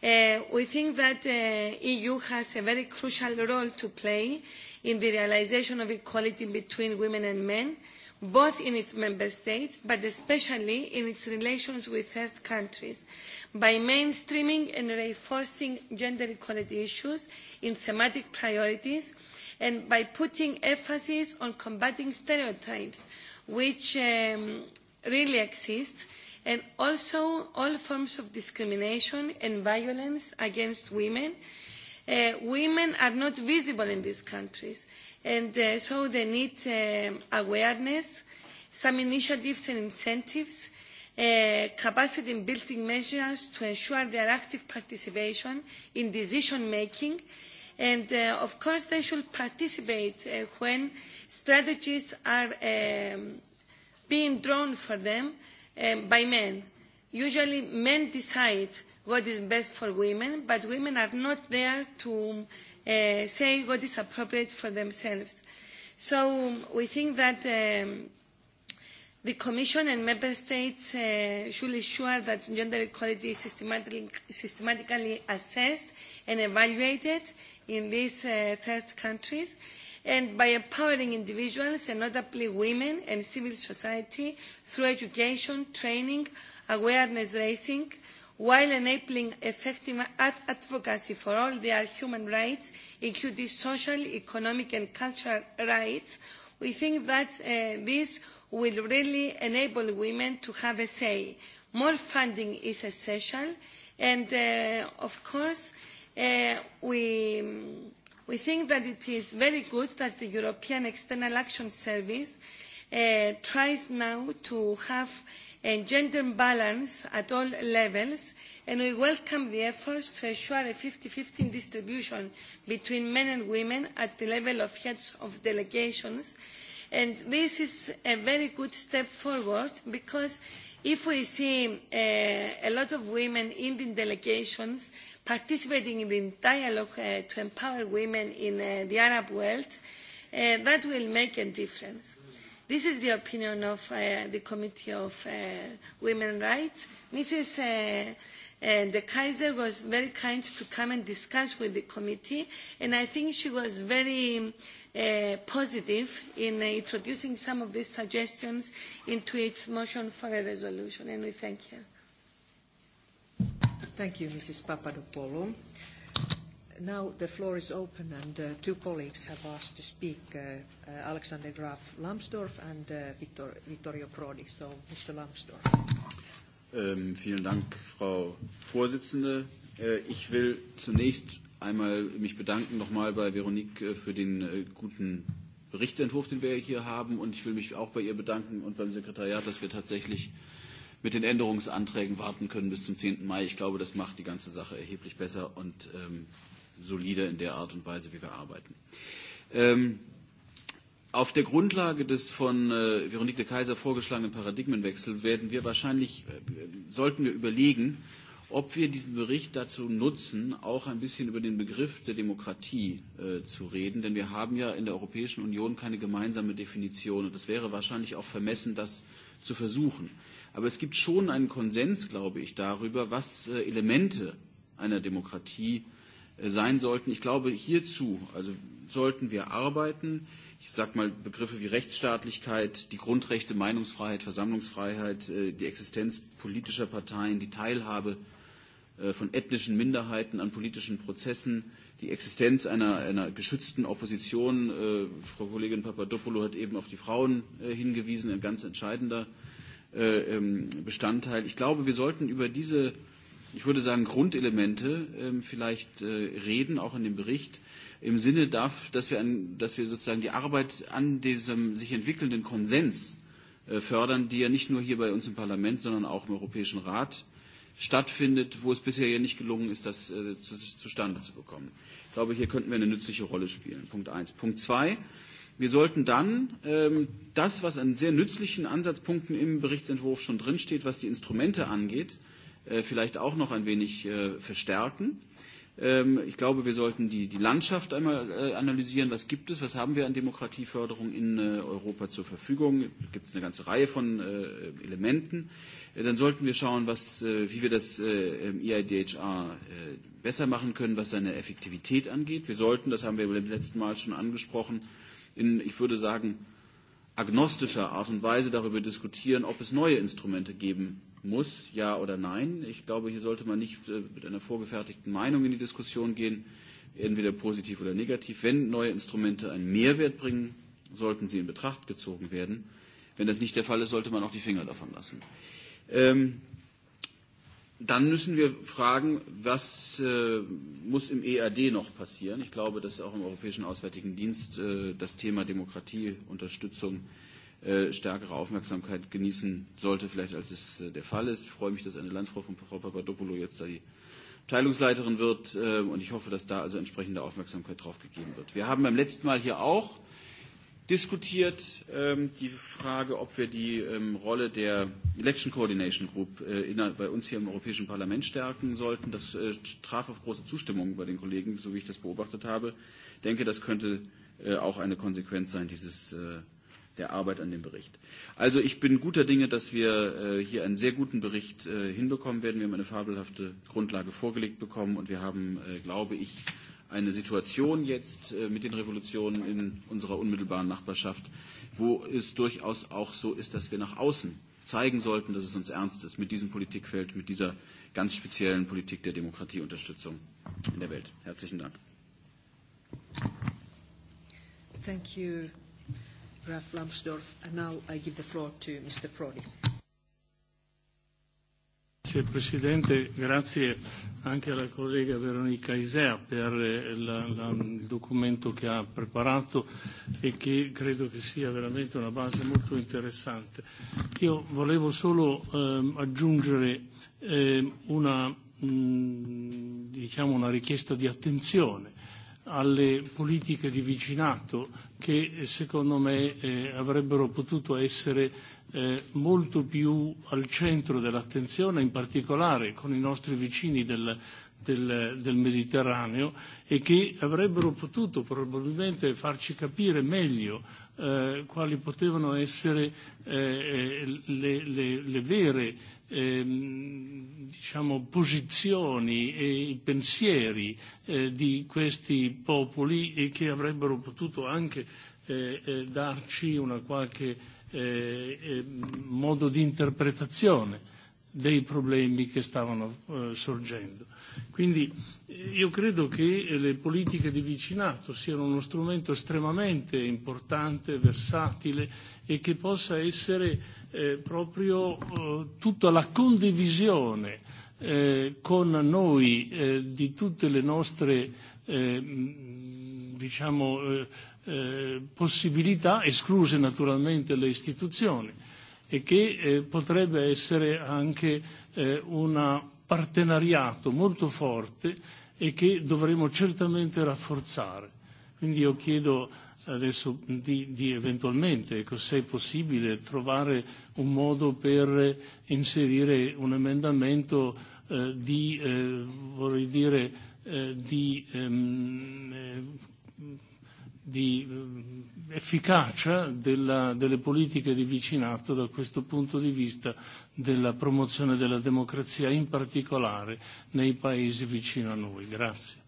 Uh, we think that the uh, EU has a very crucial role to play in the realization of equality between women and men, both in its member states, but especially in its relations with third countries, by mainstreaming and reinforcing gender equality issues in thematic priorities, and by putting emphasis on combating stereotypes which um, really exist and also all forms of discrimination and violence against women. Uh, women are not visible in these countries and uh, so they need um, awareness, some initiatives and incentives, uh, capacity building measures to ensure their active participation in decision making uh, and uh, of course they should participate uh, when strategies are um, being drawn for them um, by men. Usually men decide what is best for women, but women are not there to uh, say what is appropriate for themselves. So we think that um, the Commission and Member States uh, should ensure that gender equality is systematically, systematically assessed and evaluated in these uh, third countries and by empowering individuals and notably women and civil society through education, training, awareness raising, while enabling effective ad advocacy for all their human rights, including social, economic and cultural rights, we think that uh, this will really enable women to have a say. More funding is essential and uh, of course Uh, we, we think that it is very good that the European External Action Service uh, tries now to have a gender balance at all levels, and we welcome the efforts to ensure a 50-50 distribution between men and women at the level of heads of delegations. And this is a very good step forward because if we see uh, a lot of women in the delegations, participating in the dialogue uh, to empower women in uh, the Arab world, uh, that will make a difference. This is the opinion of uh, the Committee of uh, Women Rights. Mrs. Uh, and uh, the Kaiser was very kind to come and discuss with the committee, and I think she was very uh, positive in uh, introducing some of these suggestions into its motion for a resolution, and we thank her. Thank you, Mrs. Papadopoulou. Now the floor is open, and uh, two colleagues have asked to speak, uh, uh, Alexander Graf Lambsdorff and uh, Vittorio Prodi. So, Mr. Lambsdorff. Ähm, vielen Dank, Frau Vorsitzende. Äh, ich will zunächst einmal mich bedanken nochmal bei Veronique äh, für den äh, guten Berichtsentwurf, den wir hier haben. Und ich will mich auch bei ihr bedanken und beim Sekretariat, dass wir tatsächlich mit den Änderungsanträgen warten können bis zum 10. Mai. Ich glaube, das macht die ganze Sache erheblich besser und ähm, solider in der Art und Weise, wie wir arbeiten. Ähm, auf der Grundlage des von äh, Veronique de Kaiser vorgeschlagenen Paradigmenwechsel werden wir wahrscheinlich, äh, sollten wir überlegen, ob wir diesen Bericht dazu nutzen, auch ein bisschen über den Begriff der Demokratie äh, zu reden. Denn wir haben ja in der Europäischen Union keine gemeinsame Definition. Und es wäre wahrscheinlich auch vermessen, das zu versuchen. Aber es gibt schon einen Konsens, glaube ich, darüber, was äh, Elemente einer Demokratie äh, sein sollten. Ich glaube, hierzu also sollten wir arbeiten. Ich sage mal Begriffe wie Rechtsstaatlichkeit, die Grundrechte, Meinungsfreiheit, Versammlungsfreiheit, äh, die Existenz politischer Parteien, die Teilhabe von ethnischen Minderheiten an politischen Prozessen, die Existenz einer, einer geschützten Opposition. Frau Kollegin Papadopoulou hat eben auf die Frauen hingewiesen, ein ganz entscheidender äh, Äh, ähm, Bestandteil. Ich glaube, wir sollten über diese, ich würde sagen, Grundelemente ähm, vielleicht äh, reden, auch in dem Bericht, im Sinne dafür, dass wir, an, dass wir sozusagen die Arbeit an diesem sich entwickelnden Konsens äh, fördern, die ja nicht nur hier bei uns im Parlament, sondern auch im Europäischen Rat stattfindet, wo es bisher ja nicht gelungen ist, das zustande zu bekommen. Ich glaube, hier könnten wir eine nützliche Rolle spielen. Punkt eins. Punkt zwei. Wir sollten dann ähm, das, was an sehr nützlichen Ansatzpunkten im Berichtsentwurf schon drinsteht, was die Instrumente angeht, äh, vielleicht auch noch ein wenig äh, verstärken. Ähm, ich glaube, wir sollten die, die Landschaft einmal äh, analysieren. Was gibt es? Was haben wir an Demokratieförderung in äh, Europa zur Verfügung? Gibt es eine ganze Reihe von äh, Elementen? Äh, dann sollten wir schauen, was, äh, wie wir das äh, EIDHR äh, besser machen können, was seine Effektivität angeht. Wir sollten, das haben wir beim letzten Mal schon angesprochen, äh, in, ich würde sagen, agnostischer Art und Weise darüber diskutieren, ob es neue Instrumente geben muss, ja oder nein. Ich glaube, hier sollte man nicht äh, mit einer vorgefertigten Meinung in die Diskussion gehen, entweder positiv oder negativ. Wenn neue Instrumente einen Mehrwert bringen, sollten sie in Betracht gezogen werden. Wenn das nicht der Fall ist, sollte man auch die Finger davon lassen. Ähm, dann müssen wir fragen, was äh, muss im EAD noch passieren? Ich glaube, dass auch im Europäischen Auswärtigen Dienst äh, das Thema Demokratieunterstützung äh, stärkere Aufmerksamkeit genießen sollte, vielleicht als es äh, der Fall ist. Ich freue mich, dass eine Landfrau von Frau Papadopoulou jetzt da die Teilungsleiterin wird äh, und ich hoffe, dass da also entsprechende Aufmerksamkeit drauf gegeben wird. Wir haben beim letzten Mal hier auch diskutiert ähm, die Frage, ob wir die ähm, Rolle der Election Coordination Group äh, in, bei uns hier im Europäischen Parlament stärken sollten. Das äh, traf auf große Zustimmung bei den Kollegen, so wie ich das beobachtet habe. Ich denke, das könnte äh, auch eine Konsequenz sein dieses, äh, der Arbeit an dem Bericht. Also ich bin guter Dinge, dass wir äh, hier einen sehr guten Bericht äh, hinbekommen werden. Wir haben eine fabelhafte Grundlage vorgelegt bekommen und wir haben, äh, glaube ich, eine Situation jetzt äh, mit den Revolutionen in unserer unmittelbaren Nachbarschaft, wo es durchaus auch so ist, dass wir nach außen zeigen sollten, dass es uns ernst ist mit diesem Politikfeld, mit dieser ganz speziellen Politik der Demokratieunterstützung in der Welt. Herzlichen Dank. Thank you, Ralph Lambsdorff. And now I give the floor to Mr. Prodi. Grazie Presidente, grazie anche alla collega Veronica Isea per la, la, il documento che ha preparato e che credo che sia veramente una base molto interessante. Io volevo solo eh, aggiungere eh, una, mh, diciamo una richiesta di attenzione alle politiche di vicinato che secondo me eh, avrebbero potuto essere molto più al centro dell'attenzione, in particolare con i nostri vicini del, del, del Mediterraneo e che avrebbero potuto probabilmente farci capire meglio eh, quali potevano essere eh, le, le, le vere eh, diciamo, posizioni e i pensieri eh, di questi popoli e che avrebbero potuto anche eh, eh, darci una qualche Eh, eh, modo di interpretazione dei problemi che stavano eh, sorgendo. Quindi eh, io credo che le politiche di vicinato siano uno strumento estremamente importante, versatile e che possa essere eh, proprio eh, tutta la condivisione eh, con noi eh, di tutte le nostre eh, diciamo eh, Eh, possibilità, escluse naturalmente le istituzioni, e che eh, potrebbe essere anche eh, un partenariato molto forte e che dovremo certamente rafforzare. Quindi io chiedo adesso di, di eventualmente, ecco, se è possibile, trovare un modo per inserire un emendamento eh, di, eh, vorrei dire, eh, di ehm, eh, di eh, efficacia della, delle politiche di vicinato da questo punto di vista della promozione della democrazia, in particolare nei paesi vicino a noi. Grazie.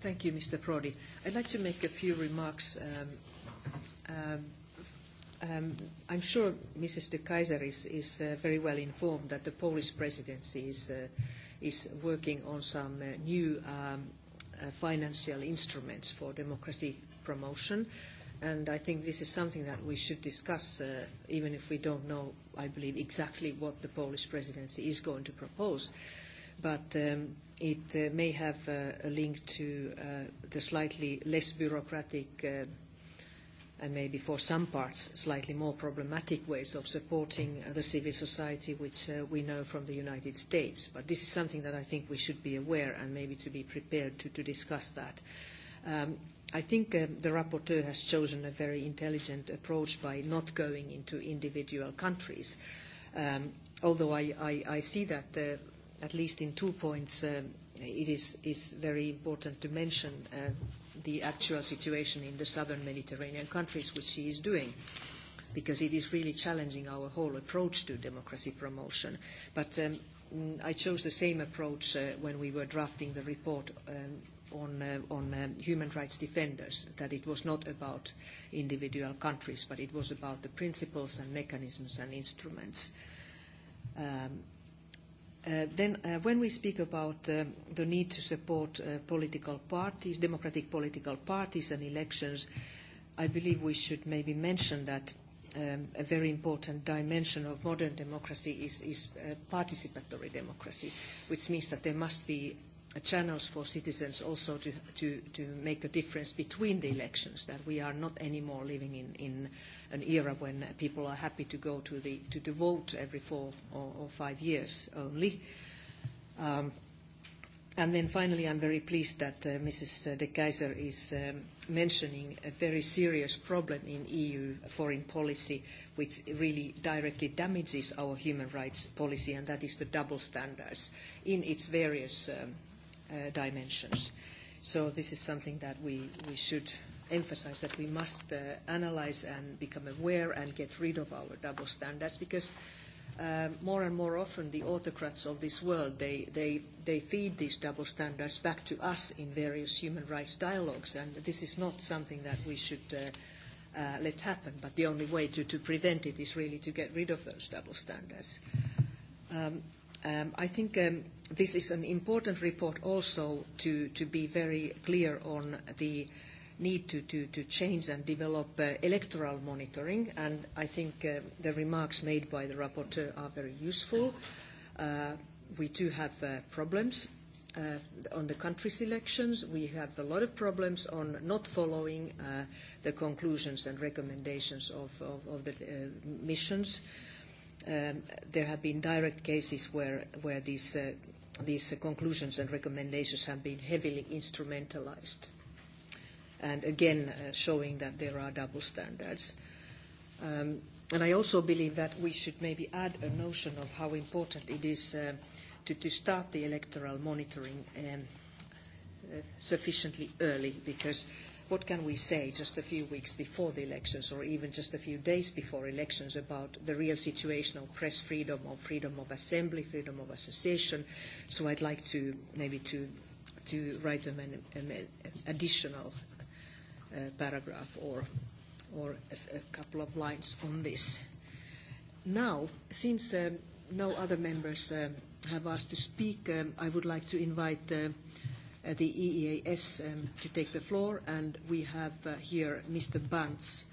Thank you, Mr. Prodi. I'd like to make a few remarks um, um, Um, I'm sure Mrs. de Keyser is, is uh, very well informed that the Polish presidency is, uh, is working on some uh, new um, uh, financial instruments for democracy promotion. And I think this is something that we should discuss, uh, even if we don't know, I believe, exactly what the Polish presidency is going to propose. But um, it uh, may have uh, a link to uh, the slightly less bureaucratic uh, and maybe for some parts slightly more problematic ways of supporting the civil society, which uh, we know from the United States. But this is something that I think we should be aware and maybe to be prepared to, to discuss that. Um, I think uh, the rapporteur has chosen a very intelligent approach by not going into individual countries, um, although I, I, I see that uh, at least in two points um, it is, is very important to mention uh, the actual situation in the southern Mediterranean countries, which she is doing, because it is really challenging our whole approach to democracy promotion. But um, I chose the same approach uh, when we were drafting the report um, on, uh, on um, human rights defenders, that it was not about individual countries, but it was about the principles and mechanisms and instruments. Um, Uh, then, uh, when we speak about uh, the need to support uh, political parties, democratic political parties and elections, I believe we should maybe mention that um, a very important dimension of modern democracy is, is uh, participatory democracy, which means that there must be channels for citizens also to, to, to make a difference between the elections, that we are not anymore living in, in an era when people are happy to go to the to, to vote every four or, or five years only. Um, and then finally, I'm very pleased that uh, Mrs. De Keyser is um, mentioning a very serious problem in EU foreign policy, which really directly damages our human rights policy, and that is the double standards in its various um, uh, dimensions. So this is something that we, we should emphasize that we must uh, analyze and become aware and get rid of our double standards because uh, more and more often the autocrats of this world, they, they, they feed these double standards back to us in various human rights dialogues. And this is not something that we should uh, uh, let happen. But the only way to, to prevent it is really to get rid of those double standards. Um, um, I think um, this is an important report also to, to be very clear on the uh, need to, to, to change and develop uh, electoral monitoring, and I think uh, the remarks made by the rapporteur are very useful. Uh, we do have uh, problems uh, on the country selections. We have a lot of problems on not following uh, the conclusions and recommendations of, of, of the uh, missions. Um, there have been direct cases where, where these, uh, these conclusions and recommendations have been heavily instrumentalized and again uh, showing that there are double standards. Um, and I also believe that we should maybe add a notion of how important it is uh, to, to start the electoral monitoring um, uh, sufficiently early, because what can we say just a few weeks before the elections or even just a few days before elections about the real situation of press freedom, or freedom of assembly, freedom of association? So I'd like to maybe to, to write an, an additional Uh, paragraph or, or a, a couple of lines on this. Now, since um, no other members um, have asked to speak, um, I would like to invite uh, uh the EEAS um, to take the floor, and we have uh, here Mr. Bunce,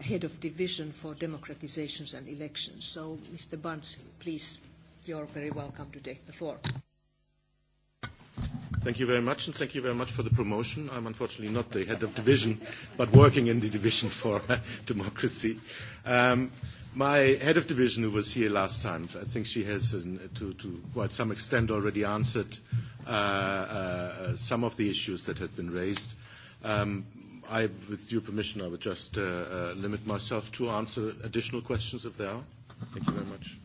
Head of Division for Democratizations and Elections. So, Mr. Bunce, please, you're very welcome to take the floor. Thank you very much, and thank you very much for the promotion. I'm unfortunately not the head of division, but working in the division for democracy. Um, my head of division, who was here last time, I think she has, an, uh, to, to quite some extent, already answered uh, uh, uh, some of the issues that had been raised. Um, I, with your permission, I would just uh, uh, limit myself to answer additional questions if there are. Thank you very much.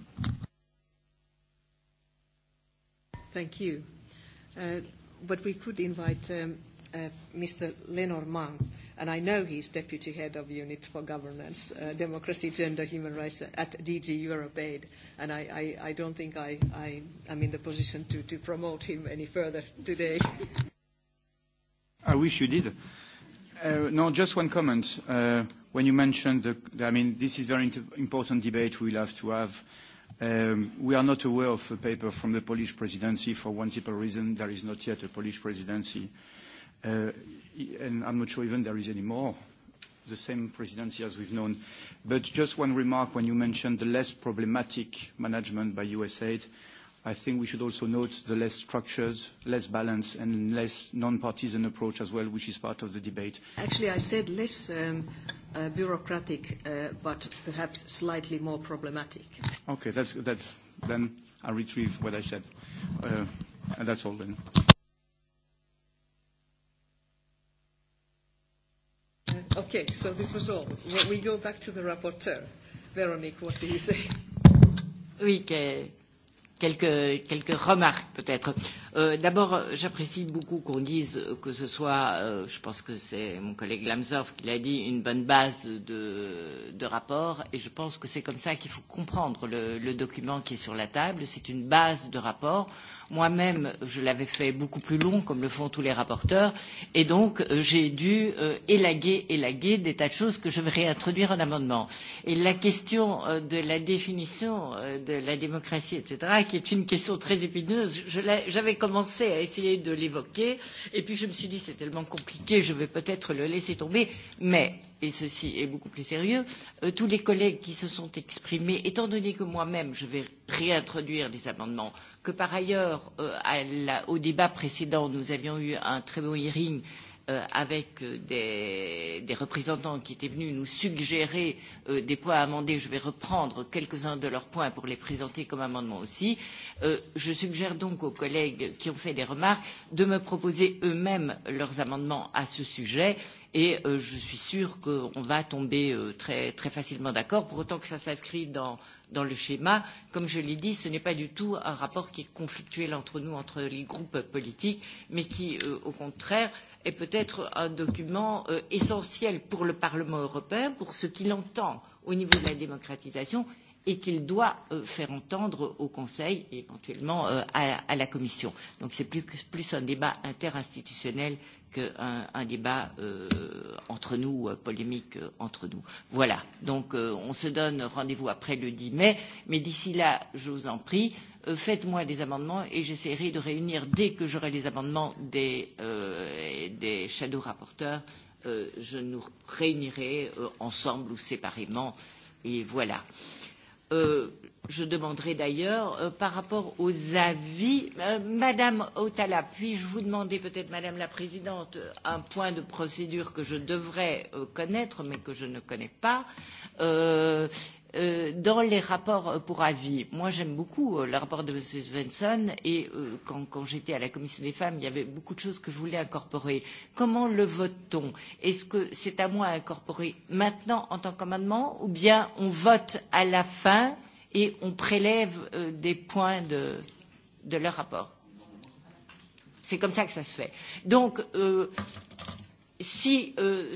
Thank you. Uh, but we could invite um, uh, Mr. Lenormand, and I know he's deputy head of units for governance, uh, democracy, gender, human rights at DG Europe Aid, and I, I, I don't think I, I am in the position to, to promote him any further today. I wish you did. Uh, no, just one comment. Uh, when you mentioned the, the, I mean, this is very important debate we'll have to have Um, we are not aware of a paper from the Polish presidency for one simple reason, there is not yet a Polish presidency. Uh, I'm not sure even there is any more, the same presidency as we've known. But just one remark when you mentioned the less problematic management by USAID. I think we should also note the less structures, less balance, and less non-partisan approach as well, which is part of the debate. Actually, I said less um, uh, bureaucratic, uh, but perhaps slightly more problematic. Okay, that's, then I retrieve what I said. Uh, and that's all then. Okay, so this was all. We go back to the rapporteur. Véronique, what do you say? Oui, quelques, quelques remarques peut-être. Euh, D'abord, j'apprécie beaucoup qu'on dise que ce soit, euh, je pense que c'est mon collègue Lamsdorff qui l'a dit, une bonne base de, de rapport. Et je pense que c'est comme ça qu'il faut comprendre le, le document qui est sur la table. C'est une base de rapport Moi-même, je l'avais fait beaucoup plus long, comme le font tous les rapporteurs, et donc euh, j'ai dû euh, élaguer, élaguer des tas de choses que je vais réintroduire en amendement. Et la question euh, de la définition euh, de la démocratie, etc., qui est une question très épineuse, j'avais commencé à essayer de l'évoquer, et puis je me suis dit c'est tellement compliqué, je vais peut-être le laisser tomber, mais et ceci est beaucoup plus sérieux, euh, tous les collègues qui se sont exprimés, étant donné que moi-même je vais réintroduire les amendements, que par ailleurs euh, à la, au débat précédent nous avions eu un très beau hearing euh, avec euh, des, des représentants qui étaient venus nous suggérer euh, des points à amender. Je vais reprendre quelques-uns de leurs points pour les présenter comme amendements aussi. Euh, je suggère donc aux collègues qui ont fait des remarques de me proposer eux-mêmes leurs amendements à ce sujet et euh, je suis sûre qu'on va tomber euh, très, très facilement d'accord, pour autant que ça s'inscrit dans, dans le schéma. Comme je l'ai dit, ce n'est pas du tout un rapport qui est conflictuel entre nous, entre les groupes politiques, mais qui, euh, au contraire, euh, est peut-être un document euh, essentiel pour le Parlement européen, pour ce qu'il entend au niveau de la démocratisation et qu'il doit euh, faire entendre au Conseil et éventuellement euh, à, à la Commission. Donc c'est plus, plus un débat interinstitutionnel qu'un un débat euh, entre nous, euh, polémique euh, entre nous. Voilà, donc euh, on se donne rendez-vous après le 10 mai, mais d'ici là, je vous en prie, euh, Euh, faites-moi des amendements et j'essaierai de réunir dès que j'aurai les amendements des, euh, des shadow rapporteurs. Euh, je nous réunirai euh, ensemble ou séparément et voilà. Euh, je demanderai d'ailleurs euh, par rapport aux avis euh, madame Otala puis-je vous demander peut-être madame la présidente un point de procédure que je devrais euh, connaître mais que je ne connais pas euh, Euh, dans les rapports pour avis, moi j'aime beaucoup euh, le rapport de M. Svensson et euh, quand, quand j'étais à la commission des femmes, il y avait beaucoup de choses que je voulais incorporer. Comment le vote-t-on Est-ce que c'est à moi à incorporer maintenant en tant qu'amendement ou bien on vote à la fin et on prélève euh, des points de, de leur rapport C'est comme ça que ça se fait. Donc, euh, si euh,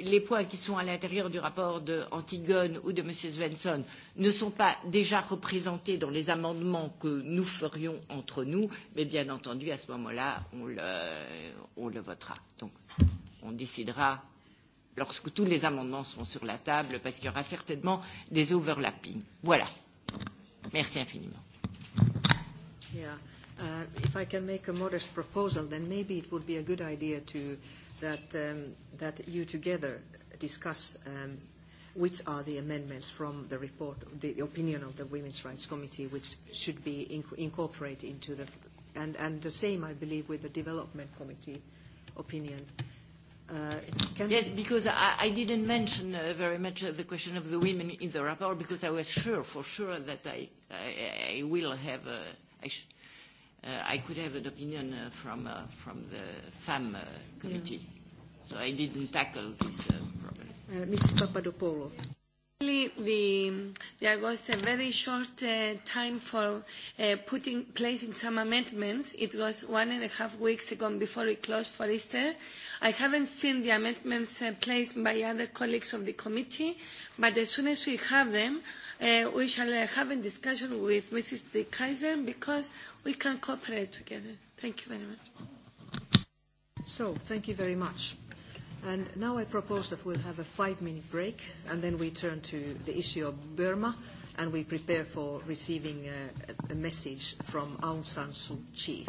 les points qui sont à l'intérieur du rapport de Antigone ou de M. Svensson ne sont pas déjà représentés dans les amendements que nous ferions entre nous, mais bien entendu, à ce moment-là, on le, on le votera. Donc, on décidera lorsque tous les amendements seront sur la table, parce qu'il y aura certainement des overlappings. Voilà. Merci infiniment. Yeah. Uh, if I can make a modest proposal, then maybe it would be a good idea to that, um, that you together discuss um, which are the amendments from the report, the opinion of the Women's Rights Committee, which should be inc- incorporated into the, and, and the same, I believe, with the Development Committee opinion. Uh, yes, because I, I didn't mention uh, very much uh, the question of the women in the rapport because I was sure, for sure, that I, I, I will have, a, I, sh- uh, I could have an opinion uh, from, uh, from the FAM uh, committee. Yeah. So I didn't tackle this uh, problem. Uh, Mrs. Papadopoulou. The, there was a very short uh, time for uh, putting placing some amendments. It was one and a half weeks ago before we closed for Easter. I haven't seen the amendments uh, placed by other colleagues of the committee, but as soon as we have them, uh, we shall uh, have a discussion with Mrs. De Kaiser because we can cooperate together. Thank you very much. So, thank you very much. And now I propose that we'll have a five-minute break, and then we turn to the issue of Burma, and we prepare for receiving a, uh, a message from Aung San Suu Kyi.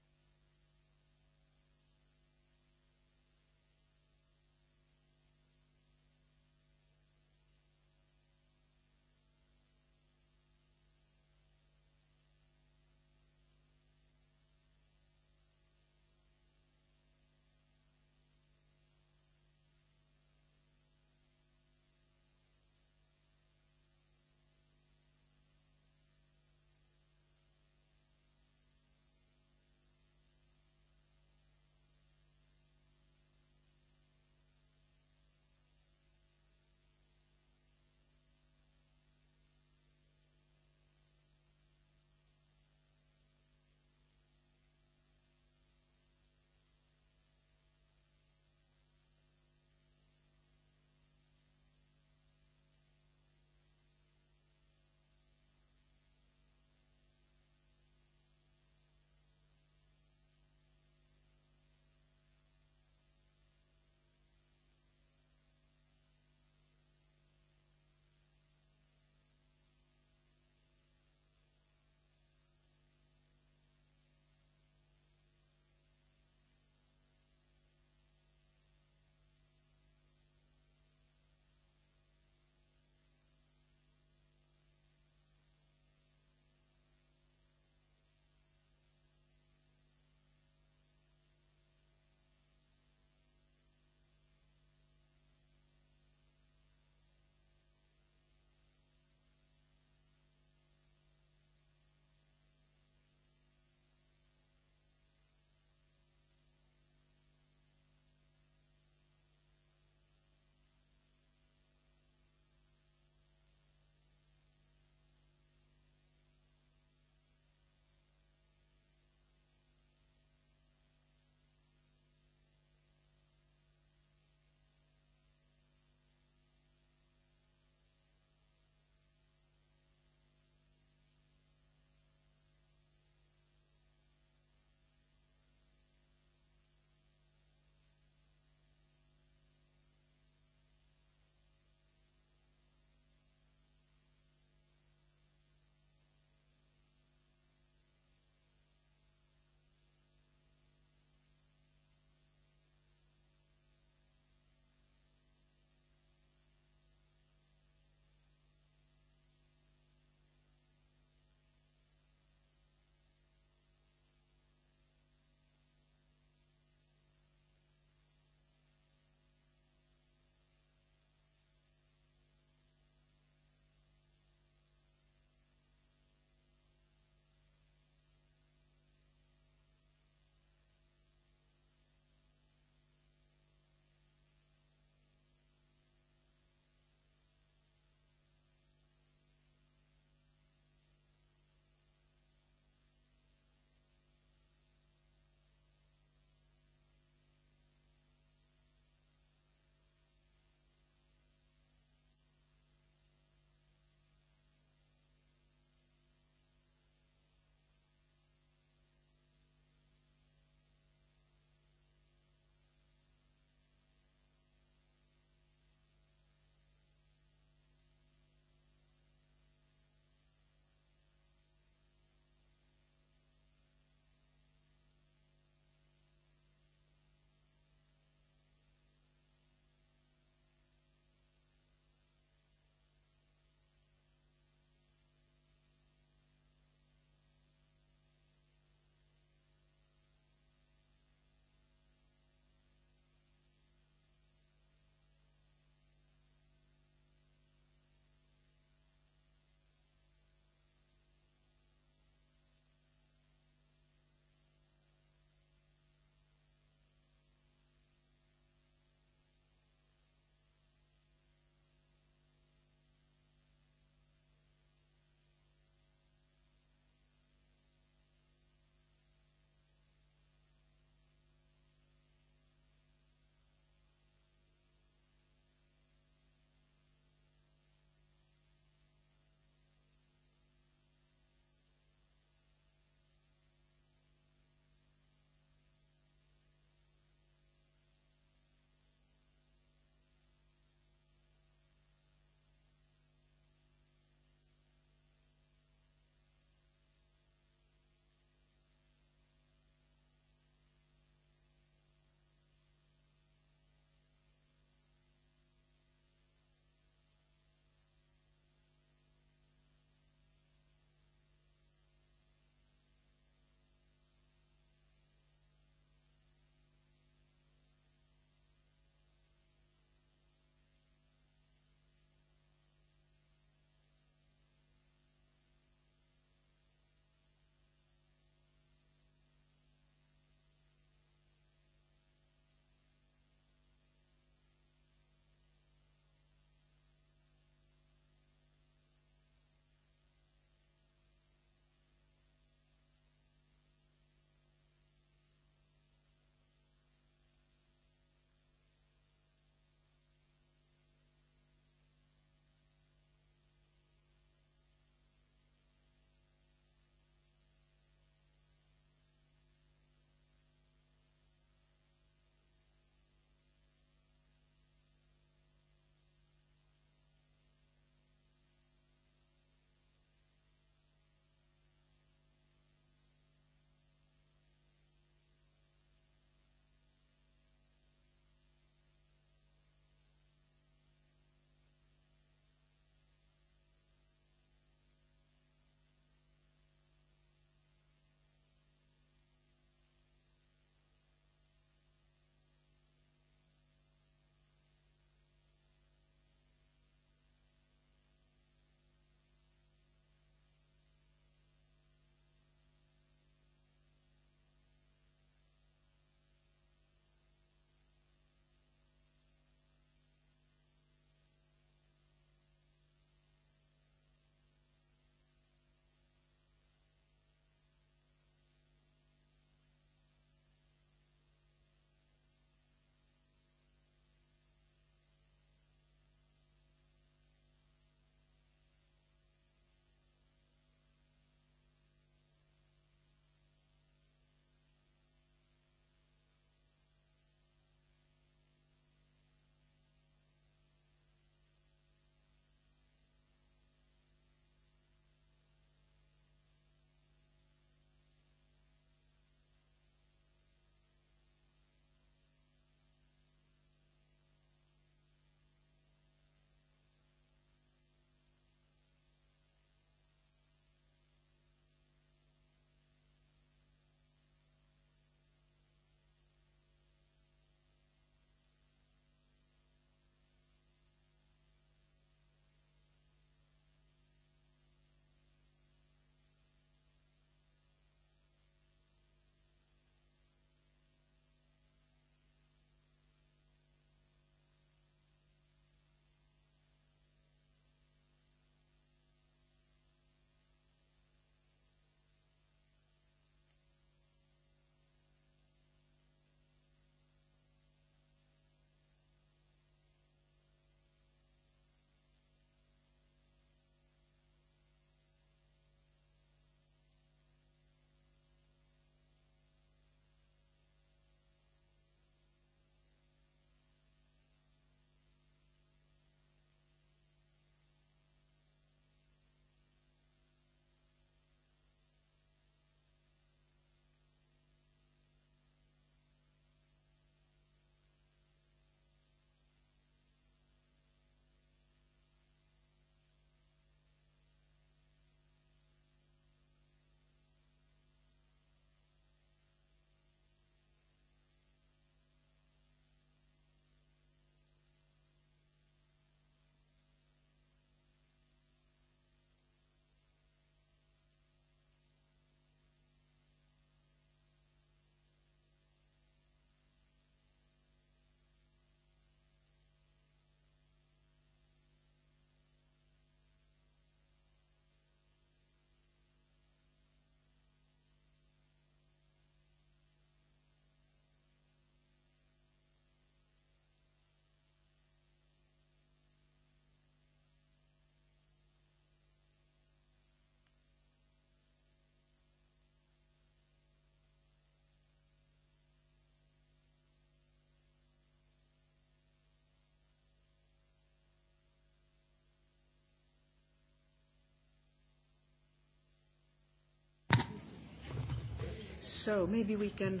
So maybe we can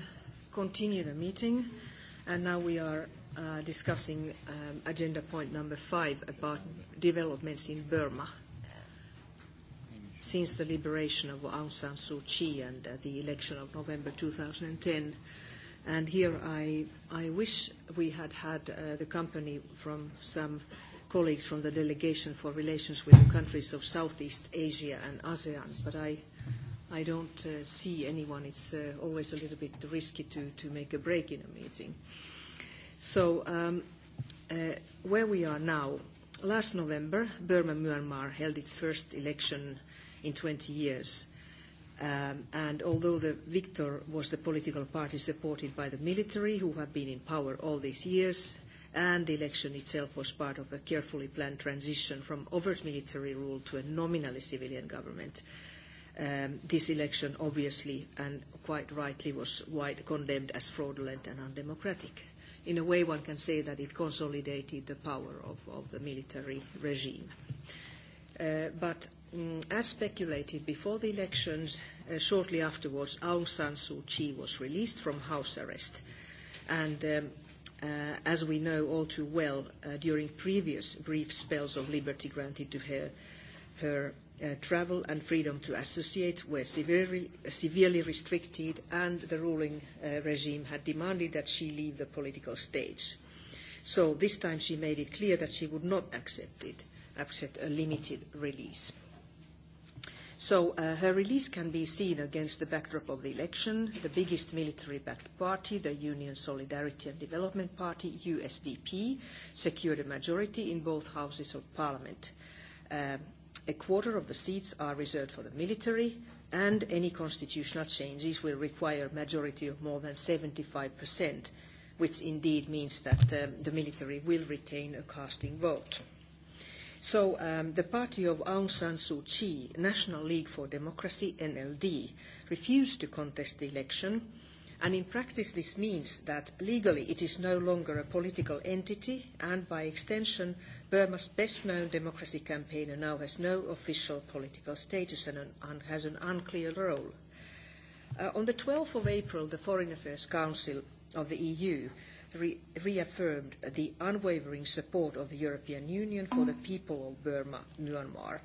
continue the meeting. And now we are uh, discussing um, agenda point number five about developments in Burma since the liberation of Aung San Suu Kyi and uh, the election of November 2010. And here I, I wish we had had uh, the company from some colleagues from the Delegation for Relations with the Countries of Southeast Asia and ASEAN, but I i don't uh, see anyone. It's uh, always a little bit risky to, to make a break in a meeting. So um, uh, where we are now, last November, Burma Myanmar held its first election in 20 years. Um, and although the victor was the political party supported by the military, who have been in power all these years, and the election itself was part of a carefully planned transition from overt military rule to a nominally civilian government, uh, Um, this election obviously and quite rightly was wide condemned as fraudulent and undemocratic. In a way, one can say that it consolidated the power of, of the military regime. Uh, but um, as speculated before the elections, uh, shortly afterwards, Aung San Suu Kyi was released from house arrest. And um, uh, as we know all too well, uh, during previous brief spells of liberty granted to her, her uh, travel and freedom to associate were severely, severely restricted, and the ruling uh, regime had demanded that she leave the political stage. So this time she made it clear that she would not accept it, accept a limited release. So uh, her release can be seen against the backdrop of the election, the biggest military-backed party, the Union Solidarity and Development Party, USDP, secured a majority in both houses of parliament. Uh, a quarter of the seats are reserved for the military, and any constitutional changes will require a majority of more than 75%, which indeed means that um, the military will retain a casting vote. So um, the party of Aung San Suu Kyi, National League for Democracy, NLD, refused to contest the election, and in practice this means that legally it is no longer a political entity, and by extension Burma's best-known democracy campaigner now has no official political status and an, has an unclear role. Uh, on the 12th of April, the Foreign Affairs Council of the EU re- reaffirmed the unwavering support of the European Union for the people of Burma, Myanmar.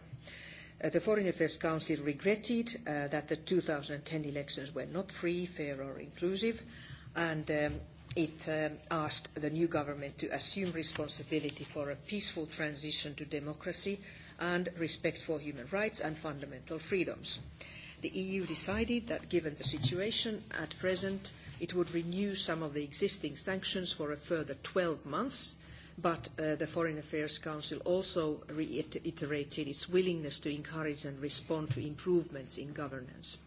Uh, the Foreign Affairs Council regretted uh, that the 2010 elections were not free, fair or inclusive, and um, it um, asked the new government to assume responsibility for a peaceful transition to democracy and respect for human rights and fundamental freedoms. The EU decided that given the situation at present, it would renew some of the existing sanctions for a further 12 months, but uh, the Foreign Affairs Council also reiterated its willingness to encourage and respond to improvements in governance.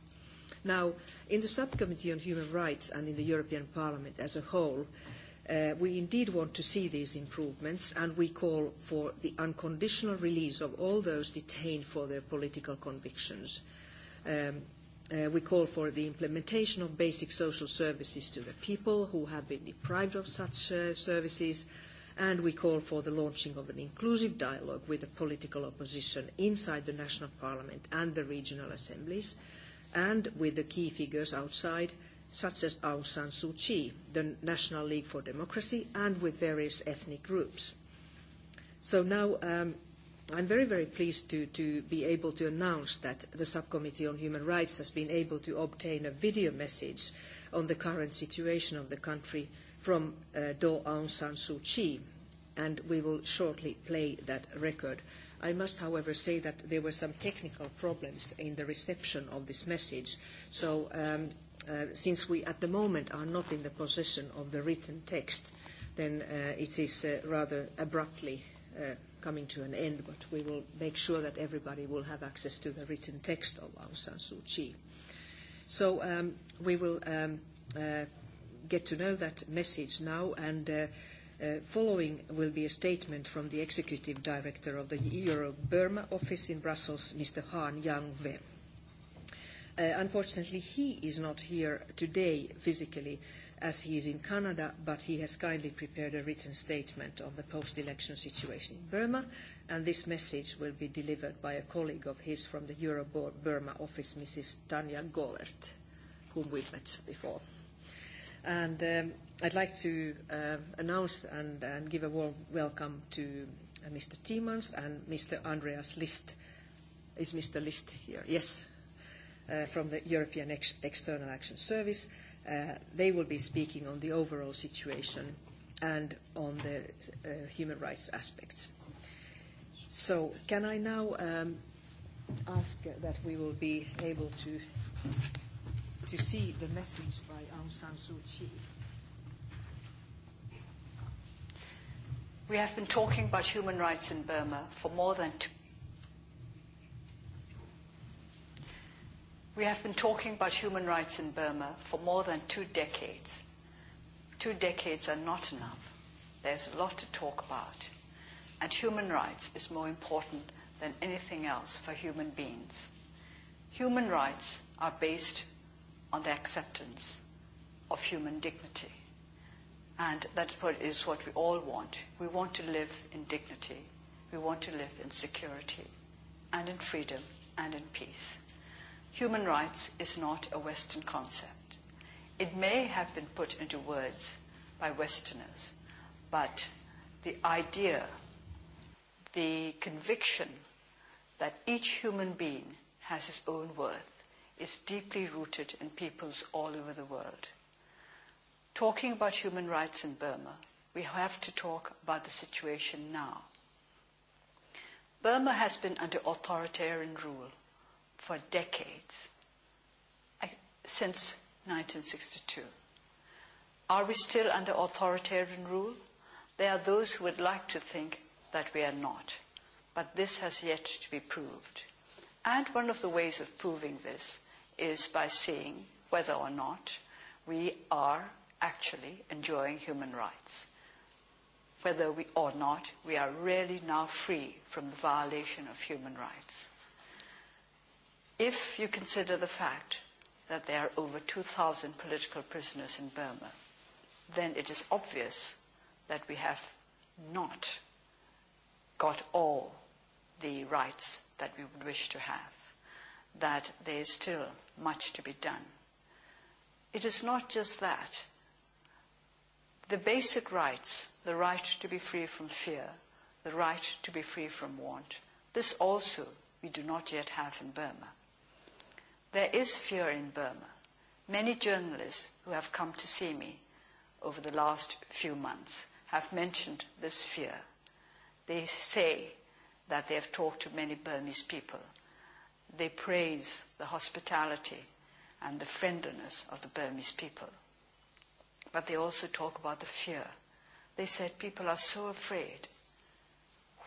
Now, in the Subcommittee on Human Rights and in the European Parliament as a whole, uh, we indeed want to see these improvements and we call for the unconditional release of all those detained for their political convictions. Um, Uh, we call for the implementation of basic social services to the people who have been deprived of such uh, services, and we call for the launching of an inclusive dialogue with the political opposition inside the national parliament and the regional assemblies. Uh, and with the key figures outside, such as Aung San Suu Kyi, the National League for Democracy, and with various ethnic groups. So now um, I'm very, very pleased to, to be able to announce that the Subcommittee on Human Rights has been able to obtain a video message on the current situation of the country from uh, Do Aung San Suu Kyi, and we will shortly play that record i must, however, say that there were some technical problems in the reception of this message. So um, uh, since we at the moment are not in the possession of the written text, then uh, it is uh, rather abruptly uh, coming to an end, but we will make sure that everybody will have access to the written text of Aung San Suu Kyi. So um, we will um, uh, get to know that message now, and uh, Uh, following will be a statement from the Executive Director of the Euro-Burma office in Brussels, Mr. Han Yang-Ve. Uh, unfortunately, he is not here today physically as he is in Canada, but he has kindly prepared a written statement on the post-election situation in Burma, and this message will be delivered by a colleague of his from the Euro-Burma office, Mrs. Tanya Golert, whom we've met before. And um, I'd like to uh, announce and, and give a warm welcome to uh, Mr. Tiemans and Mr. Andreas List. Is Mr. List here? Yes, uh, from the European Ex- External Action Service. Uh, they will be speaking on the overall situation and on the uh, human rights aspects. So can I now um, ask that we will be able to, to see the message by Aung San Suu Kyi? We have been talking about human rights in Burma for more than two We have been talking about human rights in Burma for more than two decades. Two decades are not enough. There's a lot to talk about. And human rights is more important than anything else for human beings. Human rights are based on the acceptance of human dignity. And that is what we all want. We want to live in dignity. We want to live in security and in freedom and in peace. Human rights is not a Western concept. It may have been put into words by Westerners, but the idea, the conviction that each human being has his own worth is deeply rooted in peoples all over the world talking about human rights in Burma, we have to talk about the situation now. Burma has been under authoritarian rule for decades, since 1962. Are we still under authoritarian rule? There are those who would like to think that we are not, but this has yet to be proved. And one of the ways of proving this is by seeing whether or not we are actually enjoying human rights. Whether we or not, we are really now free from the violation of human rights. If you consider the fact that there are over 2,000 political prisoners in Burma, then it is obvious that we have not got all the rights that we would wish to have, that there is still much to be done. It is not just that the basic rights, the right to be free from fear, the right to be free from want, this also we do not yet have in Burma. There is fear in Burma. Many journalists who have come to see me over the last few months have mentioned this fear. They say that they have talked to many Burmese people. They praise the hospitality and the friendliness of the Burmese people. But they also talk about the fear. They said people are so afraid.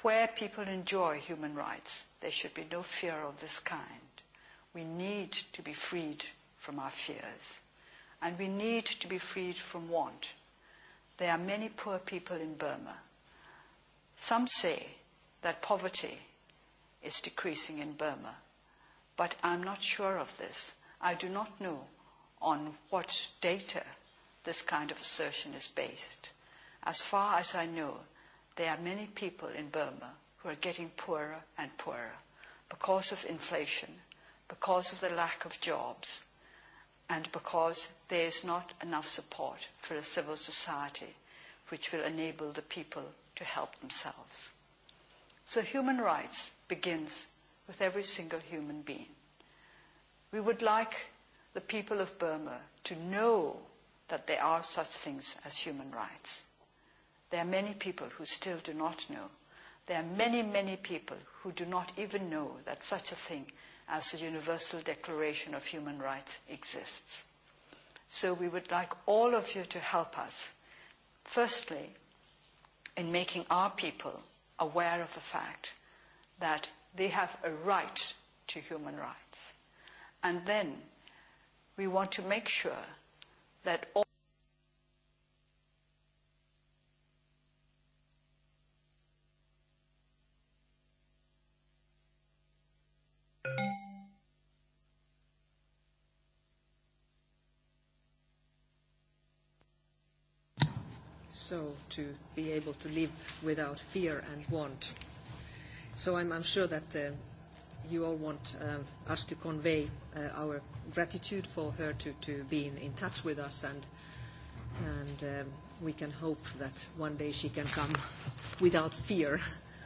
Where people enjoy human rights, there should be no fear of this kind. We need to be freed from our fears. And we need to be freed from want. There are many poor people in Burma. Some say that poverty is decreasing in Burma, but I'm not sure of this. I do not know on what data this kind of assertion is based. As far as I know, there are many people in Burma who are getting poorer and poorer because of inflation, because of the lack of jobs, and because there is not enough support for a civil society which will enable the people to help themselves. So human rights begins with every single human being. We would like the people of Burma to know that there are such things as human rights. There are many people who still do not know. There are many, many people who do not even know that such a thing as the Universal Declaration of Human Rights exists. So we would like all of you to help us, firstly, in making our people aware of the fact that they have a right to human rights. And then we want to make sure that all so to be able to live without fear and want. So I'm, I'm sure that the uh, you all want uh, us to convey uh, our gratitude for her to, to be in, in touch with us, and, and um, we can hope that one day she can come without fear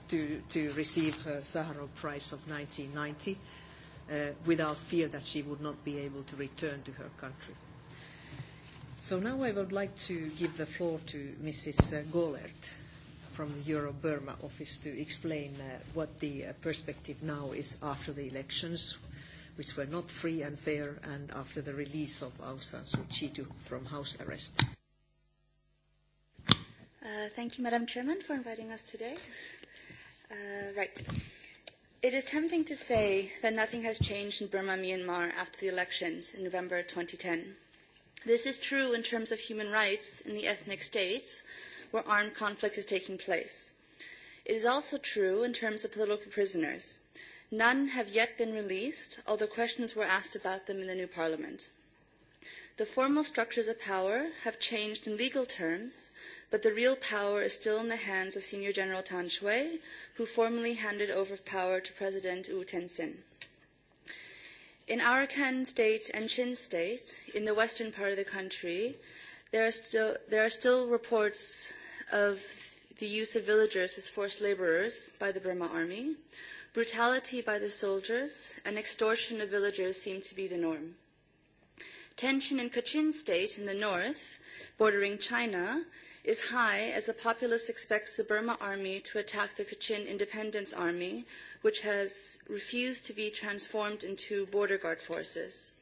to, to receive her Sakharov Prize of 1990, uh, without fear that she would not be able to return to her country. So now I would like to give the floor to Mrs. Uh, Golert from the Euro-Burma office to explain uh, what the uh, perspective now is after the elections, which were not free and fair, and after the release of Aung San Suu Kyi from house arrest. Uh, thank you, Madam Chairman, for inviting us today. Uh, right. It is tempting to say that nothing has changed in Burma, Myanmar after the elections in November 2010. This is true in terms of human rights in the ethnic states, where armed conflict is taking place. It is also true in terms of political prisoners. None have yet been released, although questions were asked about them in the new parliament. The formal structures of power have changed in legal terms, but the real power is still in the hands of Senior General Tan Shui, who formally handed over power to President Wu Tenzin. In Arakan State and Chin State, in the western part of the country, there are still, there are still reports of the use of villagers as forced laborers by the Burma army. Brutality by the soldiers and extortion of villagers seem to be the norm. Tension in Kachin state in the north, bordering China, is high as the populace expects the Burma army to attack the Kachin Independence Army, which has refused to be transformed into border guard forces.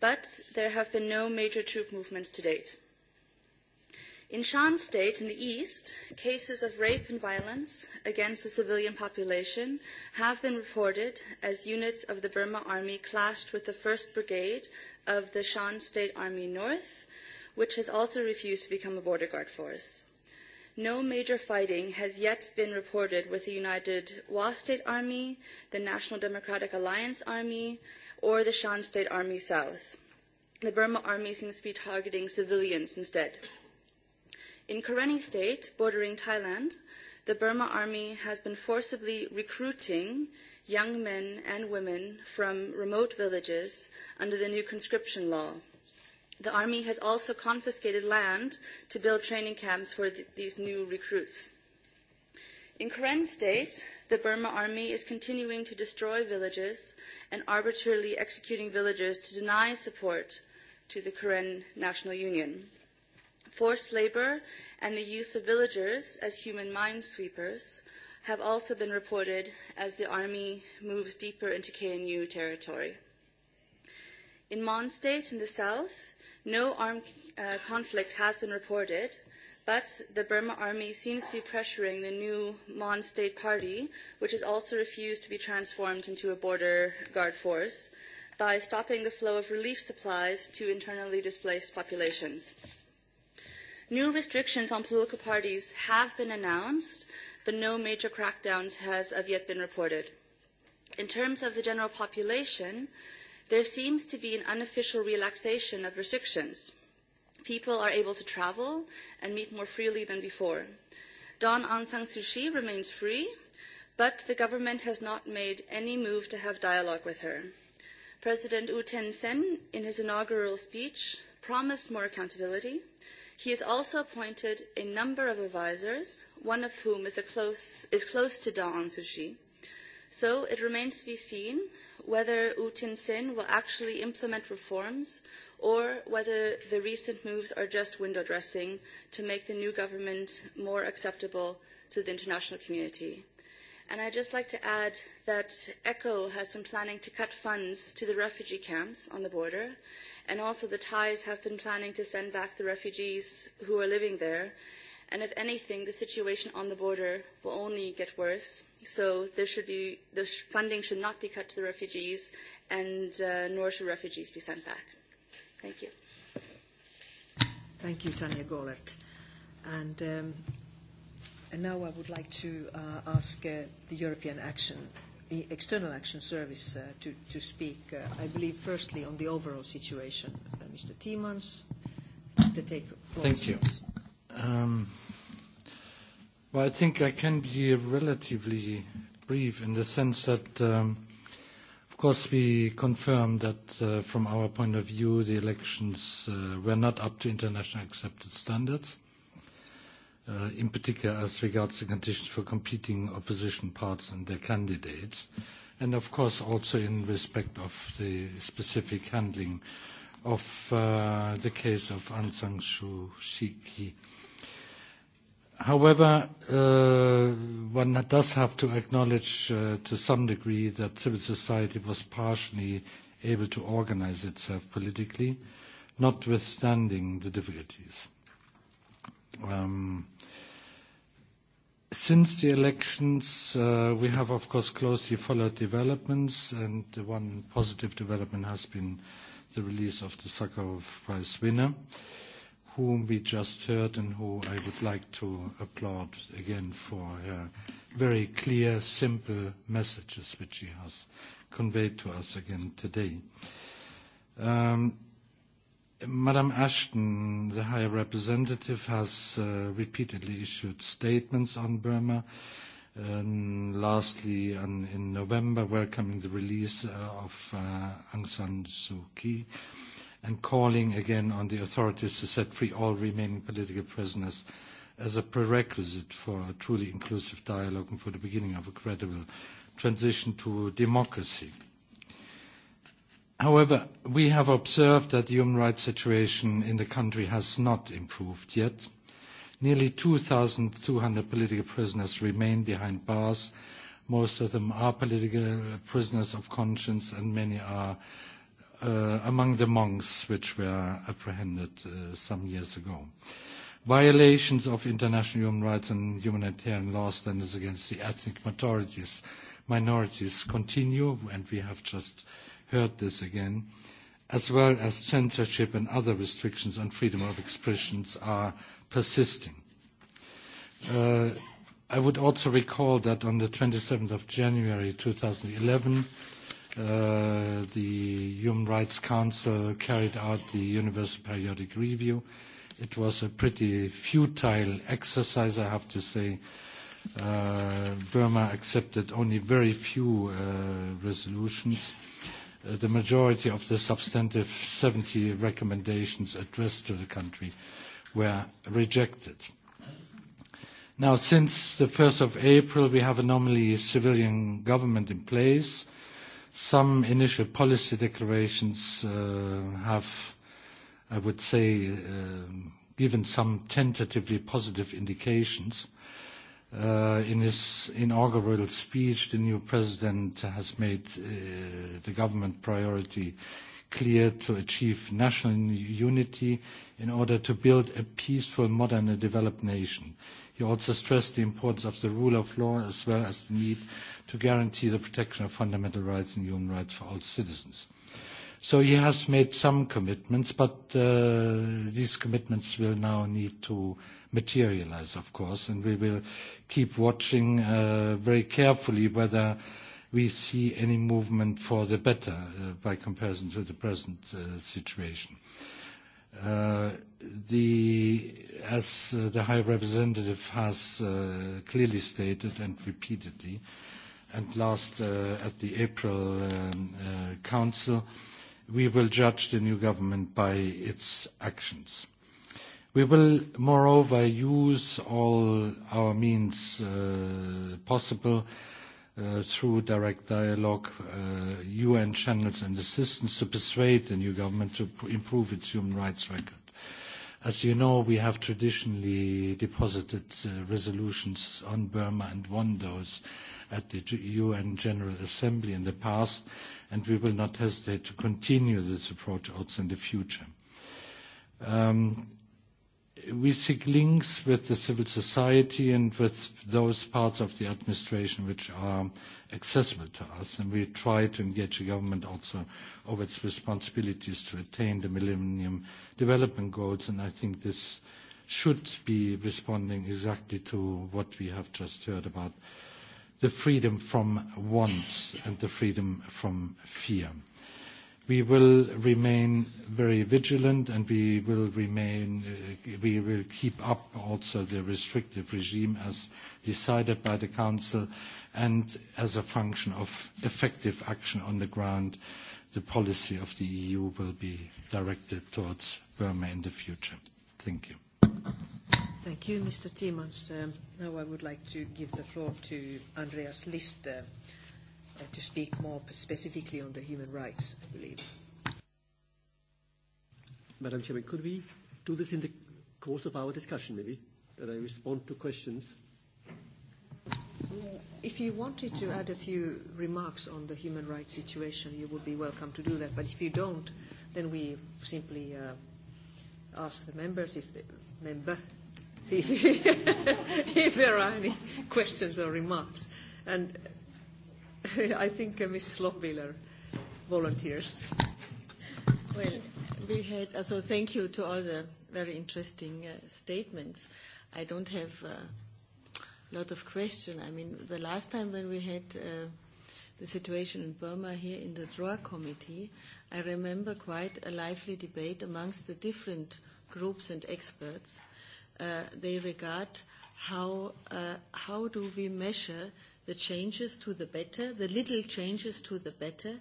But there have been no major troop movements to date. In Shan State in the east, cases of rape and violence against the civilian population have been reported as units of the Burma Army clashed with the 1st Brigade of the Shan State Army North, which has also refused to become a border guard force. No major fighting has yet been reported with the United Wa State Army, the National Democratic Alliance Army, or the Shan State Army South. The Burma Army seems to be targeting civilians instead. In Karenni State, bordering Thailand, the Burma army has been forcibly recruiting young men and women from remote villages under the new conscription law. The army has also confiscated land to build training camps for th these new recruits. In Karen State, the Burma army is continuing to destroy villages and arbitrarily executing villagers to deny support to the Karen National Union. Forced labour and the use of villagers as human minesweepers have also been reported as the army moves deeper into KNU territory. In Mon State in the south, no armed uh, conflict has been reported, but the Burma army seems to be pressuring the new Mon State Party, which has also refused to be transformed into a border guard force, by stopping the flow of relief supplies to internally displaced populations. New restrictions on political parties have been announced, but no major crackdowns has as yet been reported. In terms of the general population, there seems to be an unofficial relaxation of restrictions. People are able to travel and meet more freely than before. Don Aung San Suu Kyi remains free, but the government has not made any move to have dialogue with her. President U Ten Sen, in his inaugural speech, promised more accountability, He has also appointed a number of advisers, one of whom is, close, is close to Dawn Aung Suu Kyi. So it remains to be seen whether U Tin Sin will actually implement reforms or whether the recent moves are just window dressing to make the new government more acceptable to the international community. And I'd just like to add that ECHO has been planning to cut funds to the refugee camps on the border and also the Thais have been planning to send back the refugees who are living there. And if anything, the situation on the border will only get worse. So there should be, the funding should not be cut to the refugees, and uh, nor should refugees be sent back. Thank you. Thank you, Tanya Gollert. And, um, and now I would like to uh, ask uh, the European Action the External Action Service uh, to, to speak, uh, I believe, firstly on the overall situation. Uh, Mr. Tiemans, the take floor. Thank you. Um, well, I think I can be relatively brief in the sense that, um, of course, we confirm that uh, from our point of view, the elections uh, were not up to international accepted standards. Uh, in particular as regards the conditions for competing opposition parties and their candidates, and of course also in respect of the specific handling of uh, the case of Aung San Suu Kyi. However, uh, one does have to acknowledge uh, to some degree that civil society was partially able to organize itself politically, notwithstanding the difficulties. Um, Since the elections, uh, we have, of course, closely followed developments, and the one positive development has been the release of the Sakharov Prize winner, whom we just heard and who I would like to applaud again for her uh, very clear, simple messages which she has conveyed to us again today. Um, Madam Ashton, the High Representative, has uh, repeatedly issued statements on Burma. And lastly, on, in November, welcoming the release uh, of uh, Aung San Suu Kyi and calling again on the authorities to set free all remaining political prisoners as a prerequisite for a truly inclusive dialogue and for the beginning of a credible transition to democracy. However, we have observed that the human rights situation in the country has not improved yet. Nearly 2,200 political prisoners remain behind bars. Most of them are political prisoners of conscience, and many are uh, among the monks which were apprehended uh, some years ago. Violations of international human rights and humanitarian law standards against the ethnic minorities, continue, and we have just uh, heard this again, as well as censorship and other restrictions on freedom of expressions are persisting. Uh, I would also recall that on the 27th of January 2011, uh, the Human Rights Council carried out the Universal Periodic Review. It was a pretty futile exercise, I have to say. Uh, Burma accepted only very few uh, resolutions. Uh, the majority of the substantive 70 recommendations addressed to the country were rejected. Now, since the 1st of April, we have a nominally civilian government in place. Some initial policy declarations uh, have, I would say, uh, given some tentatively positive indications. Uh, in his inaugural speech, the new president has made uh, the government priority clear to achieve national unity in order to build a peaceful, modern and developed nation. He also stressed the importance of the rule of law as well as the need to guarantee the protection of fundamental rights and human rights for all citizens. So he has made some commitments, but uh, these commitments will now need to uh, materialize, of course, and we will keep watching uh, very carefully whether we see any movement for the better uh, by comparison to the present uh, situation. Uh, the, as uh, the High Representative has uh, clearly stated and repeatedly, and last uh, at the April um, uh, Council, we will judge the new government by its actions. We will, moreover, use all our means uh, possible uh, through direct dialogue, uh, UN channels and assistance to persuade the new government to improve its human rights record. As you know, we have traditionally deposited uh, resolutions on Burma and won those at the UN General Assembly in the past, and we will not hesitate to continue this approach also in the future. Um, we seek links with the civil society and with those parts of the administration which are accessible to us, and we try to engage the government also of its responsibilities to attain the Millennium Development Goals, and I think this should be responding exactly to what we have just heard about the freedom from want and the freedom from fear. We will remain very vigilant, and we will remain, uh, we will keep up also the restrictive regime as decided by the council, and as a function of effective action on the ground, the policy of the EU will be directed towards Burma in the future. Thank you. Thank you, Mr. Timmermans. Um, now I would like to give the floor to Andreas Lister, and uh, to speak more specifically on the human rights, I believe. Madam Chairman, could we do this in the course of our discussion, maybe, that I respond to questions? If you wanted to add a few remarks on the human rights situation, you would be welcome to do that. But if you don't, then we simply uh, ask the members if the member if there are any questions or remarks. And I think uh, Mrs. Lochbihler volunteers. Well, we had, uh, so thank you to all the very interesting uh, statements. I don't have a lot of questions. I mean, the last time when we had uh, the situation in Burma here in the DROA committee, I remember quite a lively debate amongst the different groups and experts. Uh, they regard how, uh, how do we measure the changes to the better, the little changes to the better,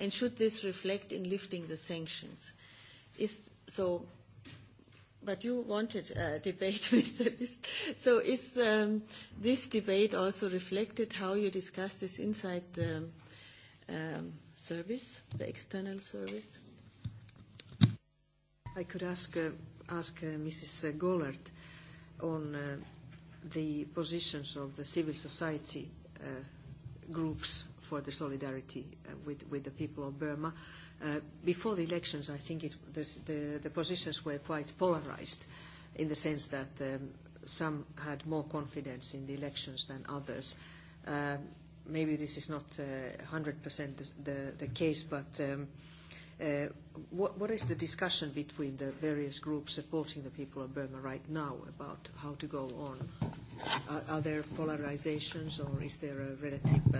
and should this reflect in lifting the sanctions? Is, so, but you wanted a debate, Mr. List. So is um, this debate also reflected how you discuss this inside the um, service, the external service? I could ask, uh, ask uh, Mrs. Gollard on uh, the positions of the civil society Uh, groups for the solidarity uh, with, with the people of Burma. Uh, before the elections, I think it, this, the, the positions were quite polarized in the sense that um, some had more confidence in the elections than others. Uh, maybe this is not uh, 100% the, the, the case, but um, Uh, what, what is the discussion between the various groups supporting the people of Burma right now about how to go on? Are, are there polarizations or is there a relative uh,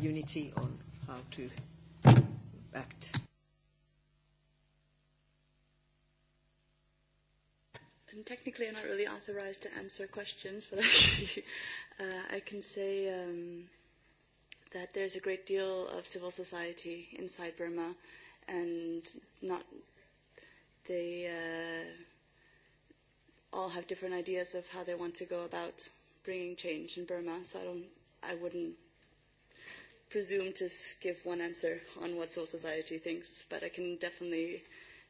unity on how to act? And technically, I'm not really authorized to answer questions, but actually, uh, I can say um, that there's a great deal of civil society inside Burma and not they uh, all have different ideas of how they want to go about bringing change in Burma. So I don't, I wouldn't presume to give one answer on what civil society thinks, but I can definitely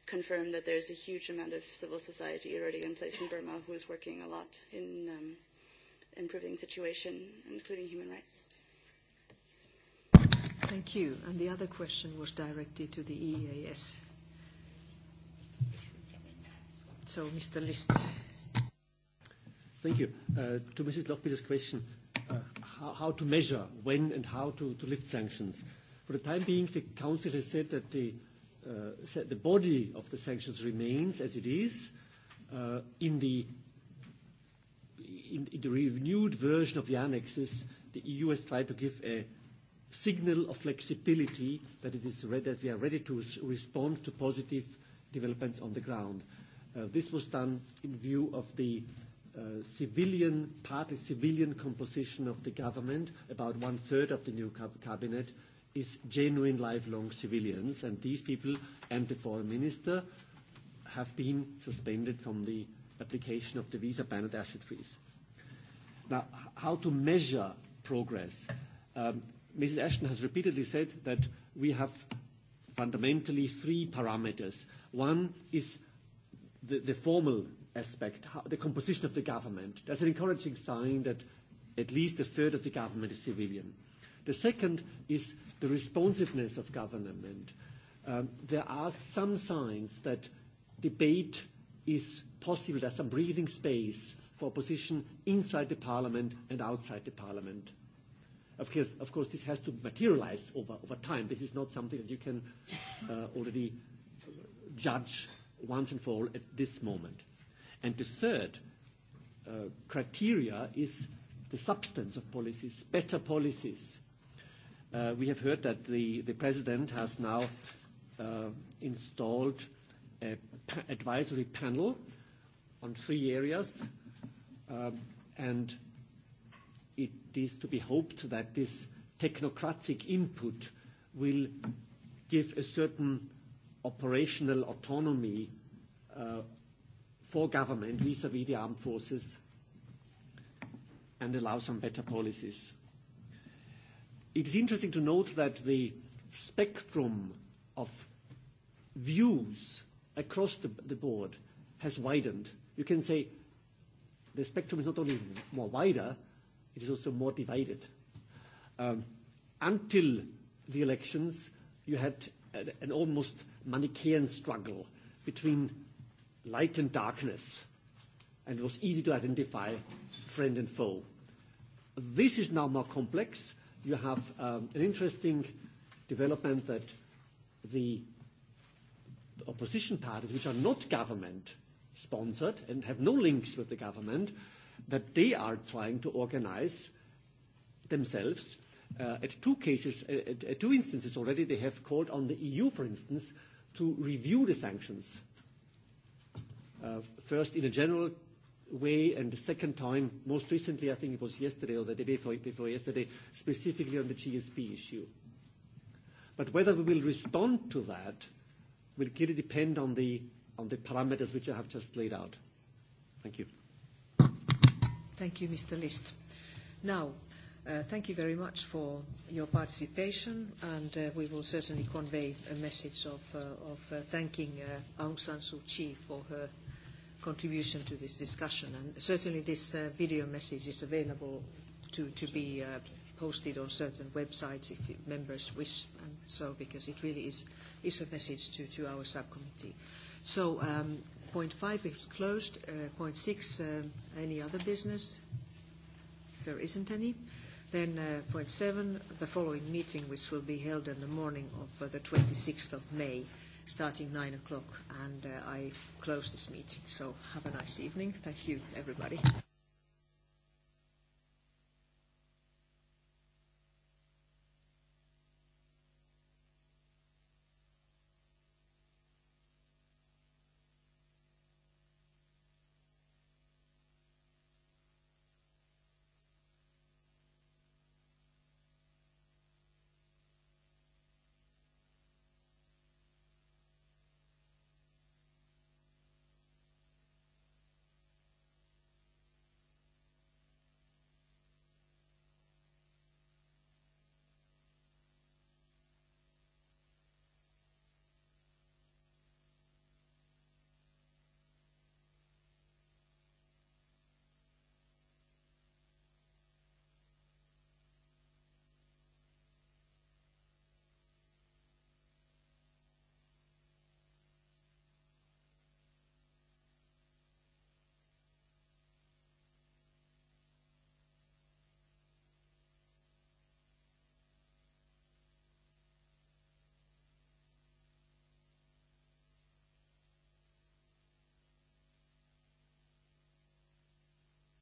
confirm that there's a huge amount of civil society already in place in Burma who is working a lot in um, improving situation, including human rights. Thank you. And the other question was directed to the EAS. So, Mr. List. Thank you. Uh, to Mrs. Lochbihler's question, uh, how, how to measure when and how to, to lift sanctions. For the time being, the Council has said that the, uh, said the body of the sanctions remains as it is. Uh, in, the, in, in the renewed version of the annexes, the EU has tried to give a signal of flexibility that it is ready, that we are ready to respond to positive developments on the ground. Uh, this was done in view of the uh, civilian, partly civilian composition of the government. About one-third of the new cabinet is genuine lifelong civilians, and these people and the foreign minister have been suspended from the application of the visa ban and asset freeze. Now, how to measure progress? Um, Mrs. Ashton has repeatedly said that we have fundamentally three parameters. One is the, the formal aspect, how, the composition of the government. That's an encouraging sign that at least a third of the government is civilian. The second is the responsiveness of government. Um, there are some signs that debate is possible. There's some breathing space for opposition inside the parliament and outside the parliament. Of course, of course, this has to materialize over, over time. This is not something that you can uh, already judge once and for all at this moment. And the third uh, criteria is the substance of policies, better policies. Uh, we have heard that the, the president has now uh, installed an pa advisory panel on three areas, um, and it is to be hoped that this technocratic input will give a certain operational autonomy uh, for government vis-à-vis the armed forces and allow some better policies. It is interesting to note that the spectrum of views across the, the board has widened. You can say the spectrum is not only more wider, it is also more divided. Um, until the elections, you had a, an almost Manichaean struggle between light and darkness, and it was easy to identify friend and foe. This is now more complex. You have um, an interesting development that the opposition parties, which are not government sponsored and have no links with the government, that they are trying to organize themselves. Uh, at two cases, uh, at, at two instances already, they have called on the EU, for instance, to review the sanctions. Uh, first, in a general way, and the second time, most recently, I think it was yesterday or the day before, before yesterday, specifically on the GSP issue. But whether we will respond to that will clearly depend on the, on the parameters which I have just laid out. Thank you. Thank you, Mr. List. Now, uh, thank you very much for your participation, and uh, we will certainly convey a message of, uh, of uh, thanking uh, Aung San Suu Kyi for her contribution to this discussion. And certainly this uh, video message is available to, to be uh, posted on certain websites if members wish, and so because it really is, is a message to, to our subcommittee. So um, Point five is closed. Uh, point six, uh, any other business? If there isn't any. Then uh, point seven, the following meeting, which will be held in the morning of uh, the 26th of May, starting nine o'clock. And uh, I close this meeting. So have a nice evening. Thank you, everybody.